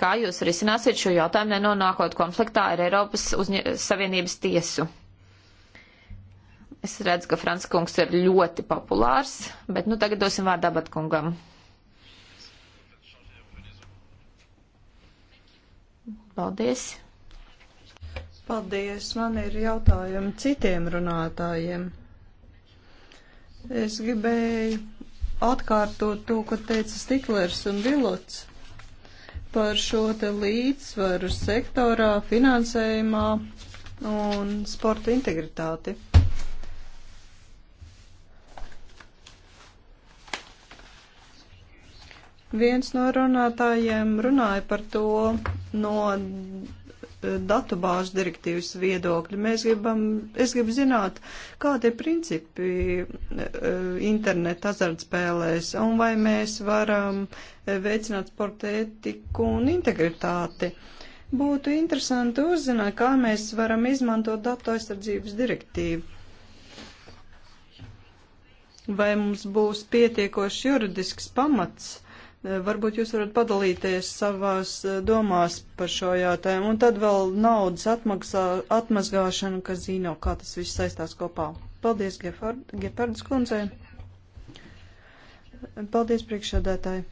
Kā jūs risināsiet šo jautājumu nenonākot konfliktā ar Eiropas uzņa... Savienības tiesu? Es redzu, ka Franska kungs ir ļoti populārs, bet nu tagad dosim vārdu abatkungam. Paldies! Paldies! Man ir jautājumi citiem runātājiem. Es gribēju atkārtot to, ko teica Stiklers un Vilots par šo te līdzsvaru sektorā, finansējumā un sporta integritāti. Viens no runātājiem runāja par to no datubāžu direktīvas viedokļa. Mēs gribam, es gribu zināt, kādi ir principi e, interneta azartspēlēs un vai mēs varam e, veicināt sporta ētiku un integritāti. Būtu interesanti uzzināt, kā mēs varam izmantot datu aizsardzības direktīvu. Vai mums būs pietiekoši juridisks pamats? Varbūt jūs varat padalīties savās eh, domās par šo jautājumu. Un tad vēl naudas atmaksā, atmazgāšana, kas zino, kā tas viss saistās kopā. Paldies, Gepardas kundzei. Paldies, priekšādētāji.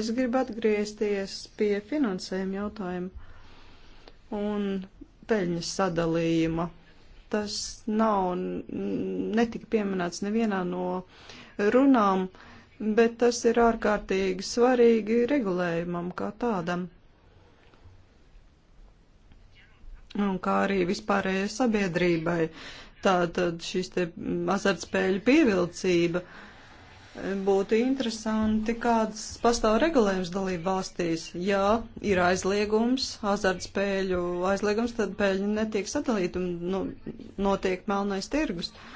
Es gribu atgriezties pie finansējuma jautājuma un peļņas sadalījuma. Tas nav, netika pieminēts nevienā no runām. Uh, bet tas ir ārkārtīgi svarīgi regulējumam kā tādam. Un kā arī vispārējai sabiedrībai. Tātad šis te azartspēļu pievilcība eh, būtu interesanti, kāds pastāv regulējums dalību valstīs. Ja ir aizliegums, azartspēļu aizliegums, tad pēļņi netiek sadalīti un nu, notiek melnais tirgus. Uh,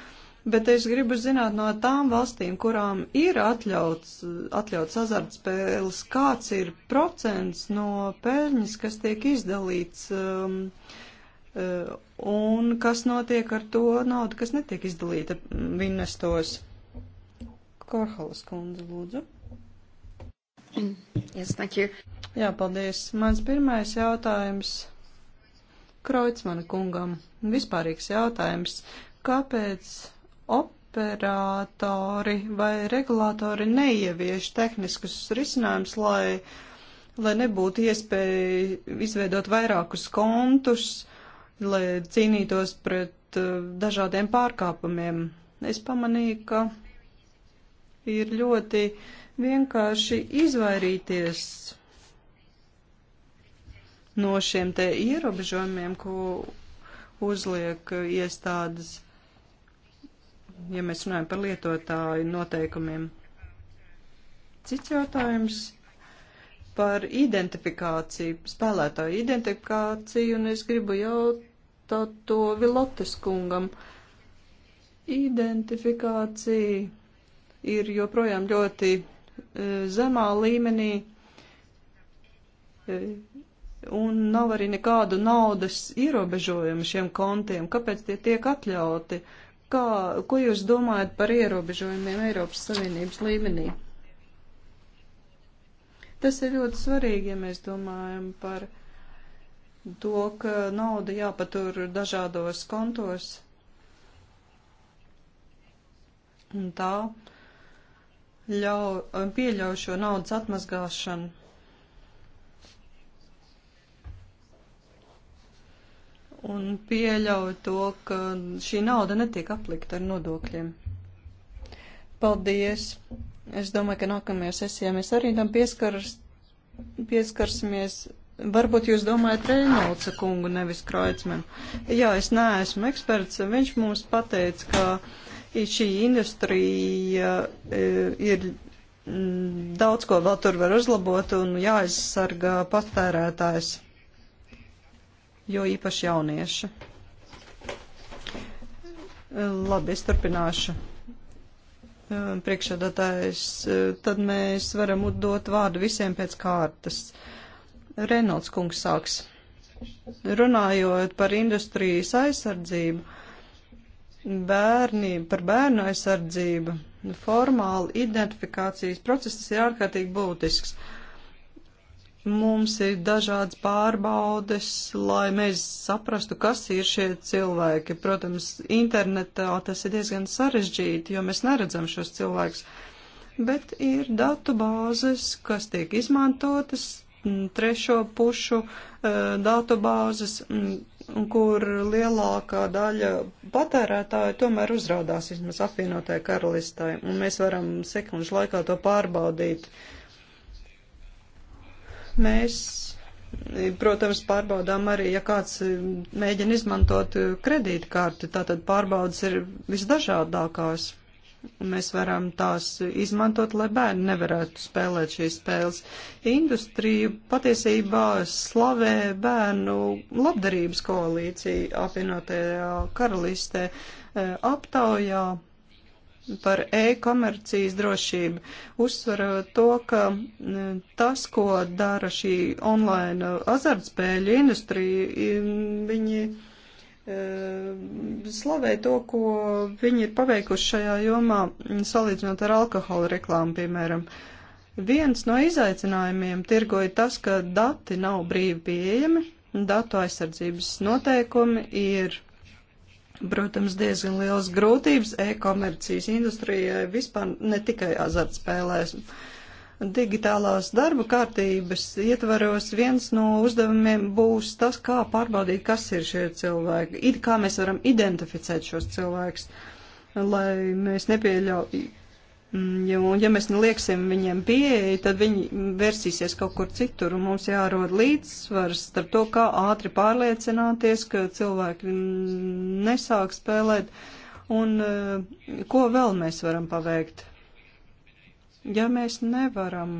bet es gribu zināt no tām valstīm, kurām ir atļauts, atļauts azartspēles, kāds ir procents no peļņas, kas tiek izdalīts um, uh, un kas notiek ar to naudu, kas netiek izdalīta vinnestos. Korhalas kundze, lūdzu. Yes, thank you. Jā, paldies. Mans pirmais jautājums Kreutzmana kungam. Vispārīgs jautājums. Kāpēc operatori vai regulātori neievieš tehniskus risinājumus, lai, lai nebūtu iespēja izveidot vairākus kontus, lai cīnītos pret uh, dažādiem pārkāpumiem. Es pamanīju, ka ir ļoti vienkārši izvairīties no šiem te ierobežojumiem, ko uzliek uh, iestādes ja mēs runājam par lietotāju noteikumiem. Cits jautājums par identifikāciju, spēlētāju identifikāciju, un es gribu jautāt to Vilotes kungam. Identifikācija ir joprojām ļoti e, zemā līmenī, e, un nav arī nekādu naudas ierobežojumu šiem kontiem. Kāpēc tie tiek atļauti? E, Kā, ko jūs domājat par ierobežojumiem Eiropas Savienības līmenī? Tas ir ļoti svarīgi, ja mēs domājam par to, ka nauda jāpatur dažādos kontos. Un tā ļauj, pieļauj šo naudas atmazgāšanu. un pieļauj to, ka šī nauda netiek aplikta ar nodokļiem. Paldies! Es domāju, ka nākamajā sesijā mēs arī tam pieskars, pieskarsimies. Varbūt jūs domājat Reinolca kungu, nevis Kreutzmanu. Jā, es neesmu eksperts. Viņš mums pateica, ka šī industrija e, ir mm, daudz ko vēl tur var uzlabot un jāaizsargā patērētājs jo īpaši jaunieši. Labi, es turpināšu. Ehm, Priekšādātājs, eh, tad mēs varam dot vārdu visiem pēc kārtas. Reynolds kungs sāks. Runājot par industrijas aizsardzību, bērni, par bērnu aizsardzību, formāli identifikācijas process ir ārkārtīgi būtisks. Uh, Mums ir dažādas pārbaudes, lai mēs saprastu, kas ir šie cilvēki. Protams, internetā tas ir diezgan sarežģīti, jo mēs neredzam šos cilvēkus. Bet ir datu bāzes, kas tiek izmantotas, trešo pušu e, datu bāzes, kur lielākā daļa patērētāju tomēr uzrādās vismaz apvienotajai karalistai, un mēs varam sekundžu laikā to pārbaudīt. Uh, Mēs, protams, pārbaudām arī, ja kāds e, mēģina izmantot e, kredītkarti, tātad pārbaudas ir visdažādākās. Mēs varam tās izmantot, lai bērni nevarētu spēlēt šīs spēles. Industrija patiesībā slavē bērnu labdarības koalīciju apvienotajā karalistē e, aptaujā par e-komercijas drošību, uzsverot to, ka tas, ko dara šī online azartspēļu industrija, viņi e, slavē to, ko viņi ir paveikuši šajā jomā, salīdzinot ar alkohola reklāmu, piemēram. Viens no izaicinājumiem tirgoja tas, ka dati nav brīvi pieejami, datu aizsardzības noteikumi ir protams, diezgan liels grūtības e-komercijas industrijai vispār ne tikai azartspēlēs. Digitālās darba kārtības ietvaros viens no uzdevumiem būs tas, kā pārbaudīt, kas ir šie cilvēki, kā mēs varam identificēt šos cilvēkus, lai mēs nepieļauj, Mm, jo, ja mēs nelieksim viņiem pieeja, tad viņi versīsies kaut kur citur, un mums jārod līdzsvars starp to, kā ātri pārliecināties, ka cilvēki nesāk spēlēt, un eh, ko vēl mēs varam paveikt. Ja mēs nevaram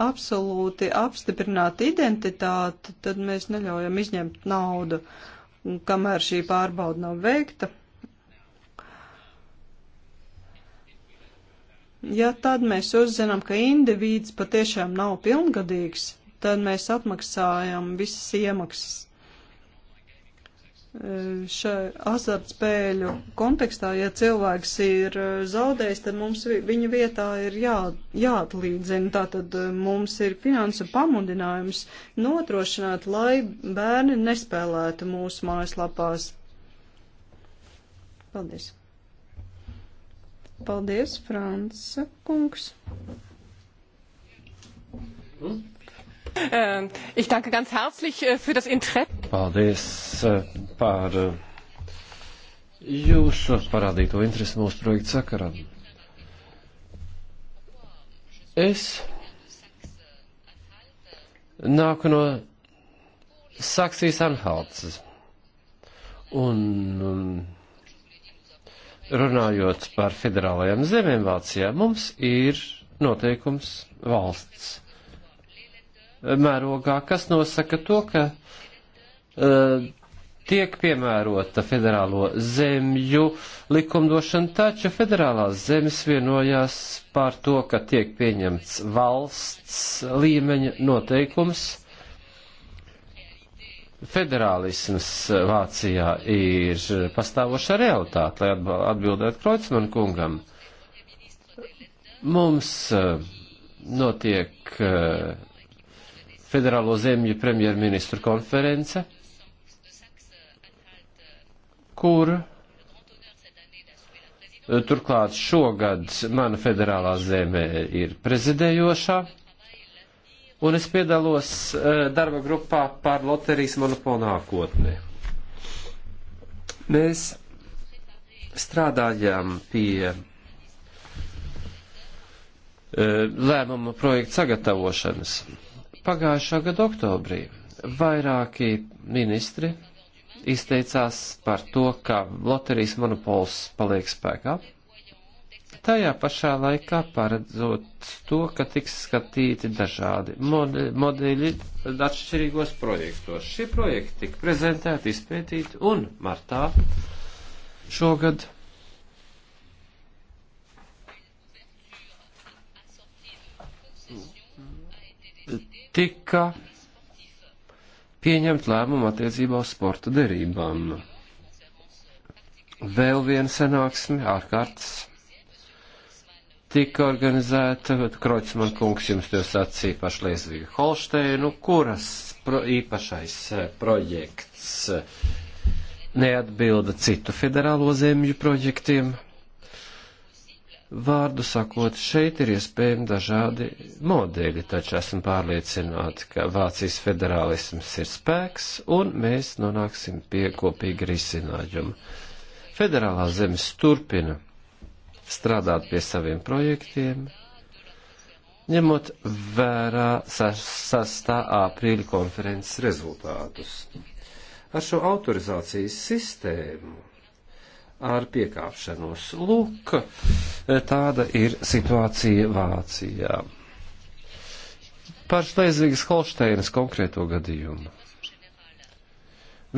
absolūti apstiprināt identitāti, tad mēs neļaujam izņemt naudu, kamēr šī pārbauda nav veikta Ja tad mēs uzzinām, ka indivīds patiešām nav pilngadīgs, tad mēs atmaksājam visas iemaksas. E, šai azartspēļu kontekstā, ja cilvēks ir e, zaudējis, tad mums viņa vietā ir jā, jāatlīdzina. Tātad e, mums ir finansu pamudinājums notrošināt, lai bērni nespēlētu mūsu mājaslapās. Paldies! Paldies, Franca kungs. Ähm, ich danke ganz herzlich äh, für das Interesse. Paldies äh, par äh, jūsu parādīto interesi mūsu projektu sakarā. Es nāku no Saksijas Anhaltas. Un, un um, runājot par federālajām zemēm Vācijā, mums ir noteikums valsts mērogā, kas nosaka to, ka uh, tiek piemērota federālo zemju likumdošana, taču federālās zemes vienojās par to, ka tiek pieņemts valsts līmeņa noteikums, federālisms eh, Vācijā ir eh, pastāvoša realitāte, lai atbildētu Kreutzmann kungam. Mums eh, notiek federālo zemju premjerministru konference, kur turklāt šogad mana federālā zeme ir prezidējošā un es piedalos eh, darba grupā par loterijas monopolu nākotni. Mēs strādājām pie eh, lēmuma projekta sagatavošanas. Pagājušā gada oktobrī vairāki ministri izteicās par to, ka loterijas monopols paliek spēkā tajā pašā laikā paredzot to, ka tiks skatīti dažādi modeļi atšķirīgos projektos. Šie projekti tika prezentēti, izpētīti un martā šogad. Tika pieņemt lēmumu attiecībā uz sporta derībām. Vēl viena sanāksme ārkārtas tika organizēta, Kreutzmann kungs jums to sacīja pašlēzviju Holšteinu, kuras pro, īpašais eh, projekts eh, neatbilda citu federālo zemju projektiem. Vārdu sakot, šeit ir iespējami dažādi modeļi, taču esmu pārliecināti, ka Vācijas federālisms ir spēks, un mēs nonāksim pie kopīga risinājuma. Federālā zemes turpina strādāt pie saviem projektiem, ņemot vērā 6. aprīļa konferences rezultātus. Ar šo autorizācijas sistēmu, ar piekāpšanos, lūk, tāda ir situācija Vācijā. Par Šlēzvigas Holšteinas konkrēto gadījumu.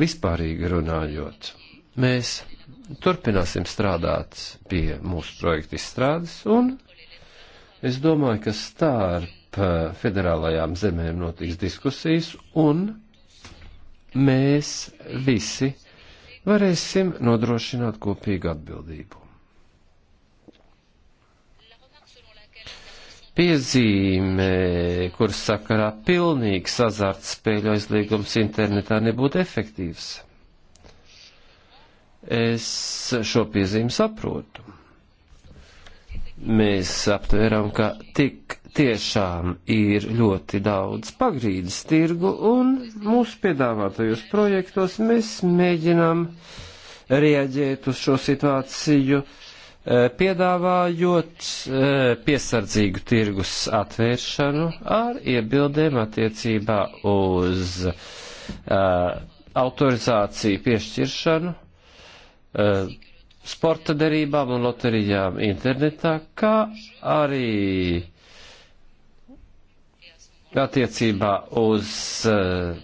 Vispārīgi runājot, mēs turpināsim strādāt pie mūsu projekta izstrādes, un es domāju, ka starp eh, federālajām zemēm notiks diskusijas, un mēs visi varēsim nodrošināt kopīgu atbildību. Piezīme, kuras sakarā pilnīgs azartspēļu aizliegums internetā nebūtu efektīvs. Es šo piezīmi saprotu. Mēs aptveram, ka tik tiešām ir ļoti daudz pagrīdes tirgu, un mūsu piedāvātajos projektos mēs mēģinām rieģēt uz šo situāciju, eh, piedāvājot eh, piesardzīgu tirgus atvēršanu ar iebildēm attiecībā uz eh, autorizāciju piešķiršanu Eh, sporta derībām un loterijām internetā, kā arī attiecībā uz eh,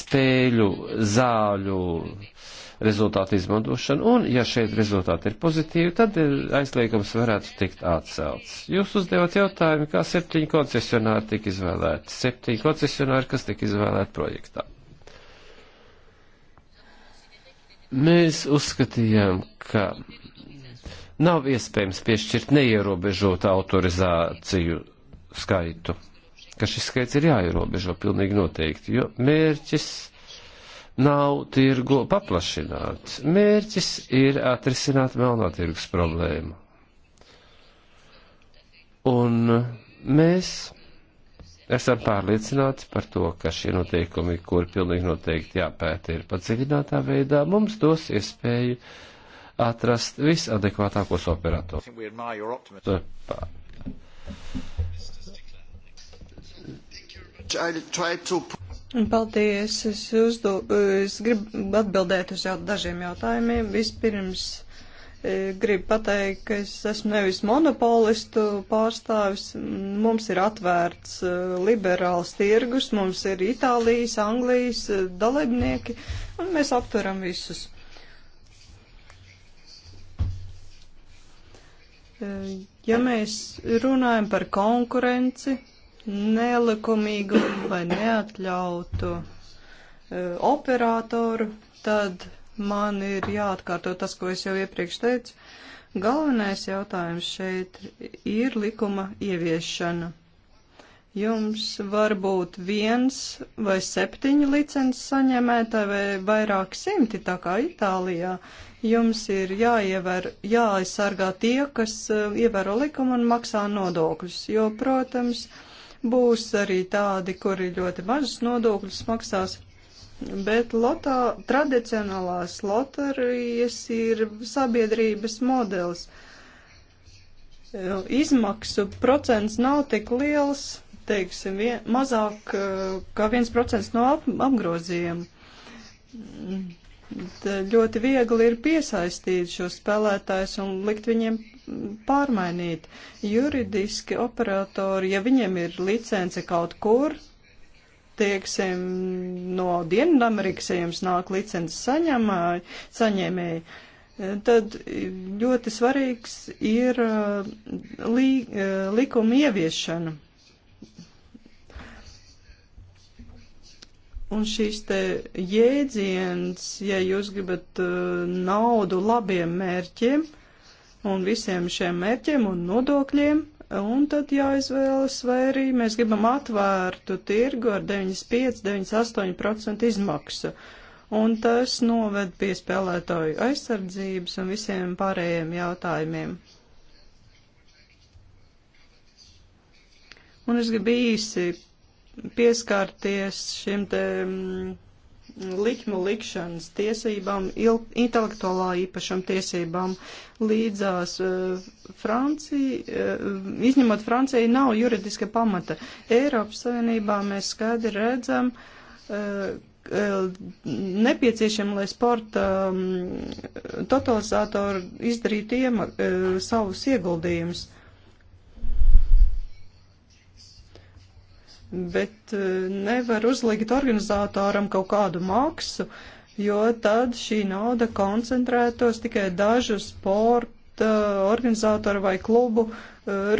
spēļu zāļu rezultātu izmantošanu, un ja šeit rezultāti ir pozitīvi, tad eh, aizliegums varētu tikt atcelts. Jūs uzdevat jautājumu, kā septiņi koncesionāri tika izvēlēti, septiņi koncesionāri, kas tika izvēlēti projektā. Mēs uzskatījām, ka nav iespējams piešķirt neierobežotu autorizāciju skaitu, ka šis skaits ir jāierobežo pilnīgi noteikti, jo mērķis nav tirgu paplašināt. Mērķis ir atrisināt melnā tirgus problēmu. Un mēs Esam pārliecināti par to, ka šie noteikumi, kuri pilnīgi noteikti jāpēta ir padziļinātā veidā, mums dos iespēju atrast visadekvātākos operators. Paldies, es, uzdu, es gribu atbildēt uz jau dažiem jautājumiem. Vispirms E, gribu pateikt, ka es esmu nevis monopolistu pārstāvis, mums ir atvērts e, liberāls tirgus, mums ir Itālijas, Anglijas e, dalībnieki, un mēs aptveram visus. Ja mēs runājam par konkurenci, nelikumīgu vai neatļautu operatoru, tad man ir jāatkārto tas, ko es jau iepriekš teicu. Galvenais jautājums šeit ir likuma ieviešana. Jums var būt viens vai septiņi licences saņemētāji vai vairāk simti, tā kā Itālijā. Jums ir jāievēr, jāaizsargā tie, kas eh, ievēro likumu un maksā nodokļus, jo, protams, būs arī tādi, kuri ļoti mažas nodokļus maksās bet lotā, tradicionālās loterijas ir sabiedrības modelis. Izmaksu procents nav tik liels, teiksim, vien, mazāk eh, kā 1% no ap, apgrozījuma. Tad ļoti viegli ir piesaistīt šos spēlētājus un likt viņiem pārmainīt. Juridiski operatori, ja viņiem ir licence kaut kur, teiksim, no Dienvidamerikas, ja jums nāk licences saņemā, saņēmēji, tad ļoti svarīgs ir uh, li, uh, likuma ieviešana. Un šīs te jēdziens, ja jūs gribat uh, naudu labiem mērķiem un visiem šiem mērķiem un nodokļiem, Un tad jāizvēlas, vai arī mēs gribam atvērtu tirgu ar 95-98% izmaksu. Un tas noved pie spēlētāju aizsardzības un visiem pārējiem jautājumiem. Un es gribu īsi pieskārties šim te. Mm, likmu likšanas tiesībām, intelektuālā īpašuma tiesībām. Līdzās eh, Francija, eh, izņemot Franciju, nav juridiska pamata. Eiropas Savienībā mēs skaidri redzam eh, nepieciešam, lai sporta mm, totalizātori izdarītu savu ieguldījumus bet e, nevar uzlikt organizātoram kaut kādu maksu, jo tad šī nauda koncentrētos tikai dažu sporta organizātoru vai klubu e,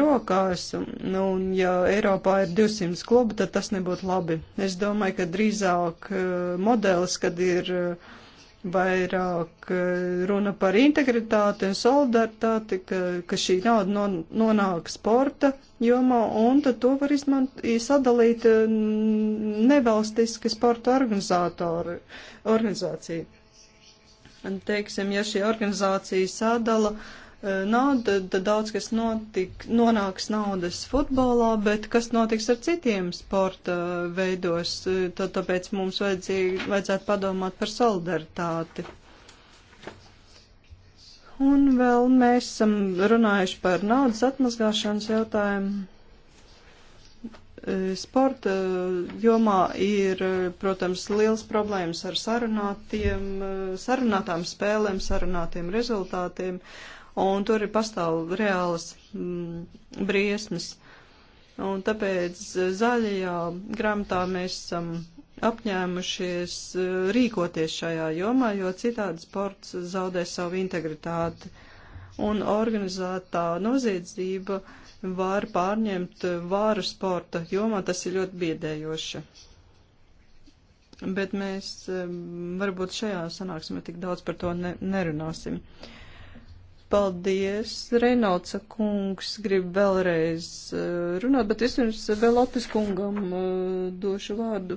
rokās. Un ja Eiropā ir 200 klubu, tad tas nebūtu labi. Es domāju, ka drīzāk e, modelis, kad ir uh, vairāk eh, runa par integritāti un solidaritāti, ka, ka šī nauda non, nonāk sporta jomā, un tad to var izmant, sadalīt eh, nevalstiski sporta organizātori, organizācija. Un, teiksim, ja šī organizācija sadala uh, nav, tad daudz kas notik, nonāks naudas futbolā, bet kas notiks ar citiem sporta veidos, tad tāpēc mums vajadzīgi, vajadzētu padomāt par solidaritāti. Un vēl mēs esam runājuši par naudas atmazgāšanas jautājumu. Sporta jomā ir, protams, liels problēmas ar sarunātiem, sarunātām spēlēm, sarunātiem rezultātiem. Uh, un tur ir pastāv reālas mm, briesmas. Un tāpēc zaļajā grāmatā mēs esam um, apņēmušies uh, rīkoties šajā jomā, jo citādi sports zaudē savu integritāti. Un organizētā noziedzība var pārņemt vāru sporta jomā, tas ir ļoti biedējoši. Bet mēs um, varbūt šajā sanāksmē tik daudz par to ne, nerunāsim. Uh, Paldies, Reinauca kungs grib vēlreiz eh, runāt, bet vispirms vēl Otis kungam eh, došu vārdu.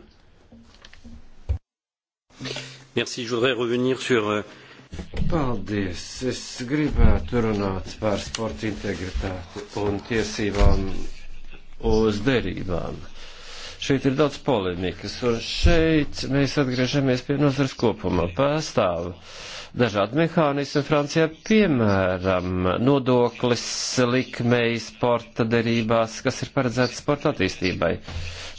Merci, je voudrais revenir sur. Euh, Paldies! Es gribētu runāt par sporta integritāti un tiesībām uz derībām. Šeit ir daudz polemikas, un šeit mēs atgriežamies pie nozars kopumā. Pastāv dažādi mehānismi Francijā, piemēram, nodoklis likmei sporta derībās, kas ir paredzēts sporta attīstībai.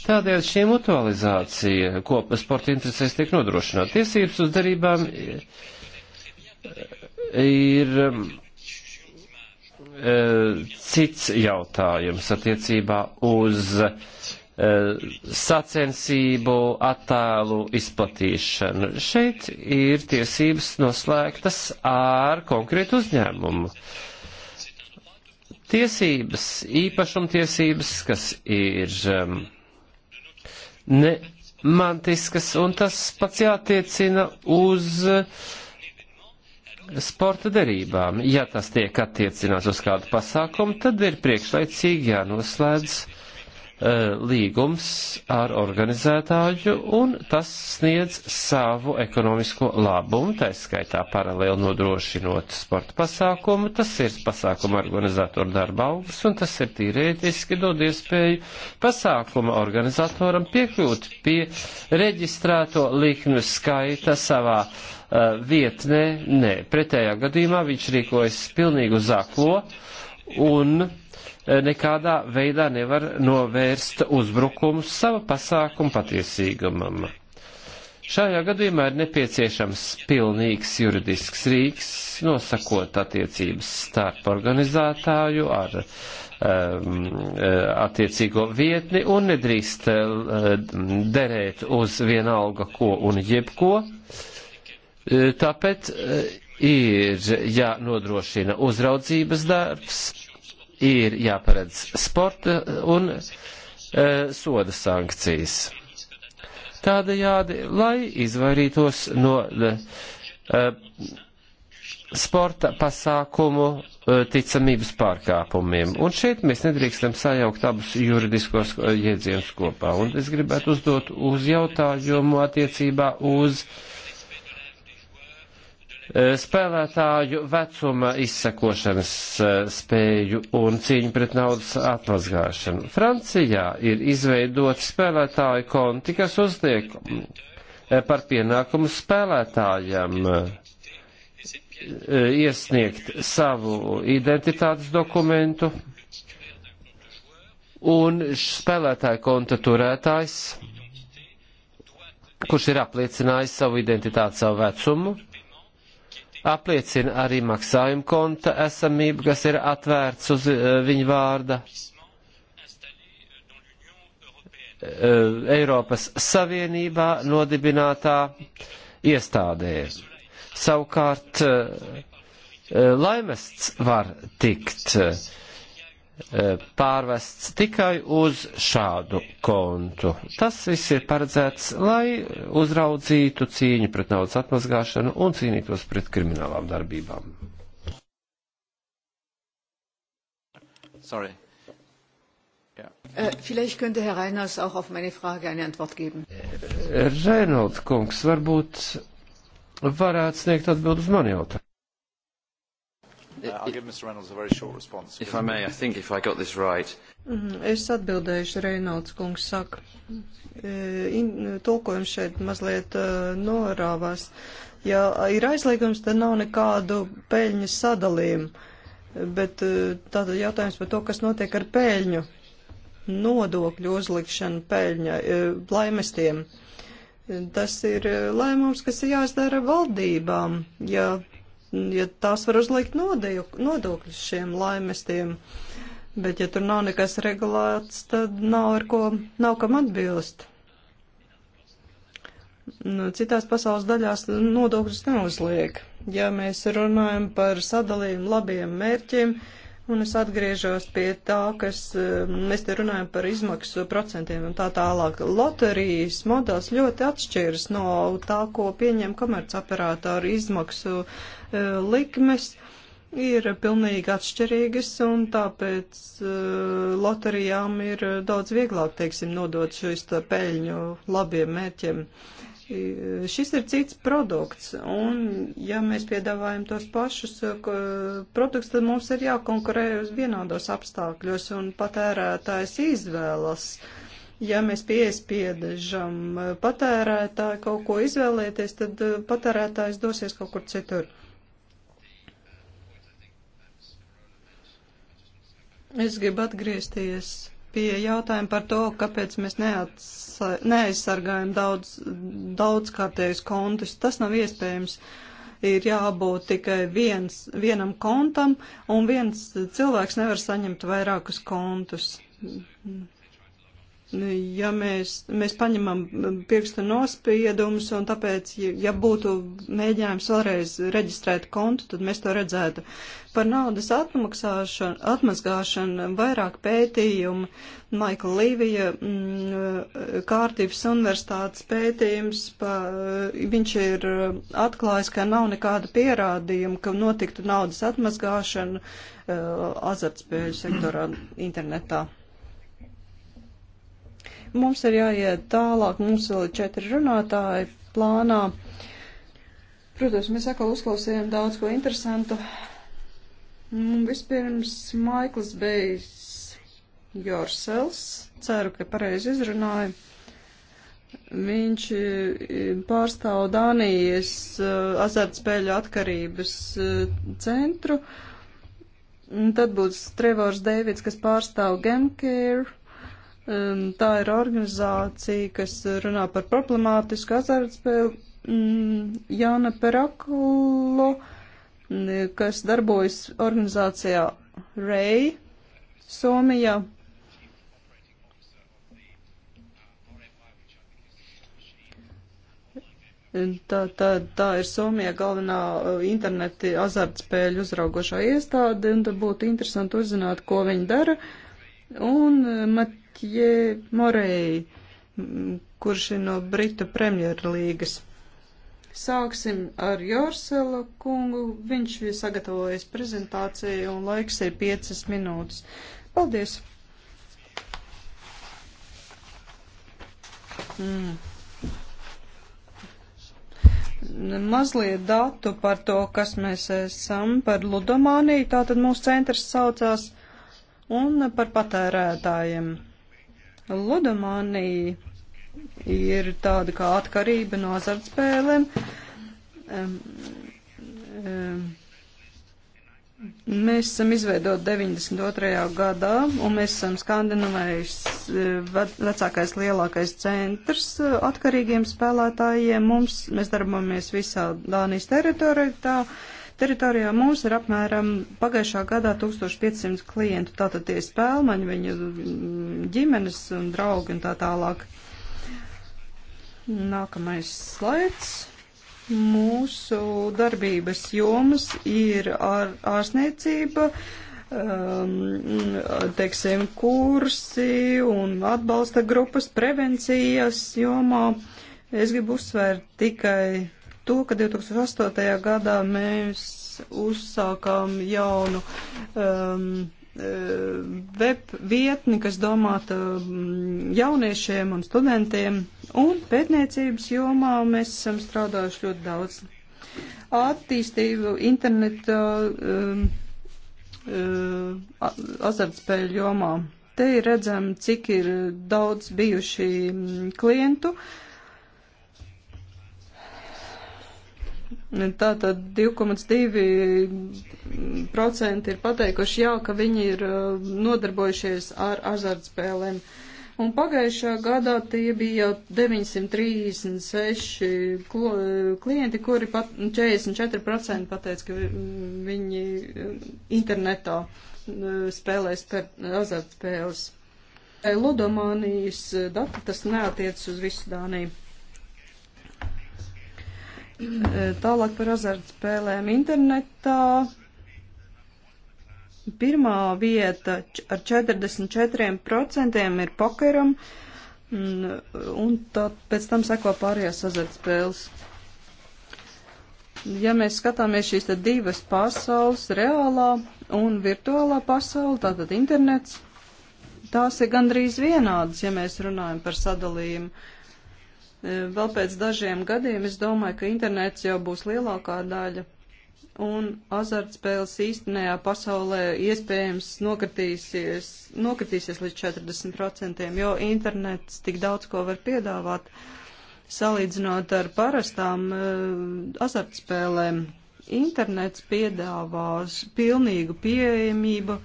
Tādēļ šī mutualizācija kopā sporta interesēs tiek nodrošināta. Tiesības uz darībām ir eh, cits jautājums attiecībā uz Eh, sacensību attēlu izplatīšanu. Šeit ir tiesības noslēgtas ar konkrētu uzņēmumu. Tiesības, īpašumtiesības, kas ir um, nemantiskas, un tas pats jātiecina uz sporta derībām. Ja tas tiek attiecināts uz kādu pasākumu, tad ir priekšlaicīgi jānoslēdz uh, Eh, līgums ar organizētāju, un tas sniedz savu ekonomisko labumu, tā skaitā paralēli nodrošinot sporta pasākumu, tas ir pasākuma organizatoru darba augsts, un tas ir tīrētiski dod iespēju pasākuma organizatoram piekļūt pie reģistrēto likņu skaita savā uh, vietnē, nē, pretējā gadījumā viņš rīkojas pilnīgi uz aklo, un Eh, nekādā veidā nevar novērst uzbrukumu sava pasākuma patiesīgumam. Šajā gadījumā ir nepieciešams pilnīgs juridisks rīks, nosakot attiecības starp organizētāju ar um, attiecīgo vietni un nedrīkst uh, derēt uz vienalga ko un jebko. Tāpēc ir jānodrošina uzraudzības darbs, ir jāparedz sporta eh, un e, soda sankcijas. Tādējādi, lai izvairītos no e, sporta pasākumu ticamības pārkāpumiem. Un šeit mēs nedrīkstam sajaukt abus juridiskos jēdzienus kopā. Un es gribētu uzdot uz jautājumu attiecībā uz uh, spēlētāju vecuma izsakošanas e, spēju un cīņu pret naudas atmazgāšanu. Francijā ir izveidoti spēlētāju konti, kas uzliek e, par pienākumu spēlētājiem e, iesniegt savu identitātes dokumentu, un spēlētāja konta turētājs, kurš ir apliecinājis savu identitāti, savu vecumu, apliecina arī maksājuma konta esamību, kas ir atvērts uz eh, viņa vārda. Eh, Eiropas Savienībā nodibinātā iestādē. Savukārt eh, laimests var tikt uh, Eh, pārvests tikai uz šādu kontu. Tas viss ir paredzēts, lai uzraudzītu cīņu pret naudas atmazgāšanu un cīnītos pret kriminālām darbībām. Sorry. Eh, vielleicht könnte Herr Reiners auch auf meine Frage eine Antwort geben. Eh, Reinhold Kungs, varbūt varētu sniegt atbild uz mani jautājumu. Uh, I'll give Mr. Reynolds a very short response. If I may, I think if I got this right. Mhm, es atbildēšu, Reinolds kungs saka. Uh, tulkojums šeit mazliet uh, norāvās. Ja ir aizliegums, tad nav nekādu peļņas sadalījumu. Bet uh, tātad jautājums par to, kas notiek ar peļņu. Nodokļu uzlikšana peļņa laimestiem. Tas ir lēmums, kas ir jāizdara valdībām. Ja ja tās var uzlikt nodokļus šiem laimestiem. Bet, ja tur nav nekas regulēts, tad nav ar ko, nav kam atbilst. Nu, citās pasaules daļās nodokļus neuzliek. Ja mēs runājam par sadalījumu labiem mērķiem, un es atgriežos pie tā, kas eh, mēs te runājam par izmaksu procentiem un tā tālāk. Loterijas modelis ļoti atšķiras no tā, ko pieņem komercaparāta ar izmaksu uh, Eh, likmes ir pilnīgi atšķirīgas, un tāpēc eh, loterijām ir daudz vieglāk, teiksim, nodot šīs peļņu labiem mērķiem. Eh, šis ir cits produkts, un ja mēs piedāvājam tos pašus produktus, tad mums ir jākonkurē uz vienādos apstākļos, un patērētājs izvēlas. Ja mēs piespiežam patērētāju kaut ko izvēlēties, tad patērētājs dosies kaut kur citur. Es gribu atgriezties pie jautājuma par to, kāpēc mēs neatsa, neaizsargājam daudz, daudzkārtējus kontus. Tas nav iespējams. Ir jābūt tikai viens, vienam kontam, un viens cilvēks nevar saņemt vairākus kontus ja mēs, mēs paņemam pirkstu nospiedumus, un tāpēc, ja būtu mēģinājums vēlreiz reģistrēt kontu, tad mēs to redzētu. Par naudas atmazgāšanu vairāk pētījumu, Maikla Līvija kārtības mm, universitātes pētījums, pa, viņš ir atklājis, ka nav nekāda pierādījuma, ka notiktu naudas atmazgāšana eh, azartspēļu sektorā internetā. Mums ir jāiet tālāk, mums vēl ir četri runātāji plānā. Protams, mēs atkal uzklausījām daudz ko interesantu. Un mm, vispirms Maikls Bejs Jorsels, ceru, ka pareizi izrunāju. Viņš eh, pārstāv Dānijas eh, azartspēļu atkarības eh, centru. Un tad būs Trevors Deivids, kas pārstāv GameCare. Um, tā ir organizācija, kas runā par problemātisku azartspēli. Mm, Jāna Peraklo, kas darbojas organizācijā REI Somijā. Tā, tā, tā ir Somijā galvenā uh, interneti azartspēļu uzraugošā iestāde, un tad būtu interesanti uzzināt, ko viņi dara. Un uh, Mat Matjē Morei, kurš ir no Britu premjerlīgas. Sāksim ar Jorsela kungu. Viņš ir sagatavojis prezentāciju un laiks ir piecas minūtes. Paldies! Mm. Mazliet datu par to, kas mēs esam, par ludomāniju, tātad mūsu centrs saucās, un par patērētājiem. Ludomānija ir tāda kā atkarība no azartspēlēm. Um, um, Mēs esam izveidoti 92. gadā, un mēs esam Skandināvijas eh, vecākais lielākais centrs eh, atkarīgiem spēlētājiem. Mums, mēs darbojamies visā Dānijas teritorijā, teritorijā mums ir apmēram pagājušā gadā 1500 klientu, tātad tie spēlmaņi, viņu mm, ģimenes un draugi un tā tālāk. Nākamais slaids. Mūsu darbības jomas ir ār, ārsniecība, um, teiksim, kursi un atbalsta grupas prevencijas jomā. Es gribu uzsvērt tikai to, ka 2008. gadā mēs uzsākām jaunu um, eh, web vietni, kas domāta mm, jauniešiem un studentiem, un pētniecības jomā mēs esam strādājuši ļoti daudz. Attīstību interneta um, uh, azartspēļu jomā. Te ir redzam, cik ir daudz bijuši mm, klientu, uh, Tātad 2,2% ir pateikuši jā, ka viņi ir uh, nodarbojušies ar azartspēlēm. Un pagājušā gadā tie bija jau uh, 936 klienti, kuri pat 44% pateica, ka mm, viņi uh, internetā spēlēs azartspēles. Ludomānijas dati tas neatiec uz visu Dāniju. Tālāk par azartspēlēm internetā. Pirmā vieta ar 44% ir pokeram, un tā, pēc tam seko pārējās azartspēles. Ja mēs skatāmies šīs divas pasaules, reālā un virtuālā pasaule, tātad internets, tās ir gandrīz vienādas, ja mēs runājam par sadalījumu. Uh, E, vēl pēc dažiem gadiem es domāju, ka internets jau būs lielākā daļa un azartspēles īstenajā pasaulē iespējams nokritīsies, nokritīsies līdz 40%, jo internets tik daudz ko var piedāvāt salīdzinot ar parastām uh, azartspēlēm. Internets piedāvās pilnīgu pieejamību,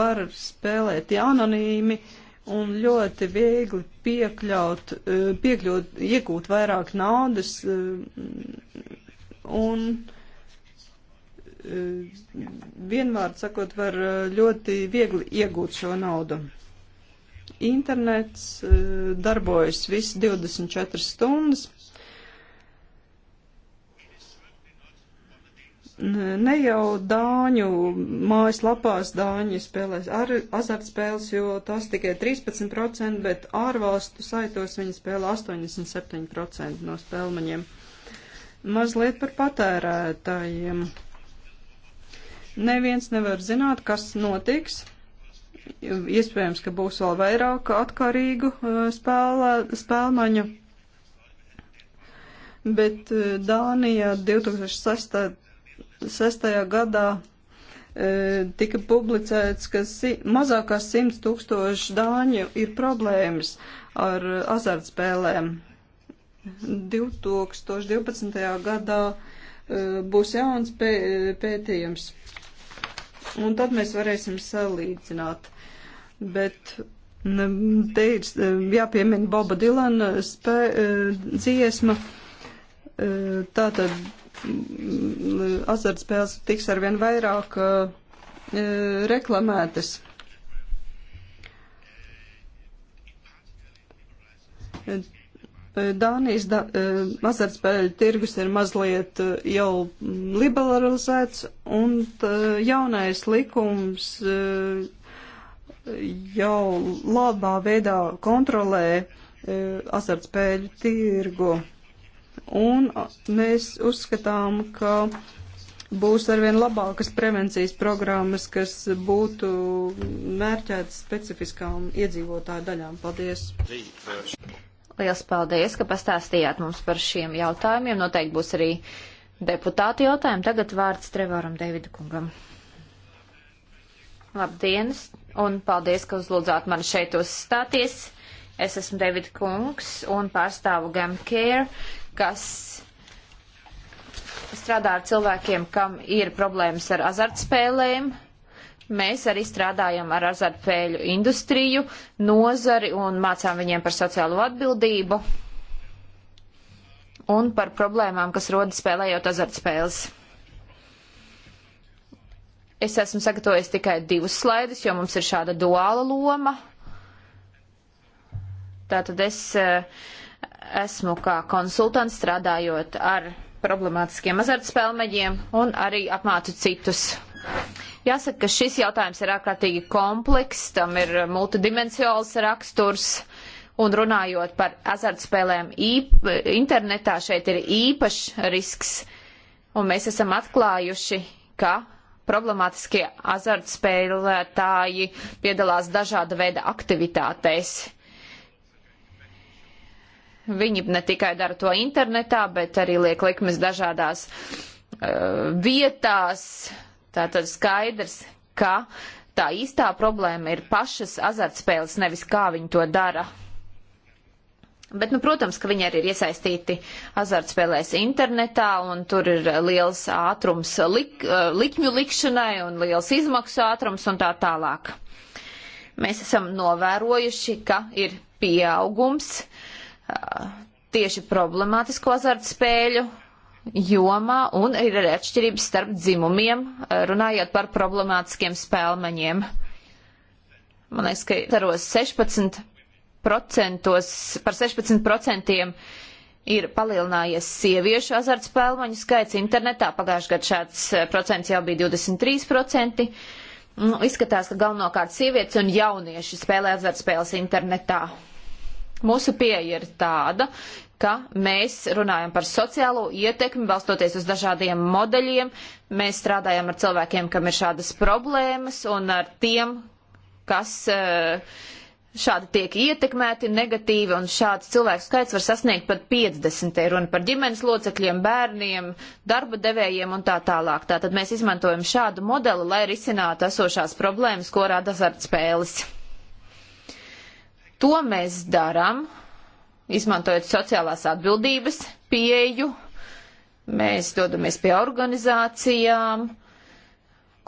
var spēlēt anonīmi, uh, un ļoti viegli piekļaut, eh, piekļūt, iegūt vairāk naudas eh, un eh, vienvārds sakot, var ļoti viegli iegūt šo naudu. Internets darbojas visu 24 stundas ne jau Dāņu mājaslapās Dāņi spēlēs ar, azartspēles, jo tas tikai 13%, bet ārvalstu saitos viņi spēlē 87% no spēlmaņiem. Mazliet par patērētājiem. Neviens nevar zināt, kas notiks. Iespējams, ka būs vēl vairāk atkarīgu e, spēlē, spēlmaņu. Bet e, Dānija 2006 2006. gadā e, tika publicēts, ka si mazākās 100 tūkstoši dāņu ir problēmas ar azartspēlēm. 2012. gadā e, būs jauns pē pētījums. Un tad mēs varēsim salīdzināt. Bet mm, te ir e, jāpiemina Boba Dilana spē, dziesma. Uh, tātad mm, azartspēles tiks arvien vairāk e, reklamētas. Dānijas da, e, azartspēļu tirgus ir mazliet e, jau liberalizēts, un jaunais likums jau labā veidā kontrolē azartspēļu tirgu un mēs uzskatām, ka būs arvien labākas prevencijas programmas, kas būtu mērķētas specifiskām iedzīvotāju daļām. Paldies! Liels paldies, ka pastāstījāt mums par šiem jautājumiem. Noteikti būs arī deputāti jautājumi. Tagad vārds Trevoram Deivida kungam. Labdienas un paldies, ka uzlūdzāt mani šeit uzstāties. Es esmu Davida Kungs un pārstāvu GamCare, kas strādā ar cilvēkiem, kam ir problēmas ar azartspēlēm. Mēs arī strādājam ar azartspēļu industriju, nozari un mācām viņiem par sociālo atbildību un par problēmām, kas rodas spēlējot azartspēles. Es esmu sagatavojis tikai divus slaidus, jo mums ir šāda duāla loma. Tātad es uh, esmu kā konsultants strādājot ar problemātiskiem azartspēlmeģiem un arī apmācu citus. Jāsaka, ka šis jautājums ir ārkārtīgi komplekss, tam ir multidimensionāls raksturs, un runājot par azartspēlēm īp, internetā šeit ir īpašs risks, un mēs esam atklājuši, ka problemātiskie azartspēlētāji piedalās dažāda veida aktivitātēs Viņi ne tikai dara to internetā, bet arī liek likmes dažādās uh, vietās. Tātad skaidrs, ka tā īstā problēma ir pašas azartspēles, nevis kā viņi to dara. Bet, nu, protams, ka viņi arī ir iesaistīti azartspēlēs internetā, un tur ir liels ātrums lik, eh, likņu likšanai un liels izmaksu ātrums un tā tālāk. Mēs esam novērojuši, ka ir pieaugums uh, tieši problemātisku azartspēļu jomā un ir arī atšķirības starp dzimumiem, runājot par problemātiskiem spēlmeņiem. Man liekas, ka taros 16% par 16% ir palielinājies sieviešu azartspēlmaņu skaits internetā. Pagājušajā gadā šāds eh, procents jau bija 23%. Nu, izskatās, ka galvenokārt sievietes un jaunieši spēlē azartspēles internetā. Mūsu pieeja ir tāda, ka mēs runājam par sociālo ietekmi, balstoties uz dažādiem modeļiem. Mēs strādājam ar cilvēkiem, kam ir šādas problēmas, un ar tiem, kas eh, šādi tiek ietekmēti negatīvi, un šāds cilvēku skaits var sasniegt pat 50. Runa par ģimenes locekļiem, bērniem, darba devējiem un tā tālāk. Tātad mēs izmantojam šādu modeli, lai risinātu esošās problēmas, ko rada azartspēles. spēles. To mēs darām, izmantojot sociālās atbildības pieeju. Mēs dodamies pie organizācijām,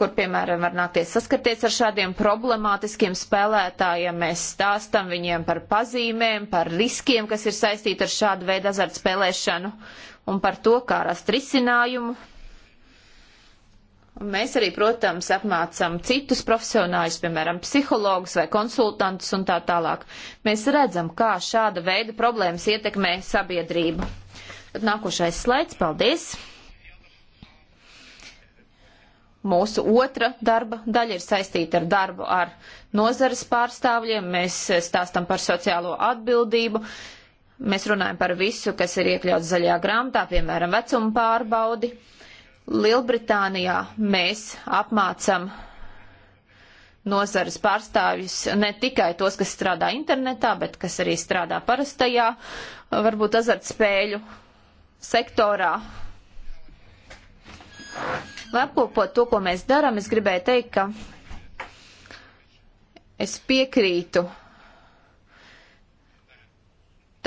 kur, piemēram, var nākties saskarties ar šādiem problemātiskiem spēlētājiem. Mēs stāstam viņiem par pazīmēm, par riskiem, kas ir saistīti ar šādu veidu azartspēlēšanu un par to, kā rast risinājumu Mēs arī, protams, apmācām citus profesionāļus, piemēram, psihologus vai konsultantus un tā tālāk. Mēs redzam, kā šāda veida problēmas ietekmē sabiedrību. Tad nākošais slaids, paldies. Mūsu otra darba daļa ir saistīta ar darbu ar nozares pārstāvjiem. Mēs stāstam par sociālo atbildību. Mēs runājam par visu, kas ir iekļauts zaļajā grāmatā, piemēram, vecuma pārbaudi. Lielbritānijā mēs apmācam nozares pārstāvjus ne tikai tos, kas strādā internetā, bet kas arī strādā parastajā, varbūt azartspēļu sektorā. Lai apkopot to, ko mēs darām, es gribēju teikt, ka es piekrītu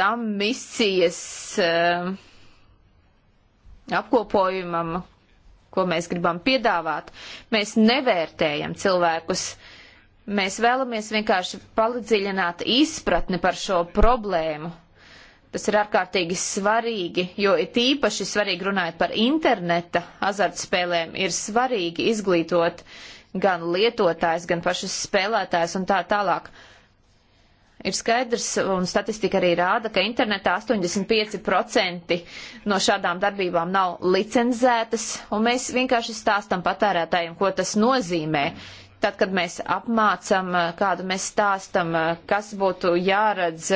tam misijas uh, apkopojumam, ko mēs gribam piedāvāt. Mēs nevērtējam cilvēkus. Mēs vēlamies vienkārši padziļināt izpratni par šo problēmu. Tas ir ārkārtīgi svarīgi, jo it īpaši svarīgi runājot par interneta azartspēlēm, ir svarīgi izglītot gan lietotājs, gan pašas spēlētājs un tā tālāk. Ir skaidrs, un statistika arī rāda, ka internetā 85% no šādām darbībām nav licenzētas, un mēs vienkārši stāstam patērētājiem, ko tas nozīmē. Tad, kad mēs apmācam, kādu mēs stāstam, kas būtu jāredz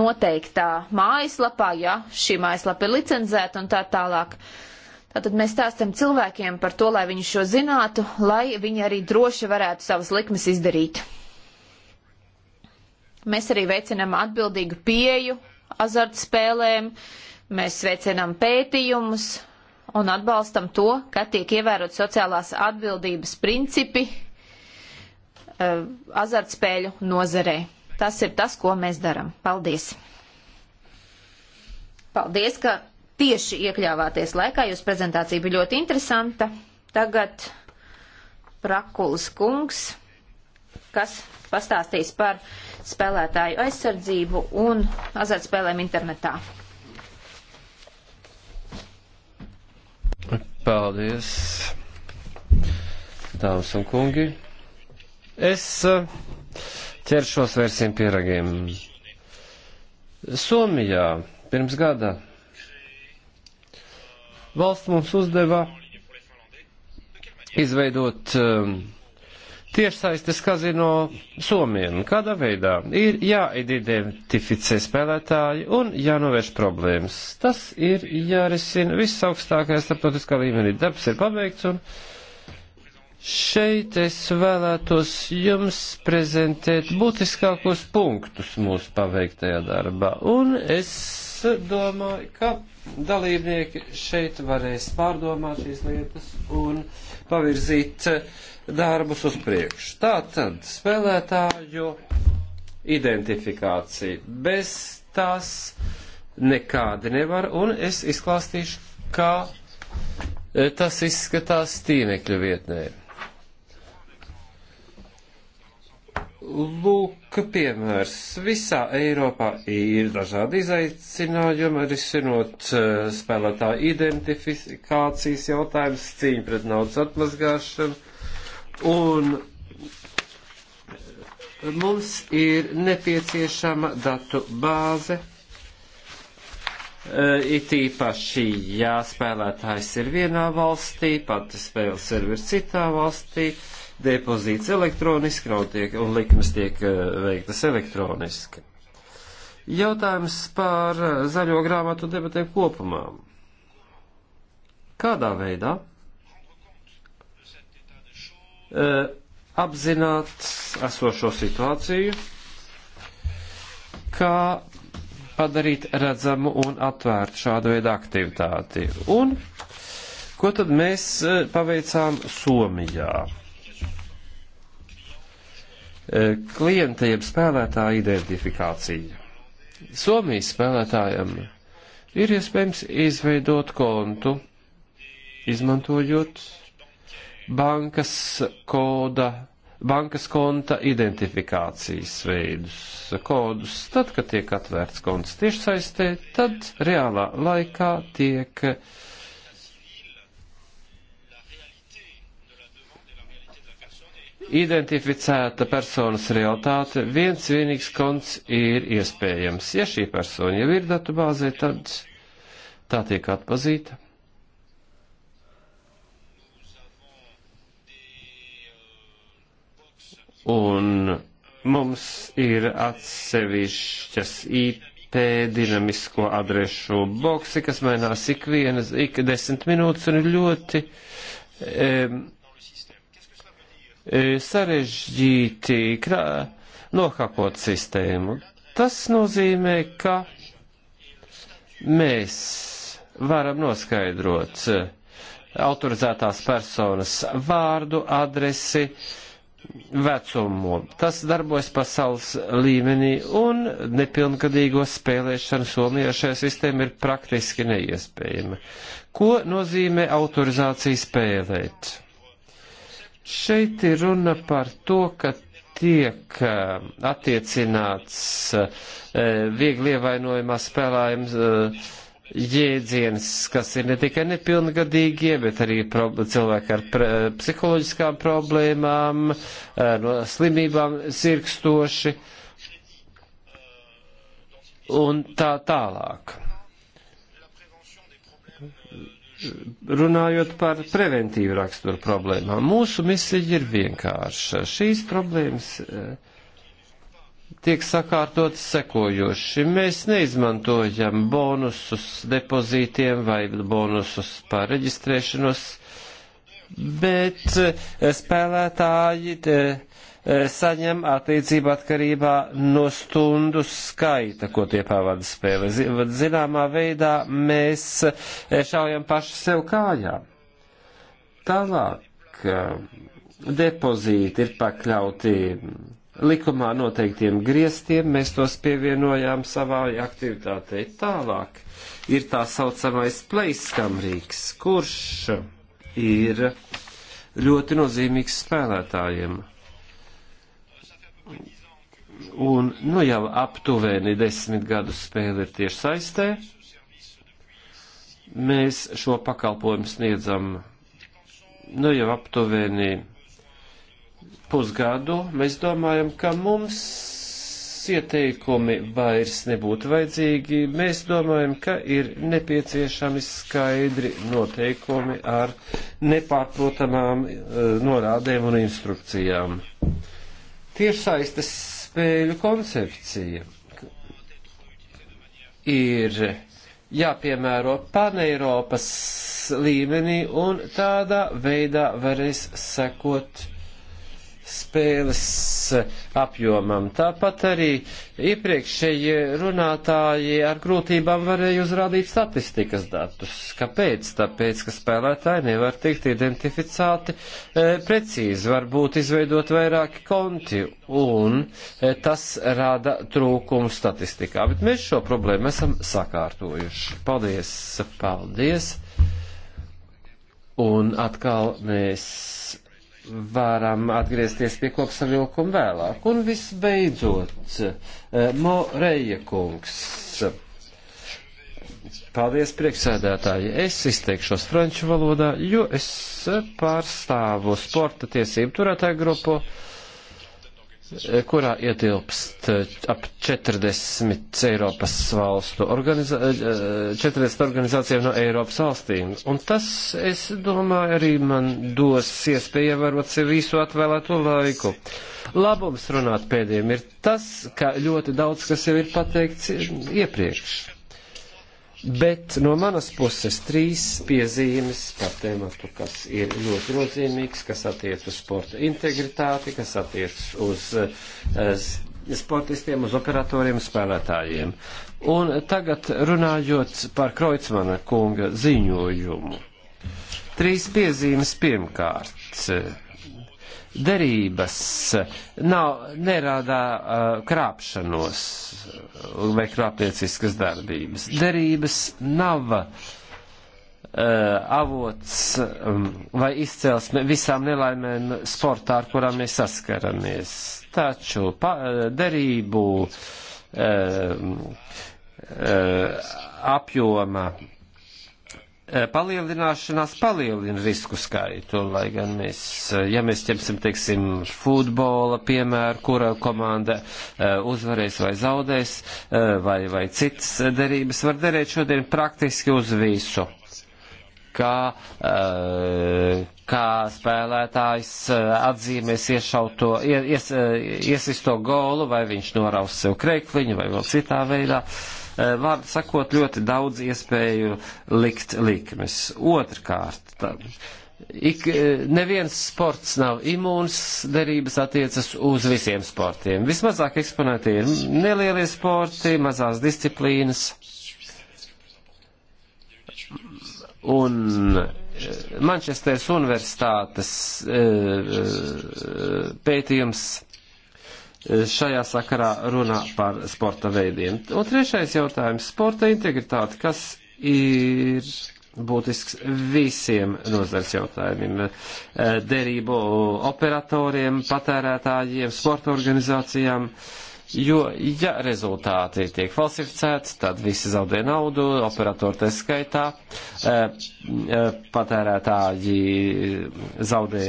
noteiktā mājaslapā, ja šī mājaslapa ir licenzēta un tā tālāk. Tātad mēs stāstam cilvēkiem par to, lai viņi šo zinātu, lai viņi arī droši varētu savas likmes izdarīt. Mēs arī veicinām atbildīgu pieju azartspēlēm, mēs veicinām pētījumus un atbalstam to, ka tiek ievērot sociālās atbildības principi eh, azartspēļu nozarē. Tas ir tas, ko mēs darām. Paldies! Paldies, ka tieši iekļāvāties laikā. Jūsu prezentācija bija ļoti interesanta. Tagad Prakulis kungs, kas pastāstīs par spēlētāju aizsardzību un azartspēlēm internetā. Paldies, dāmas un kungi. Es eh, ķeršos vērsim pieragiem. Somijā pirms gada valsts mums uzdeva izveidot um, tiešsaistes kazino Somijam. Kādā veidā ir jāidentificē spēlētāji un jānovērš problēmas. Tas ir jārisina viss augstākais starptautiskā līmenī. Darbs ir pabeigts un šeit es vēlētos jums prezentēt būtiskākos punktus mūsu paveiktajā darbā. Un es domāju, ka dalībnieki šeit varēs pārdomāt šīs lietas un pavirzīt uh, darbus uz priekšu. Tā tad spēlētāju identifikācija. Bez tās nekādi nevar, un es izklāstīšu, kā e, tas izskatās tīmekļu vietnē. Lūk, piemērs. Visā Eiropā ir dažādi izaicinājumi, risinot e, spēlētāju identifikācijas jautājumus, cīņu pret naudas atmazgāšanu, Un mums ir nepieciešama datu bāze. E, it īpaši, ja spēlētājs ir vienā valstī, pati spēles server ir citā valstī, depozīts elektroniski nav tiek, un likmes tiek e, veiktas elektroniski. Jautājums par e, zaļo grāmatu debatēm kopumā. Kādā veidā? apzināt esošo situāciju, kā padarīt redzamu un atvērtu šādu veidu aktivitāti. Un ko tad mēs paveicām Somijā? Klienta jeb spēlētāja identifikācija. Somijas spēlētājam ir iespējams izveidot kontu, izmantojot bankas koda bankas konta identifikācijas veidus, kodus. Tad, kad tiek atvērts konts tiešsaistē, tad reālā laikā tiek identificēta personas realitāte. Viens vienīgs konts ir iespējams. Ja šī persona jau ir datubāzē, tad tā tiek atpazīta. un mums ir atsevišķas IP dinamisko adrešu boksi, kas mainās ik vienas, ik desmit minūtes un ir ļoti e, e, sarežģīti krā, nohakot sistēmu. Tas nozīmē, ka mēs varam noskaidrot eh, autorizētās personas vārdu, adresi, uh, vecumu. Tas darbojas pasaules līmenī un nepilngadīgo spēlēšana Somijā šajā sistēma ir praktiski neiespējama. Ko nozīmē autorizācija spēlēt? Šeit ir runa par to, ka tiek eh, attiecināts eh, viegli ievainojumā spēlējums eh, jēdziens, kas ir ne tikai nepilngadīgie, bet arī cilvēki ar psiholoģiskām problēmām, eh, no slimībām sirkstoši un tā tālāk. Runājot par preventīvu raksturu problēmām, mūsu misija ir vienkārša. Šīs problēmas uh, tiek sakārtotas sekojoši. Mēs neizmantojam bonusus depozītiem vai bonusus par reģistrēšanos, bet eh, spēlētāji eh, eh, saņem attiecību atkarībā no stundu skaita, ko tie pavada spēle. Zināmā veidā mēs šaujam paši sev kājā. Tālāk depozīti ir pakļauti likumā noteiktiem griestiem, mēs tos pievienojām savā aktivitātei. Tālāk ir tā saucamais pleiskamrīgs, kurš ir ļoti nozīmīgs spēlētājiem. Un nu jau aptuveni desmit gadu spēle ir tieši saistē. Mēs šo pakalpojumu sniedzam nu jau aptuveni pusgadu mēs domājam, ka mums ieteikumi vairs nebūtu vajadzīgi. Mēs domājam, ka ir nepieciešami skaidri noteikumi ar nepārprotamām eh, norādēm un instrukcijām. Tiešsaistes spēļu koncepcija ir jāpiemēro paneiropas līmenī un tādā veidā varēs sekot uh, spēles eh, apjomam. Tāpat arī iepriekšēji runātāji ar grūtībām varēja uzrādīt statistikas datus. Kāpēc? Tāpēc, ka spēlētāji nevar tikt identificēti e, precīzi, varbūt izveidot vairāki konti, un e, tas rada trūkumu statistikā. Bet mēs šo problēmu esam sakārtojuši. Paldies! Paldies! Un atkal mēs varam atgriezties pie kopsavilkuma vēlāk. Un visbeidzot, eh, Moreja kungs. Paldies, priekšsēdētāji. Es izteikšos franču valodā, jo es eh, pārstāvu sporta tiesību turētāju grupu. Uh, kurā ietilpst eh, ap 40 Eiropas valstu organizā 40 eh, eh, organizācijām no Eiropas valstīm. Un tas, es domāju, arī man dos iespēju ievērot sev visu atvēlēto laiku. Labums runāt pēdējiem ir tas, ka ļoti daudz kas jau ir pateikts iepriekš. Bet no manas puses trīs piezīmes par tēmatu, kas ir ļoti nozīmīgs, kas attiec uz sporta integritāti, kas attiec uz, uz eh, sportistiem, uz operatoriem, spēlētājiem. Un tagad runājot par Kreutzmana kunga ziņojumu. Trīs piezīmes pirmkārt derības nav, nerādā uh, krāpšanos vai krāpnieciskas darbības. Derības nav uh, avots um, vai izcelsme visām nelaimēm sportā, ar kurām mēs saskaramies. Taču pa, uh, derību uh, uh, apjoma uh, Eh, palielināšanās palielina risku skaitu, lai gan mēs, eh, ja mēs ķemsim, teiksim, futbola piemēru, kura komanda eh, uzvarēs vai zaudēs, vai, vai citas derības var derēt šodien praktiski uz visu. Kā, kā spēlētājs atzīmēs iešauto, ies, iesisto golu, vai viņš noraus sev kreikliņu, vai vēl citā veidā. Uh, Eh, var sakot ļoti daudz iespēju likt likmes. Otrkārt, tā, Ik, eh, neviens sports nav imūns, derības attiecas uz visiem sportiem. Vismazāk eksponēti ir nelielie sporti, mazās disciplīnas. Un eh, Manchesteras universitātes pētījums šajā sakarā runā par sporta veidiem. Un trešais jautājums - sporta integritāte, kas ir būtisks visiem nozars jautājumiem eh, - derību operatoriem, patērētājiem, sporta organizācijām. Uh, jo, ja rezultāti tiek falsificēti, tad visi zaudē naudu, operatori tā skaitā, eh, eh, patērētāji eh, zaudē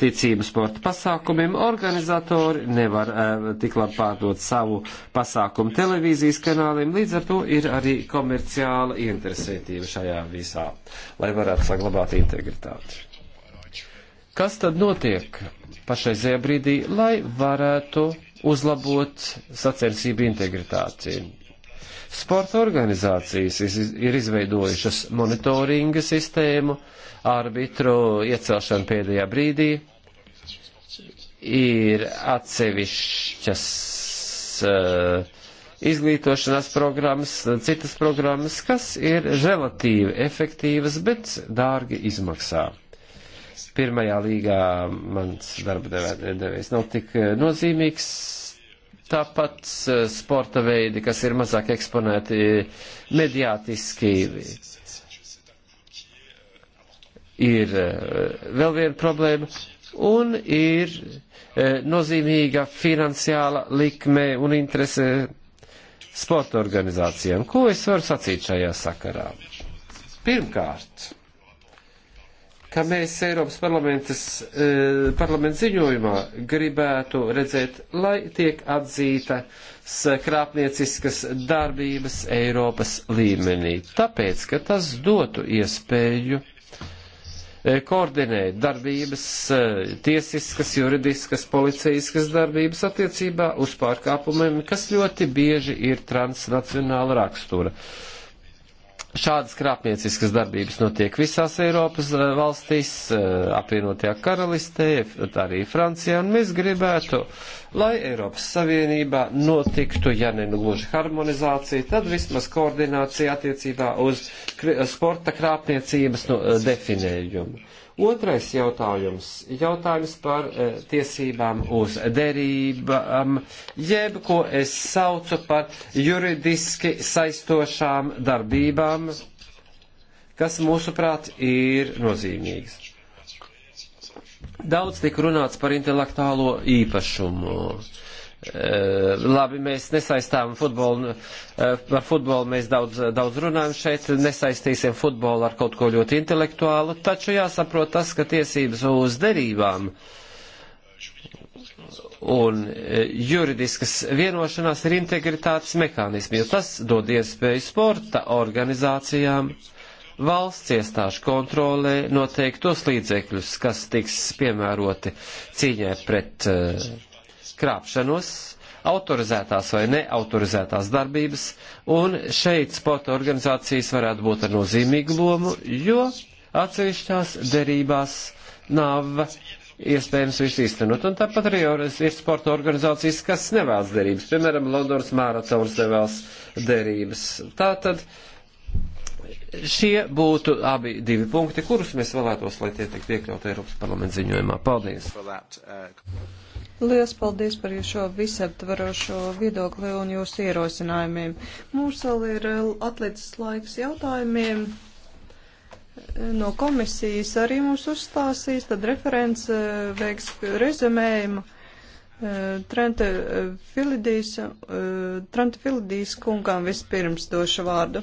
ticību sporta pasākumiem, organizatori nevar tik labi pārdot savu pasākumu televīzijas kanāliem, līdz ar to ir arī komerciāla interesētība šajā visā, lai varētu saglabāt integritāti. Kas tad notiek pašreizajā brīdī, lai varētu uzlabot sacensību integritāti. Sporta organizācijas ir izveidojušas monitoringa sistēmu, arbitru iecelšanu pēdējā brīdī, ir atsevišķas uh, izglītošanās programmas, citas programmas, kas ir relatīvi efektīvas, bet dārgi izmaksā. Pirmajā līgā mans darba devējs nav tik eh, nozīmīgs. Tāpat eh, sporta veidi, kas ir mazāk eksponēti eh, mediātiski, ir vēl viena problēma. Un ir nozīmīga finansiāla likme un interese sporta organizācijām. Ko es varu sacīt šajā sakarā? Pirmkārt, ka mēs Eiropas e, parlamenta ziņojumā gribētu redzēt, lai tiek atzītas krāpnieciskas darbības Eiropas līmenī. Tāpēc, ka tas dotu iespēju e, koordinēt darbības, e, tiesiskas, juridiskas, policijaskas darbības attiecībā uz pārkāpumiem, kas ļoti bieži ir transnacionāla rakstura. Uh, Šādas krāpnieciskas darbības notiek visās Eiropas eh, valstīs, eh, apvienotajā karalistē, arī Francijā, un mēs gribētu uh, lai Eiropas Savienībā notiktu, ja ne nu gluži harmonizācija, tad vismaz koordinācija attiecībā uz sporta krāpniecības no, nu, eh, definējumu. Otrais jautājums - jautājums par e, tiesībām uz derībām, jeb ko es saucu par juridiski saistošām darbībām, kas mūsuprāt ir nozīmīgas. Daudz tika runāts par intelektuālo īpašumu. E, labi, mēs nesaistām futbolu, e, par futbolu mēs daudz, daudz runājam šeit, nesaistīsim futbolu ar kaut ko ļoti intelektuālu, taču jāsaprot tas, ka tiesības uz derībām un e, juridiskas vienošanās ir integritātes mehānismi, jo tas dod iespēju sporta organizācijām uh, valsts iestāžu kontrolē noteiktos līdzekļus, kas tiks piemēroti cīņai pret uh, krāpšanos, autorizētās vai neautorizētās darbības, un šeit sporta organizācijas varētu būt ar nozīmīgu lomu, jo atsevišķās derībās nav iespējams viss īstenot. Un tāpat arī ir sporta organizācijas, kas nevēlas derības, piemēram, Londonas māracons nevēlas derības. Tātad Šie būtu abi divi punkti, kurus mēs vēlētos, lai tie tiktu iekļauti Eiropas parlamenta ziņojumā. Paldies! Lielas paldies par šo visaptvarošo viedokli un jūsu ierosinājumiem. Mums vēl ir eh, atlicis laiks jautājumiem. Eh, no komisijas arī mums uzstāsīs, tad referents eh, veiks rezumējumu. Trenta Filidīs, Trenta Filidīs kungām vispirms došu vārdu.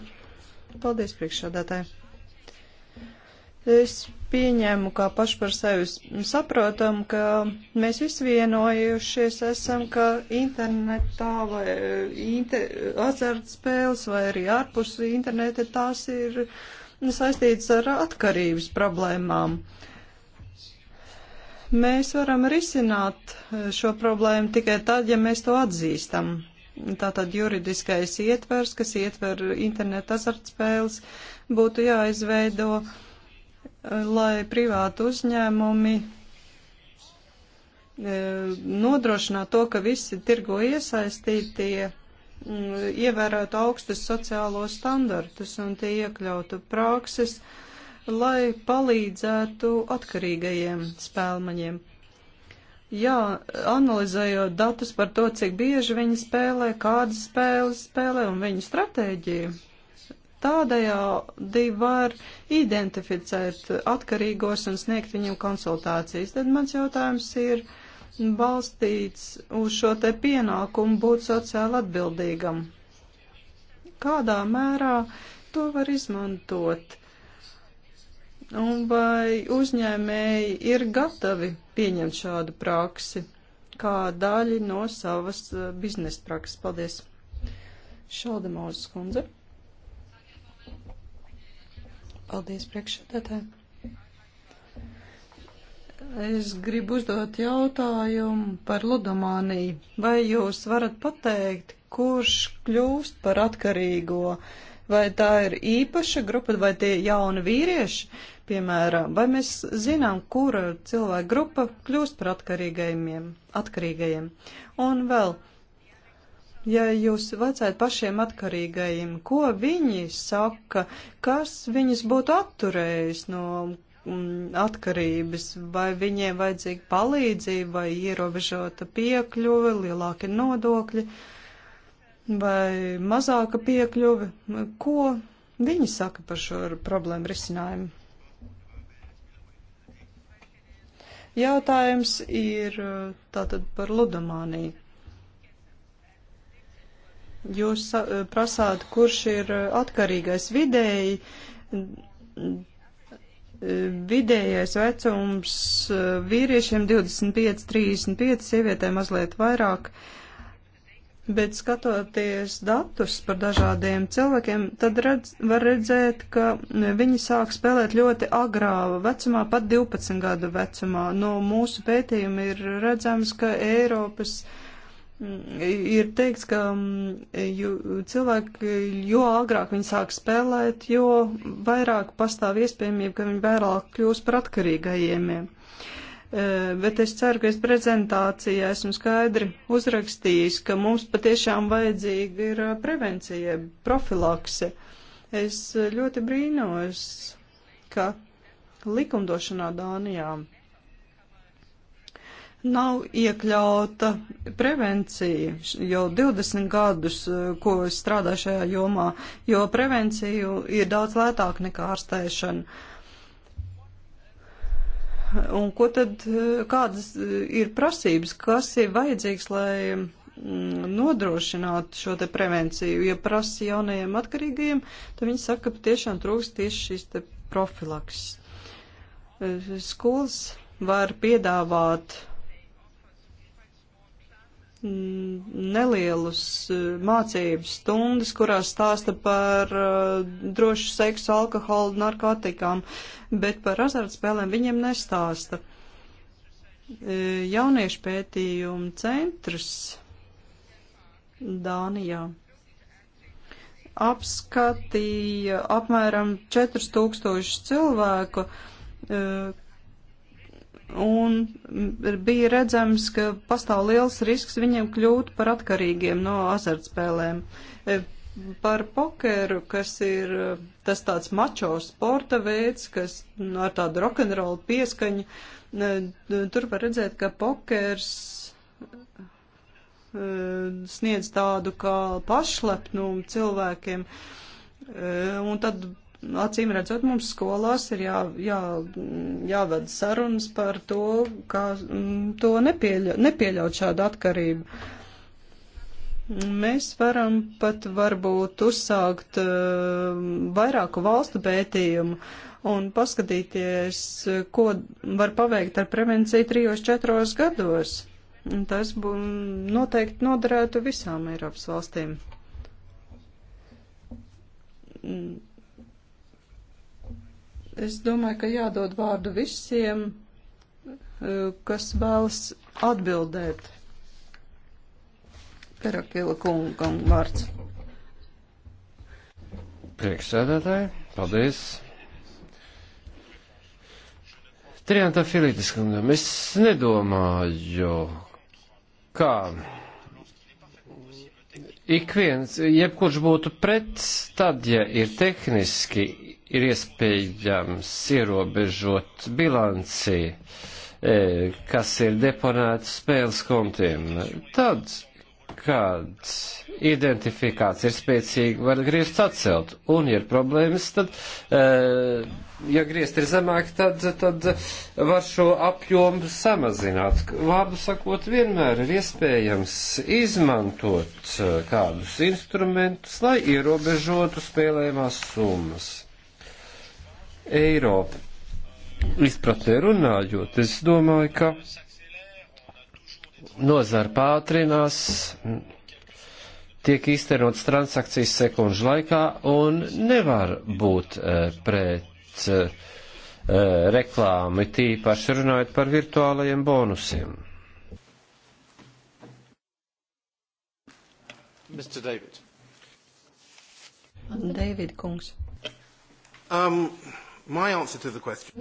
Paldies, priekšsādātāji. Es pieņēmu kā pašu par sevi saprotam, ka mēs visi vienojušies esam, ka internetā vai e, inter, azartspēles vai arī ārpus interneta tās ir saistītas ar atkarības problēmām. Mēs varam risināt e, šo problēmu tikai tad, ja mēs to atzīstam tātad juridiskais ietvers, kas ietver internetu azartspēles, būtu jāizveido, eh, lai privātu uzņēmumi eh, nodrošinātu to, ka visi tirgo iesaistītie mm, ievērētu augstus sociālos standartus un tie iekļautu prakses, lai palīdzētu atkarīgajiem spēlmaņiem. Jā, analizējot datus par to, cik bieži viņi spēlē, kādas spēles spēlē un viņu stratēģiju, tādējādi var identificēt atkarīgos un sniegt viņiem konsultācijas. Tad mans jautājums ir balstīts uz šo te pienākumu būt sociāli atbildīgam. Kādā mērā to var izmantot? Un vai uzņēmēji ir gatavi pieņemt šādu praksi kā daļu no savas eh, biznesa prakses? Paldies! Šalda Mauzes kundze. Paldies priekšsēdētāji. Es gribu uzdot jautājumu par ludomāniju. Vai jūs varat pateikt, kurš kļūst par atkarīgo? Vai tā ir īpaša grupa, vai tie jauni vīrieši, Piemēram, vai mēs zinām, kura cilvēka grupa kļūst par atkarīgajiem, atkarīgajiem? Un vēl, ja jūs vajadzētu pašiem atkarīgajiem, ko viņi saka, kas viņus būtu atturējis no mm, atkarības, vai viņiem vajadzīga palīdzība, vai ierobežota piekļuve, lielāki nodokļi, vai mazāka piekļuve, ko viņi saka par šo problēmu risinājumu? Jautājums ir uh, tātad par ludomāniju. Jūs uh, prasāt, kurš ir uh, atkarīgais vidēji. Vidējais vecums vīriešiem 25-35, sievietēm mazliet vairāk. Uh, Bet skatoties datus par dažādiem cilvēkiem, tad redz, var redzēt, ka viņi sāk spēlēt ļoti agrā vecumā, pat 12 gadu vecumā. No mūsu pētījuma ir redzams, ka Eiropas mm, ir teikts, ka mm, jo, cilvēki, jo agrāk viņi sāk spēlēt, jo vairāk pastāv iespējamība, ka viņi vairāk kļūs par atkarīgajiem. Eh, bet es ceru, ka es prezentācijā esmu skaidri uzrakstījis, ka mums patiešām vajadzīga ir eh, prevencija, profilakse. Es eh, ļoti brīnos, ka likumdošanā Dānijā nav iekļauta prevencija jau 20 gadus, ko es strādāju šajā jomā, jo prevenciju ir daudz lētāk nekā ārstēšana. Un ko tad, eh, kādas eh, ir prasības, kas ir vajadzīgs, lai mm, nodrošinātu šo te prevenciju? Ja prasa jaunajiem atkarīgajiem, tad viņi saka, ka tiešām trūks tieši šis te profilaks. Eh, Skolas var piedāvāt nelielus eh, mācības stundas, kurās stāsta par uh, drošu seksu, alkoholu, narkotikām, bet par azartspēlēm viņiem nestāsta. Eh, jauniešu pētījumu centrs Dānijā apskatīja apmēram 4000 cilvēku, uh, un bija redzams, ka pastāv liels risks viņiem kļūt par atkarīgiem no azartspēlēm. E, par pokeru, kas ir e, tas tāds mačo sporta veids, kas nu, ar tādu rokenrolu pieskaņu, e, tur var redzēt, ka pokers sniedz tādu kā pašlepnumu cilvēkiem, un tad acīm redzot, mums skolās ir jā, jā, jāved sarunas par to, kā mm, to nepieļaut, nepieļaut šādu atkarību. Mēs varam pat varbūt uzsākt uh, vairāku valstu pētījumu un paskatīties, ko var paveikt ar prevenciju trijos, četros gados. Un tas bū, noteikti noderētu visām Eiropas valstīm mm. Es domāju, ka jādod vārdu visiem, eh, kas vēlas atbildēt. Perakila kungam vārds. Priekšsēdētāji, paldies. Trianta Filitis kungam, es nedomāju, kā ik viens, jebkurš būtu pret, tad, ja ir tehniski ir iespējams ierobežot bilanci, e, kas ir deponēta spēles kontiem. Tad, kad identifikācija ir spēcīga, var griezt atcelt, un ja ir problēmas, tad, e, ja griezt ir zemāk, tad, tad var šo apjomu samazināt. Vārdu sakot, vienmēr ir iespējams izmantot e, kādus instrumentus, lai ierobežotu spēlējumās summas. Eiropu izpratnē runājot, es domāju, ka nozara pātrinās, tiek īstenots transakcijas sekundžu laikā un nevar būt e, pret e, e, reklāmu, tīpaši runājot par virtuālajiem bonusiem. Mr. David. David Kungs. Um, My answer to the question.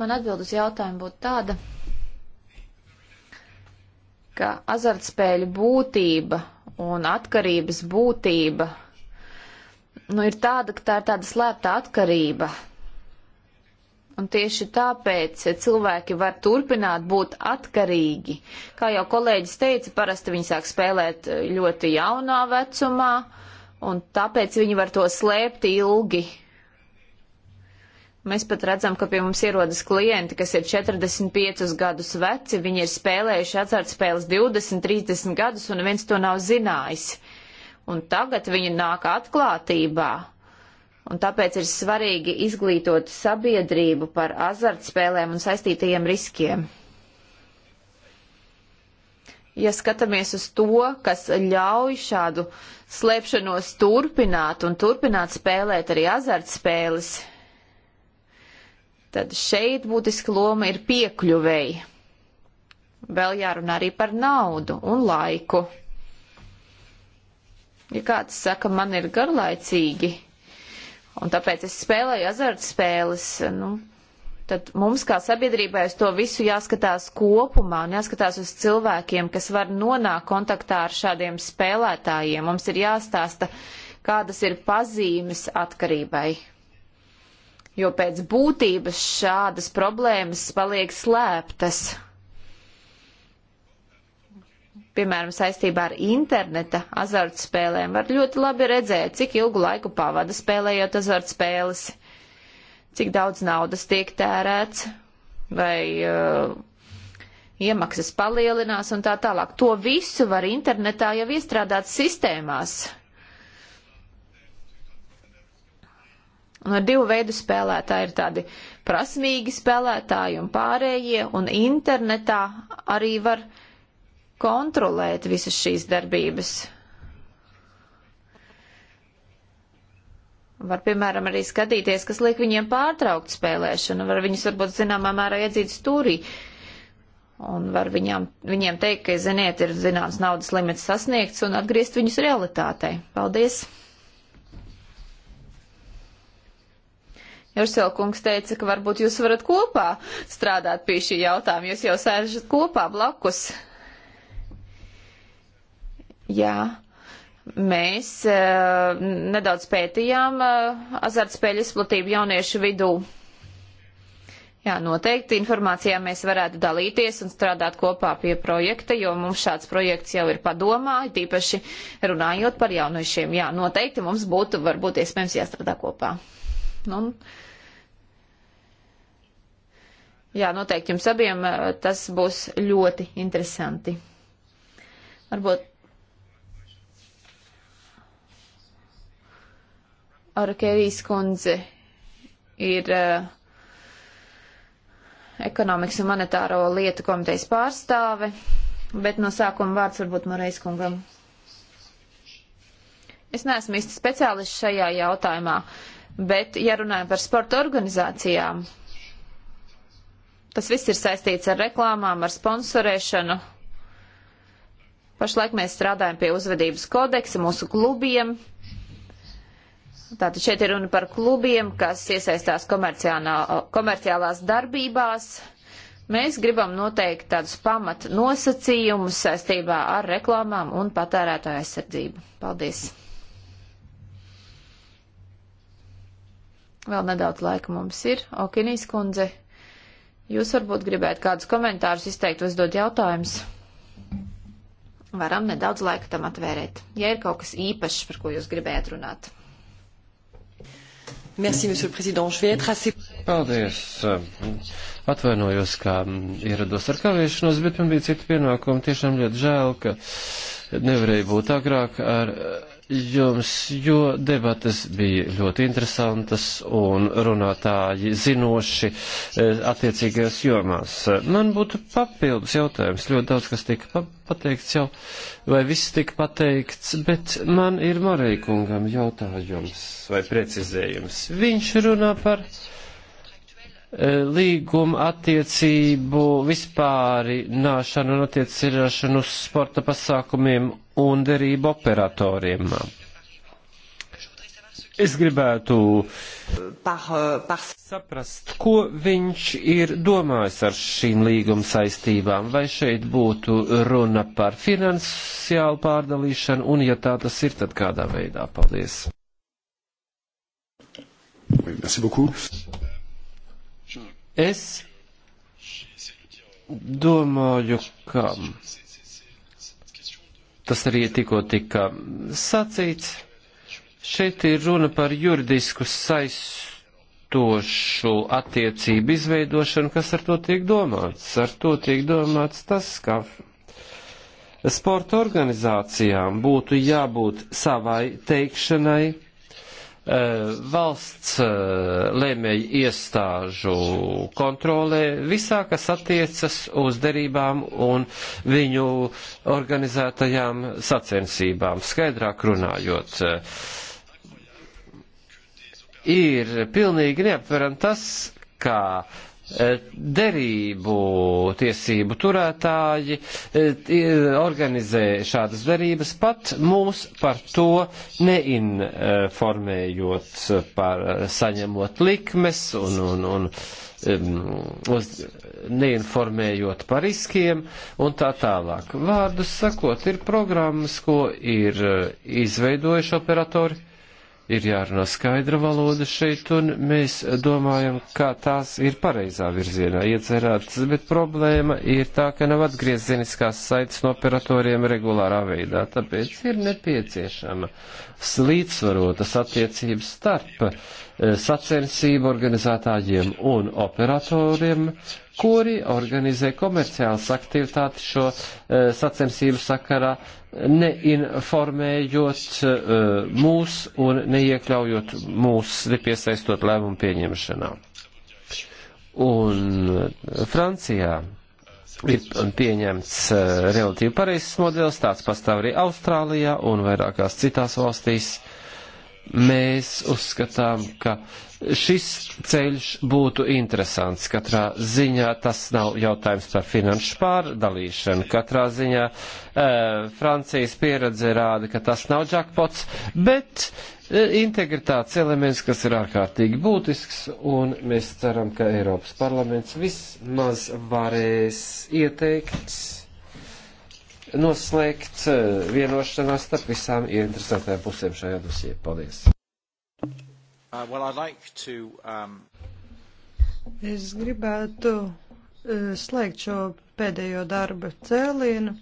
Man atbild uz jautājumu būtu tāda, ka azartspēļu būtība un atkarības būtība nu, ir tāda, ka tā ir tāda slēpta atkarība. Un tieši tāpēc cilvēki var turpināt būt atkarīgi. Kā jau kolēģis teica, parasti viņi sāk spēlēt ļoti jaunā vecumā, un tāpēc viņi var to slēpt ilgi. Mēs pat redzam, ka pie mums ierodas klienti, kas ir 45 gadus veci, viņi ir spēlējuši azartspēles 20, 30 gadus, un viens to nav zinājis. Un tagad viņi nāk atklātībā. Un tāpēc ir svarīgi izglītot sabiedrību par azartspēlēm un saistītajiem riskiem. Ja skatāmies uz to, kas ļauj šādu slēpšanos turpināt un turpināt spēlēt arī azartspēles, Tad šeit būtiski loma ir piekļuvēji. Vēl jārunā arī par naudu un laiku. Ja kāds saka, man ir garlaicīgi, un tāpēc es spēlēju azartspēles, nu, tad mums kā sabiedrībai uz to visu jāskatās kopumā un jāskatās uz cilvēkiem, kas var nonākt kontaktā ar šādiem spēlētājiem. Mums ir jāstāsta, kādas ir pazīmes atkarībai jo pēc būtības šādas problēmas paliek slēptas. Piemēram, saistībā ar interneta azartspēlēm var ļoti labi redzēt, cik ilgu laiku pavada spēlējot azartspēles, cik daudz naudas tiek tērēts, vai uh, iemaksas palielinās un tā tālāk. To visu var internetā jau iestrādāt sistēmās, Un ar divu veidu spēlētāji ir tādi prasmīgi spēlētāji un pārējie, un internetā arī var kontrolēt visas šīs darbības. Var, piemēram, arī skatīties, kas liek viņiem pārtraukt spēlēšanu, var viņus varbūt zināmā mērā iedzīt stūrī, un var viņām, viņiem teikt, ka, ziniet, ir zināms naudas limits sasniegts, un atgriezt viņus realitātei. Paldies! Jurselkungs teica, ka varbūt jūs varat kopā strādāt pie šī jautājuma, jūs jau sēžat kopā blakus. Jā, mēs uh, nedaudz pētījām uh, azartspēļu izplatību jauniešu vidū. Jā, noteikti informācijā mēs varētu dalīties un strādāt kopā pie projekta, jo mums šāds projekts jau ir padomā, tīpaši runājot par jauniešiem. Jā, noteikti mums būtu varbūt iespējams jāstrādā kopā. Nu, jā, noteikti jums abiem eh, tas būs ļoti interesanti. Varbūt Arkerijas kundze ir uh, ekonomikas un monetāro lietu komitejas pārstāve, bet no sākuma vārds varbūt Moreis kungam. Es neesmu īsti speciālists šajā jautājumā. Uh, Bet, ja runājam par sporta organizācijām, tas viss ir saistīts ar reklāmām, ar sponsorēšanu. Pašlaik mēs strādājam pie uzvedības kodeksa mūsu klubiem. Tātad šeit ir runa par klubiem, kas iesaistās komerciālās darbībās. Mēs gribam noteikt tādus pamat nosacījumus saistībā ar reklāmām un patērētāju aizsardzību. Paldies! Vēl nedaudz laika mums ir. Okinīs kundze, jūs varbūt gribētu kādus komentārus izteikt, uzdot jautājumus. Varam nedaudz laika tam atvērēt, ja ir kaut kas īpašs, par ko jūs gribējāt runāt. Merci, monsieur le président. Je vais être assez... Paldies. Atvainojos, ka ierados ar kavēšanos, bet man bija cita pienākuma. Tiešām ļoti žēl, ka nevarēja būt agrāk ar jums, jo debatas bija ļoti interesantas un runātāji zinoši e, attiecīgajās jomās. Man būtu papildus jautājums, ļoti daudz kas tika pateikts jau, vai viss tika pateikts, bet man ir Mareikungam jautājums vai precizējums. Viņš runā par. Uh, Eh, līguma attiecību vispārināšanu un attiecināšanu uz sporta pasākumiem un derību operatoriem. Es gribētu eh, par, eh, par... saprast, ko viņš ir domājis ar šīm līguma saistībām, vai šeit būtu runa par finansiālu pārdalīšanu, un ja tā tas ir, tad kādā veidā. Paldies. Oui, merci beaucoup. Es domāju, ka tas arī tikko tika sacīts. Šeit ir runa par juridisku saistošu attiecību izveidošanu, kas ar to tiek domāts. Ar to tiek domāts tas, ka sporta organizācijām būtu jābūt savai teikšanai Eh, valsts eh, lēmēju iestāžu kontrolē visā, kas attiecas uz derībām un viņu organizētajām sacensībām. Skaidrāk runājot, eh, ir pilnīgi neaptveram tas, kā uh, Eh, derību tiesību turētāji eh, organizē šādas derības, pat mūs par to neinformējot par eh, saņemot likmes un, un, un uz, neinformējot par riskiem un tā tālāk. Vārdus sakot, ir programmas, ko ir izveidojuši operatori ir jārunā skaidra valoda šeit, un mēs domājam, ka tās ir pareizā virzienā iecerētas, bet problēma ir tā, ka nav atgriezeniskās saites no operatoriem regulārā veidā, tāpēc ir nepieciešama slīdsvarotas attiecības starp eh, sacensību organizētājiem un operatoriem, kuri organizē komerciālas aktivitātes šo eh, sacensību sakarā neinformējot uh, mūs un neiekļaujot mūs, nepiesaistot lēmumu pieņemšanā. Un uh, Francijā ir pieņemts uh, relatīvi pareizs modelis, tāds pastāv arī Austrālijā un vairākās citās valstīs mēs uzskatām, ka šis ceļš būtu interesants. Katrā ziņā tas nav jautājums par finanšu pārdalīšanu. Katrā ziņā e, Francijas pieredze rāda, ka tas nav džakpots, bet e, integritātes elements, kas ir ārkārtīgi būtisks, un mēs ceram, ka Eiropas parlaments vismaz varēs ieteikt noslēgt eh, vienošanās starp visām ieinteresētajām pusēm šajā dosijā. Paldies! Uh, well, I'd like to, um... Es gribētu uh, slēgt šo pēdējo darba cēlienu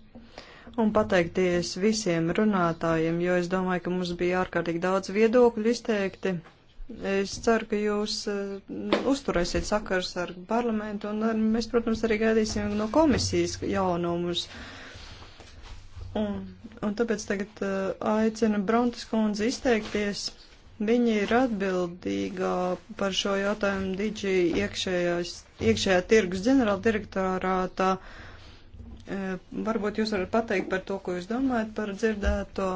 un pateikties visiem runātājiem, jo es domāju, ka mums bija ārkārtīgi daudz viedokļu izteikti. Es ceru, ka jūs uh, uzturēsiet sakars ar parlamentu, un ar, mēs, protams, arī gaidīsim no komisijas jaunumus. Uh, Un, un tāpēc tagad uh, aicinu Brontas kundzi izteikties. Viņa ir atbildīgā par šo jautājumu Digi iekšējās, iekšējā tirgus ģenerāla direktorātā. Uh, varbūt jūs varat pateikt par to, ko jūs domājat par dzirdēto.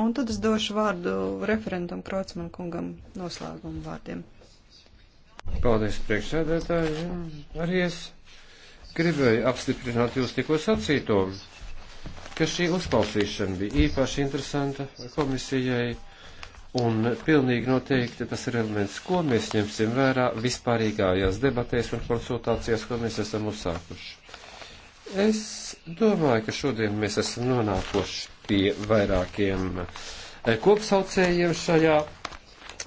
Un tad es došu vārdu referentam Krocman kungam noslēgumu vārdiem. Paldies, priekšsēdētāji. Arī es gribēju apstiprināt jūs tikko sacīto ka šī uzklausīšana bija īpaši interesanta komisijai, un pilnīgi noteikti tas ir elements, ko mēs ņemsim vērā vispārīgājās debatēs un konsultācijās, ko mēs esam uzsākuši. Es domāju, ka šodien mēs esam nonākuši pie vairākiem eh, kopsaucējiem šajā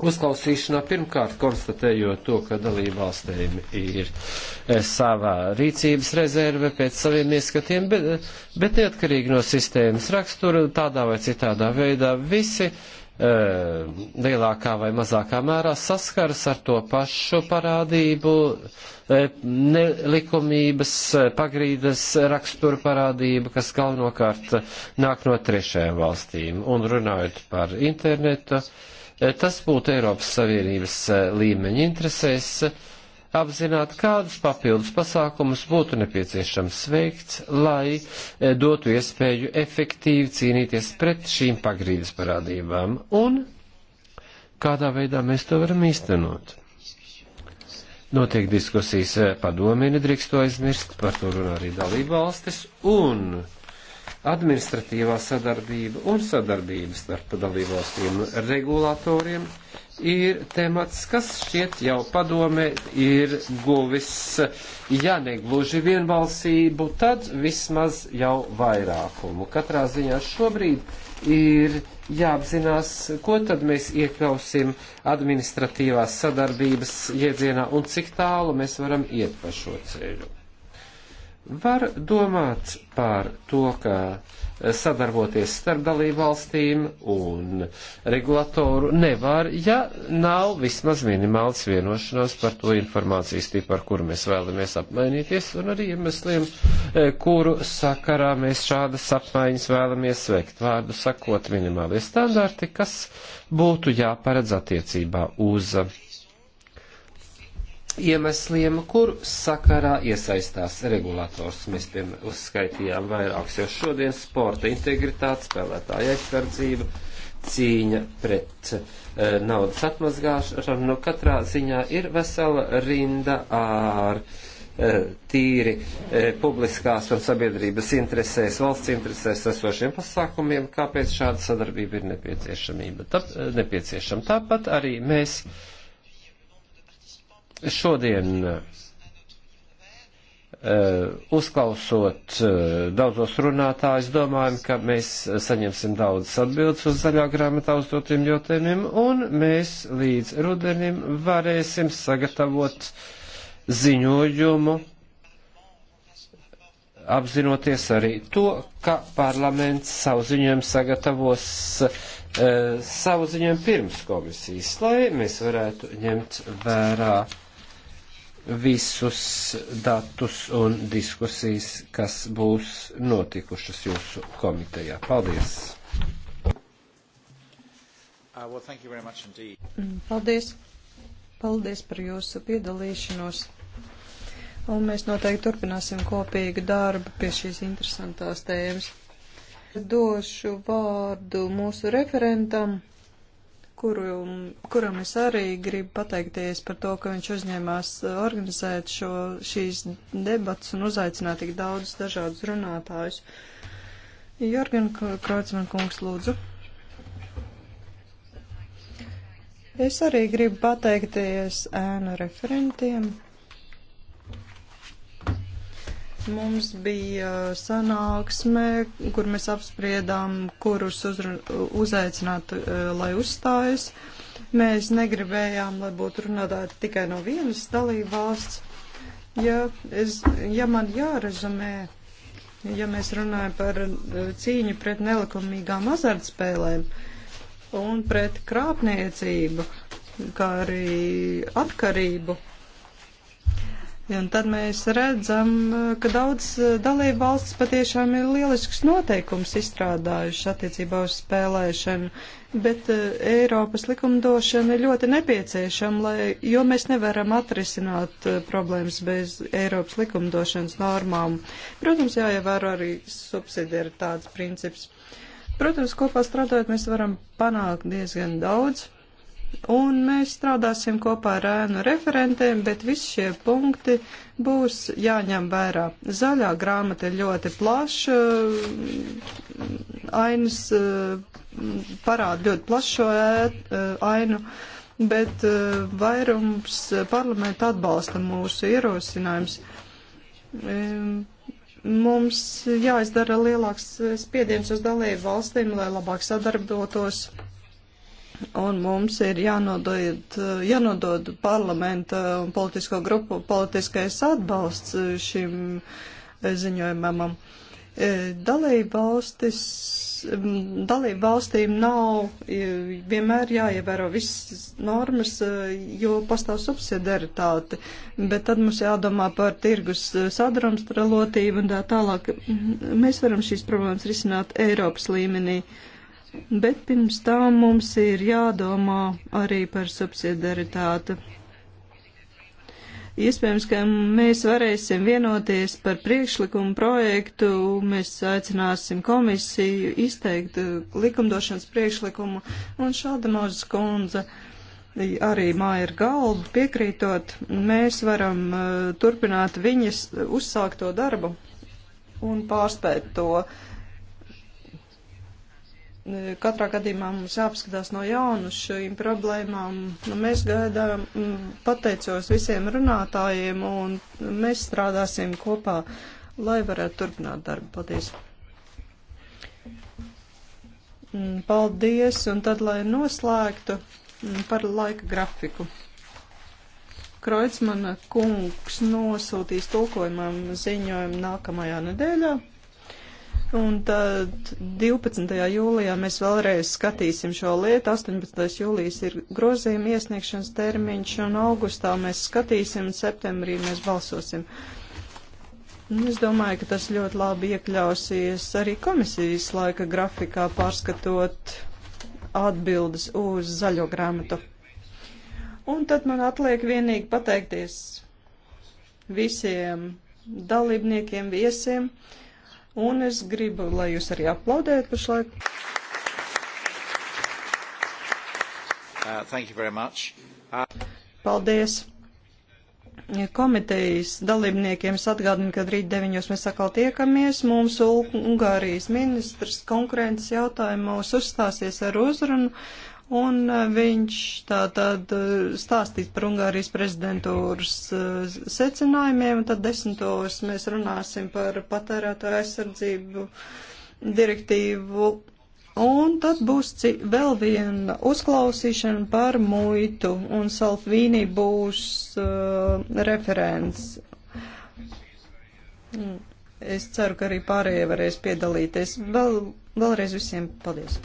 uzklausīšanā pirmkārt konstatējot to, ka dalībvalstīm ir eh, savā rīcības rezerve pēc saviem ieskatiem, bet, bet neatkarīgi no sistēmas rakstura, tādā vai citādā veidā visi e, lielākā vai mazākā mērā saskaras ar to pašu parādību, e, nelikumības, pagrīdes rakstura parādību, kas galvenokārt nāk no trešajām valstīm. Un runājot par internetu, uh, Eh, tas būtu Eiropas Savienības eh, līmeņa interesēs eh, apzināt, kādus papildus pasākumus būtu nepieciešams veikt, lai dotu iespēju efektīvi cīnīties pret šīm pagrīdes parādībām un kādā veidā mēs to varam īstenot. Notiek diskusijas padomē, nedrīkst to aizmirst, par to runā arī dalībvalstis un administratīvā sadarbība un sadarbība starp dalībvalstīm regulātoriem ir temats, kas šķiet jau padome ir guvis, ja negluži vienbalsību, tad vismaz jau vairākumu. Katrā ziņā šobrīd ir jāapzinās, ko tad mēs iekļausim administratīvās sadarbības iedzienā un cik tālu mēs varam iet pa šo ceļu. Var domāt par to, ka sadarboties starp dalībvalstīm un regulatoru nevar, ja nav vismaz minimāls vienošanās par to informācijas tipu, ar kuru mēs vēlamies apmainīties, un arī iemesliem, e, kuru sakarā mēs šādas apmaiņas vēlamies veikt. Vārdu sakot, minimālie standarti, kas būtu jāparedz attiecībā uz iemesliem, kur sakarā iesaistās regulators. Mēs piemēram uzskaitījām vairākus jau šodien - sporta integritāte, spēlētāja aizsardzība, cīņa pret e, naudas atmazgāšanu. No nu, katrā ziņā ir vesela rinda ar e, eh, tīri e, publiskās un sabiedrības interesēs, valsts interesēs esošiem pasākumiem, kāpēc šāda sadarbība ir nepieciešamība. Tā, nepieciešama. Tāpat arī mēs Šodien eh, uzklausot eh, daudzos runātājus, domājam, ka mēs saņemsim daudz atbildes uz zaļā grāmatā uzdotiem jautājumiem, un mēs līdz rudenim varēsim sagatavot ziņojumu, apzinoties arī to, ka parlaments savu ziņojumu sagatavos eh, savu ziņojumu pirms komisijas, lai mēs varētu ņemt vērā visus datus un diskusijas, kas būs notikušas jūsu komitejā. Paldies! Uh, well, thank you very much indeed. Mm, paldies! Paldies par jūsu piedalīšanos! Un mēs noteikti turpināsim kopīgu darbu pie šīs interesantās tēmas. Došu vārdu mūsu referentam kuru, kuram es arī gribu pateikties par to, ka viņš uzņēmās eh, organizēt šo, šīs debats un uzaicināt tik daudz dažādus runātājus. Jorgen Kreutzmann kungs, lūdzu. Es arī gribu pateikties ēnu referentiem Mums bija uh, sanāksme, kur mēs apspriedām, kurus uzaicināt, uh, lai uzstājas. Mēs negribējām, lai būtu runātāji tikai no vienas dalībvalsts. Ja, es, ja man jārezumē, ja mēs runājam par uh, cīņu pret nelikumīgām azartspēlēm un pret krāpniecību, kā arī atkarību, Un tad mēs redzam, ka daudz eh, dalību valsts patiešām ir lielisks noteikums izstrādājuši attiecībā uz spēlēšanu, bet eh, Eiropas likumdošana ir ļoti nepieciešama, lai, jo mēs nevaram atrisināt eh, problēmas bez Eiropas likumdošanas normām. Protams, jāievēro arī subsidiaritātes princips. Protams, kopā strādājot, mēs varam panākt diezgan daudz un mēs strādāsim kopā ar ēnu referentiem, bet visi šie punkti būs jāņem vērā. Zaļā grāmata ir ļoti plaša, ainas eh, parāda ļoti plašo eh, ainu, bet eh, vairums parlamenta atbalsta mūsu ierosinājums. Mums jāizdara lielāks spiediens uz dalību valstīm, lai labāk sadarbotos un mums ir jānodod, jānodod parlamenta un politisko grupu politiskais atbalsts šim ziņojumam. E, Dalībvalstis, dalībvalstīm nav vienmēr jāievēro visas normas, e, jo pastāv subsidiaritāte, bet tad mums jādomā par tirgus sadrumstralotību un tā tālāk. Mēs varam šīs problēmas risināt Eiropas līmenī. Uh, Bet pirms tam mums ir jādomā arī par subsidiaritāti. Iespējams, ka mēs varēsim vienoties par priekšlikumu projektu, mēs aicināsim komisiju izteikt likumdošanas priekšlikumu, un šāda mūsu skundze arī māja ir galva piekrītot, mēs varam uh, turpināt viņas uzsākto darbu un pārspēt to. Uh, katrā gadījumā mums jāapskatās no jaunu šīm problēmām. Nu, mēs gaidām, mm, pateicos visiem runātājiem, un mēs strādāsim kopā, lai varētu turpināt darbu. Paldies! Mm, paldies, un tad, lai noslēgtu mm, par laika grafiku. Kreutzmana kungs nosūtīs tulkojumam ziņojumu nākamajā nedēļā. Un tad 12. jūlijā mēs vēlreiz skatīsim šo lietu. 18. jūlijas ir grozījuma iesniegšanas termiņš, un augustā mēs skatīsim, un septembrī mēs balsosim. Un es domāju, ka tas ļoti labi iekļausies arī komisijas laika grafikā, pārskatot atbildes uz zaļo grāmatu. Un tad man atliek vienīgi pateikties visiem dalībniekiem, viesiem. Uh, un es gribu, lai jūs arī aplaudējat pašlaik. Uh, thank you very much. Uh... Paldies. Komitejas dalībniekiem es atgādinu, ka rīt deviņos mēs atkal tiekamies. Mums Ungārijas ministrs konkurences jautājumos uzstāsies ar uzrunu un uh, viņš tātad uh, stāstīs par Ungārijas prezidentūras uh, secinājumiem, un tad desmitos mēs runāsim par patērētāju aizsardzību direktīvu, un tad būs vēl viena uzklausīšana par muitu, un Salfīni būs uh, referents. Mm. Es ceru, ka arī pārējie varēs piedalīties. Vēl, vēlreiz visiem paldies!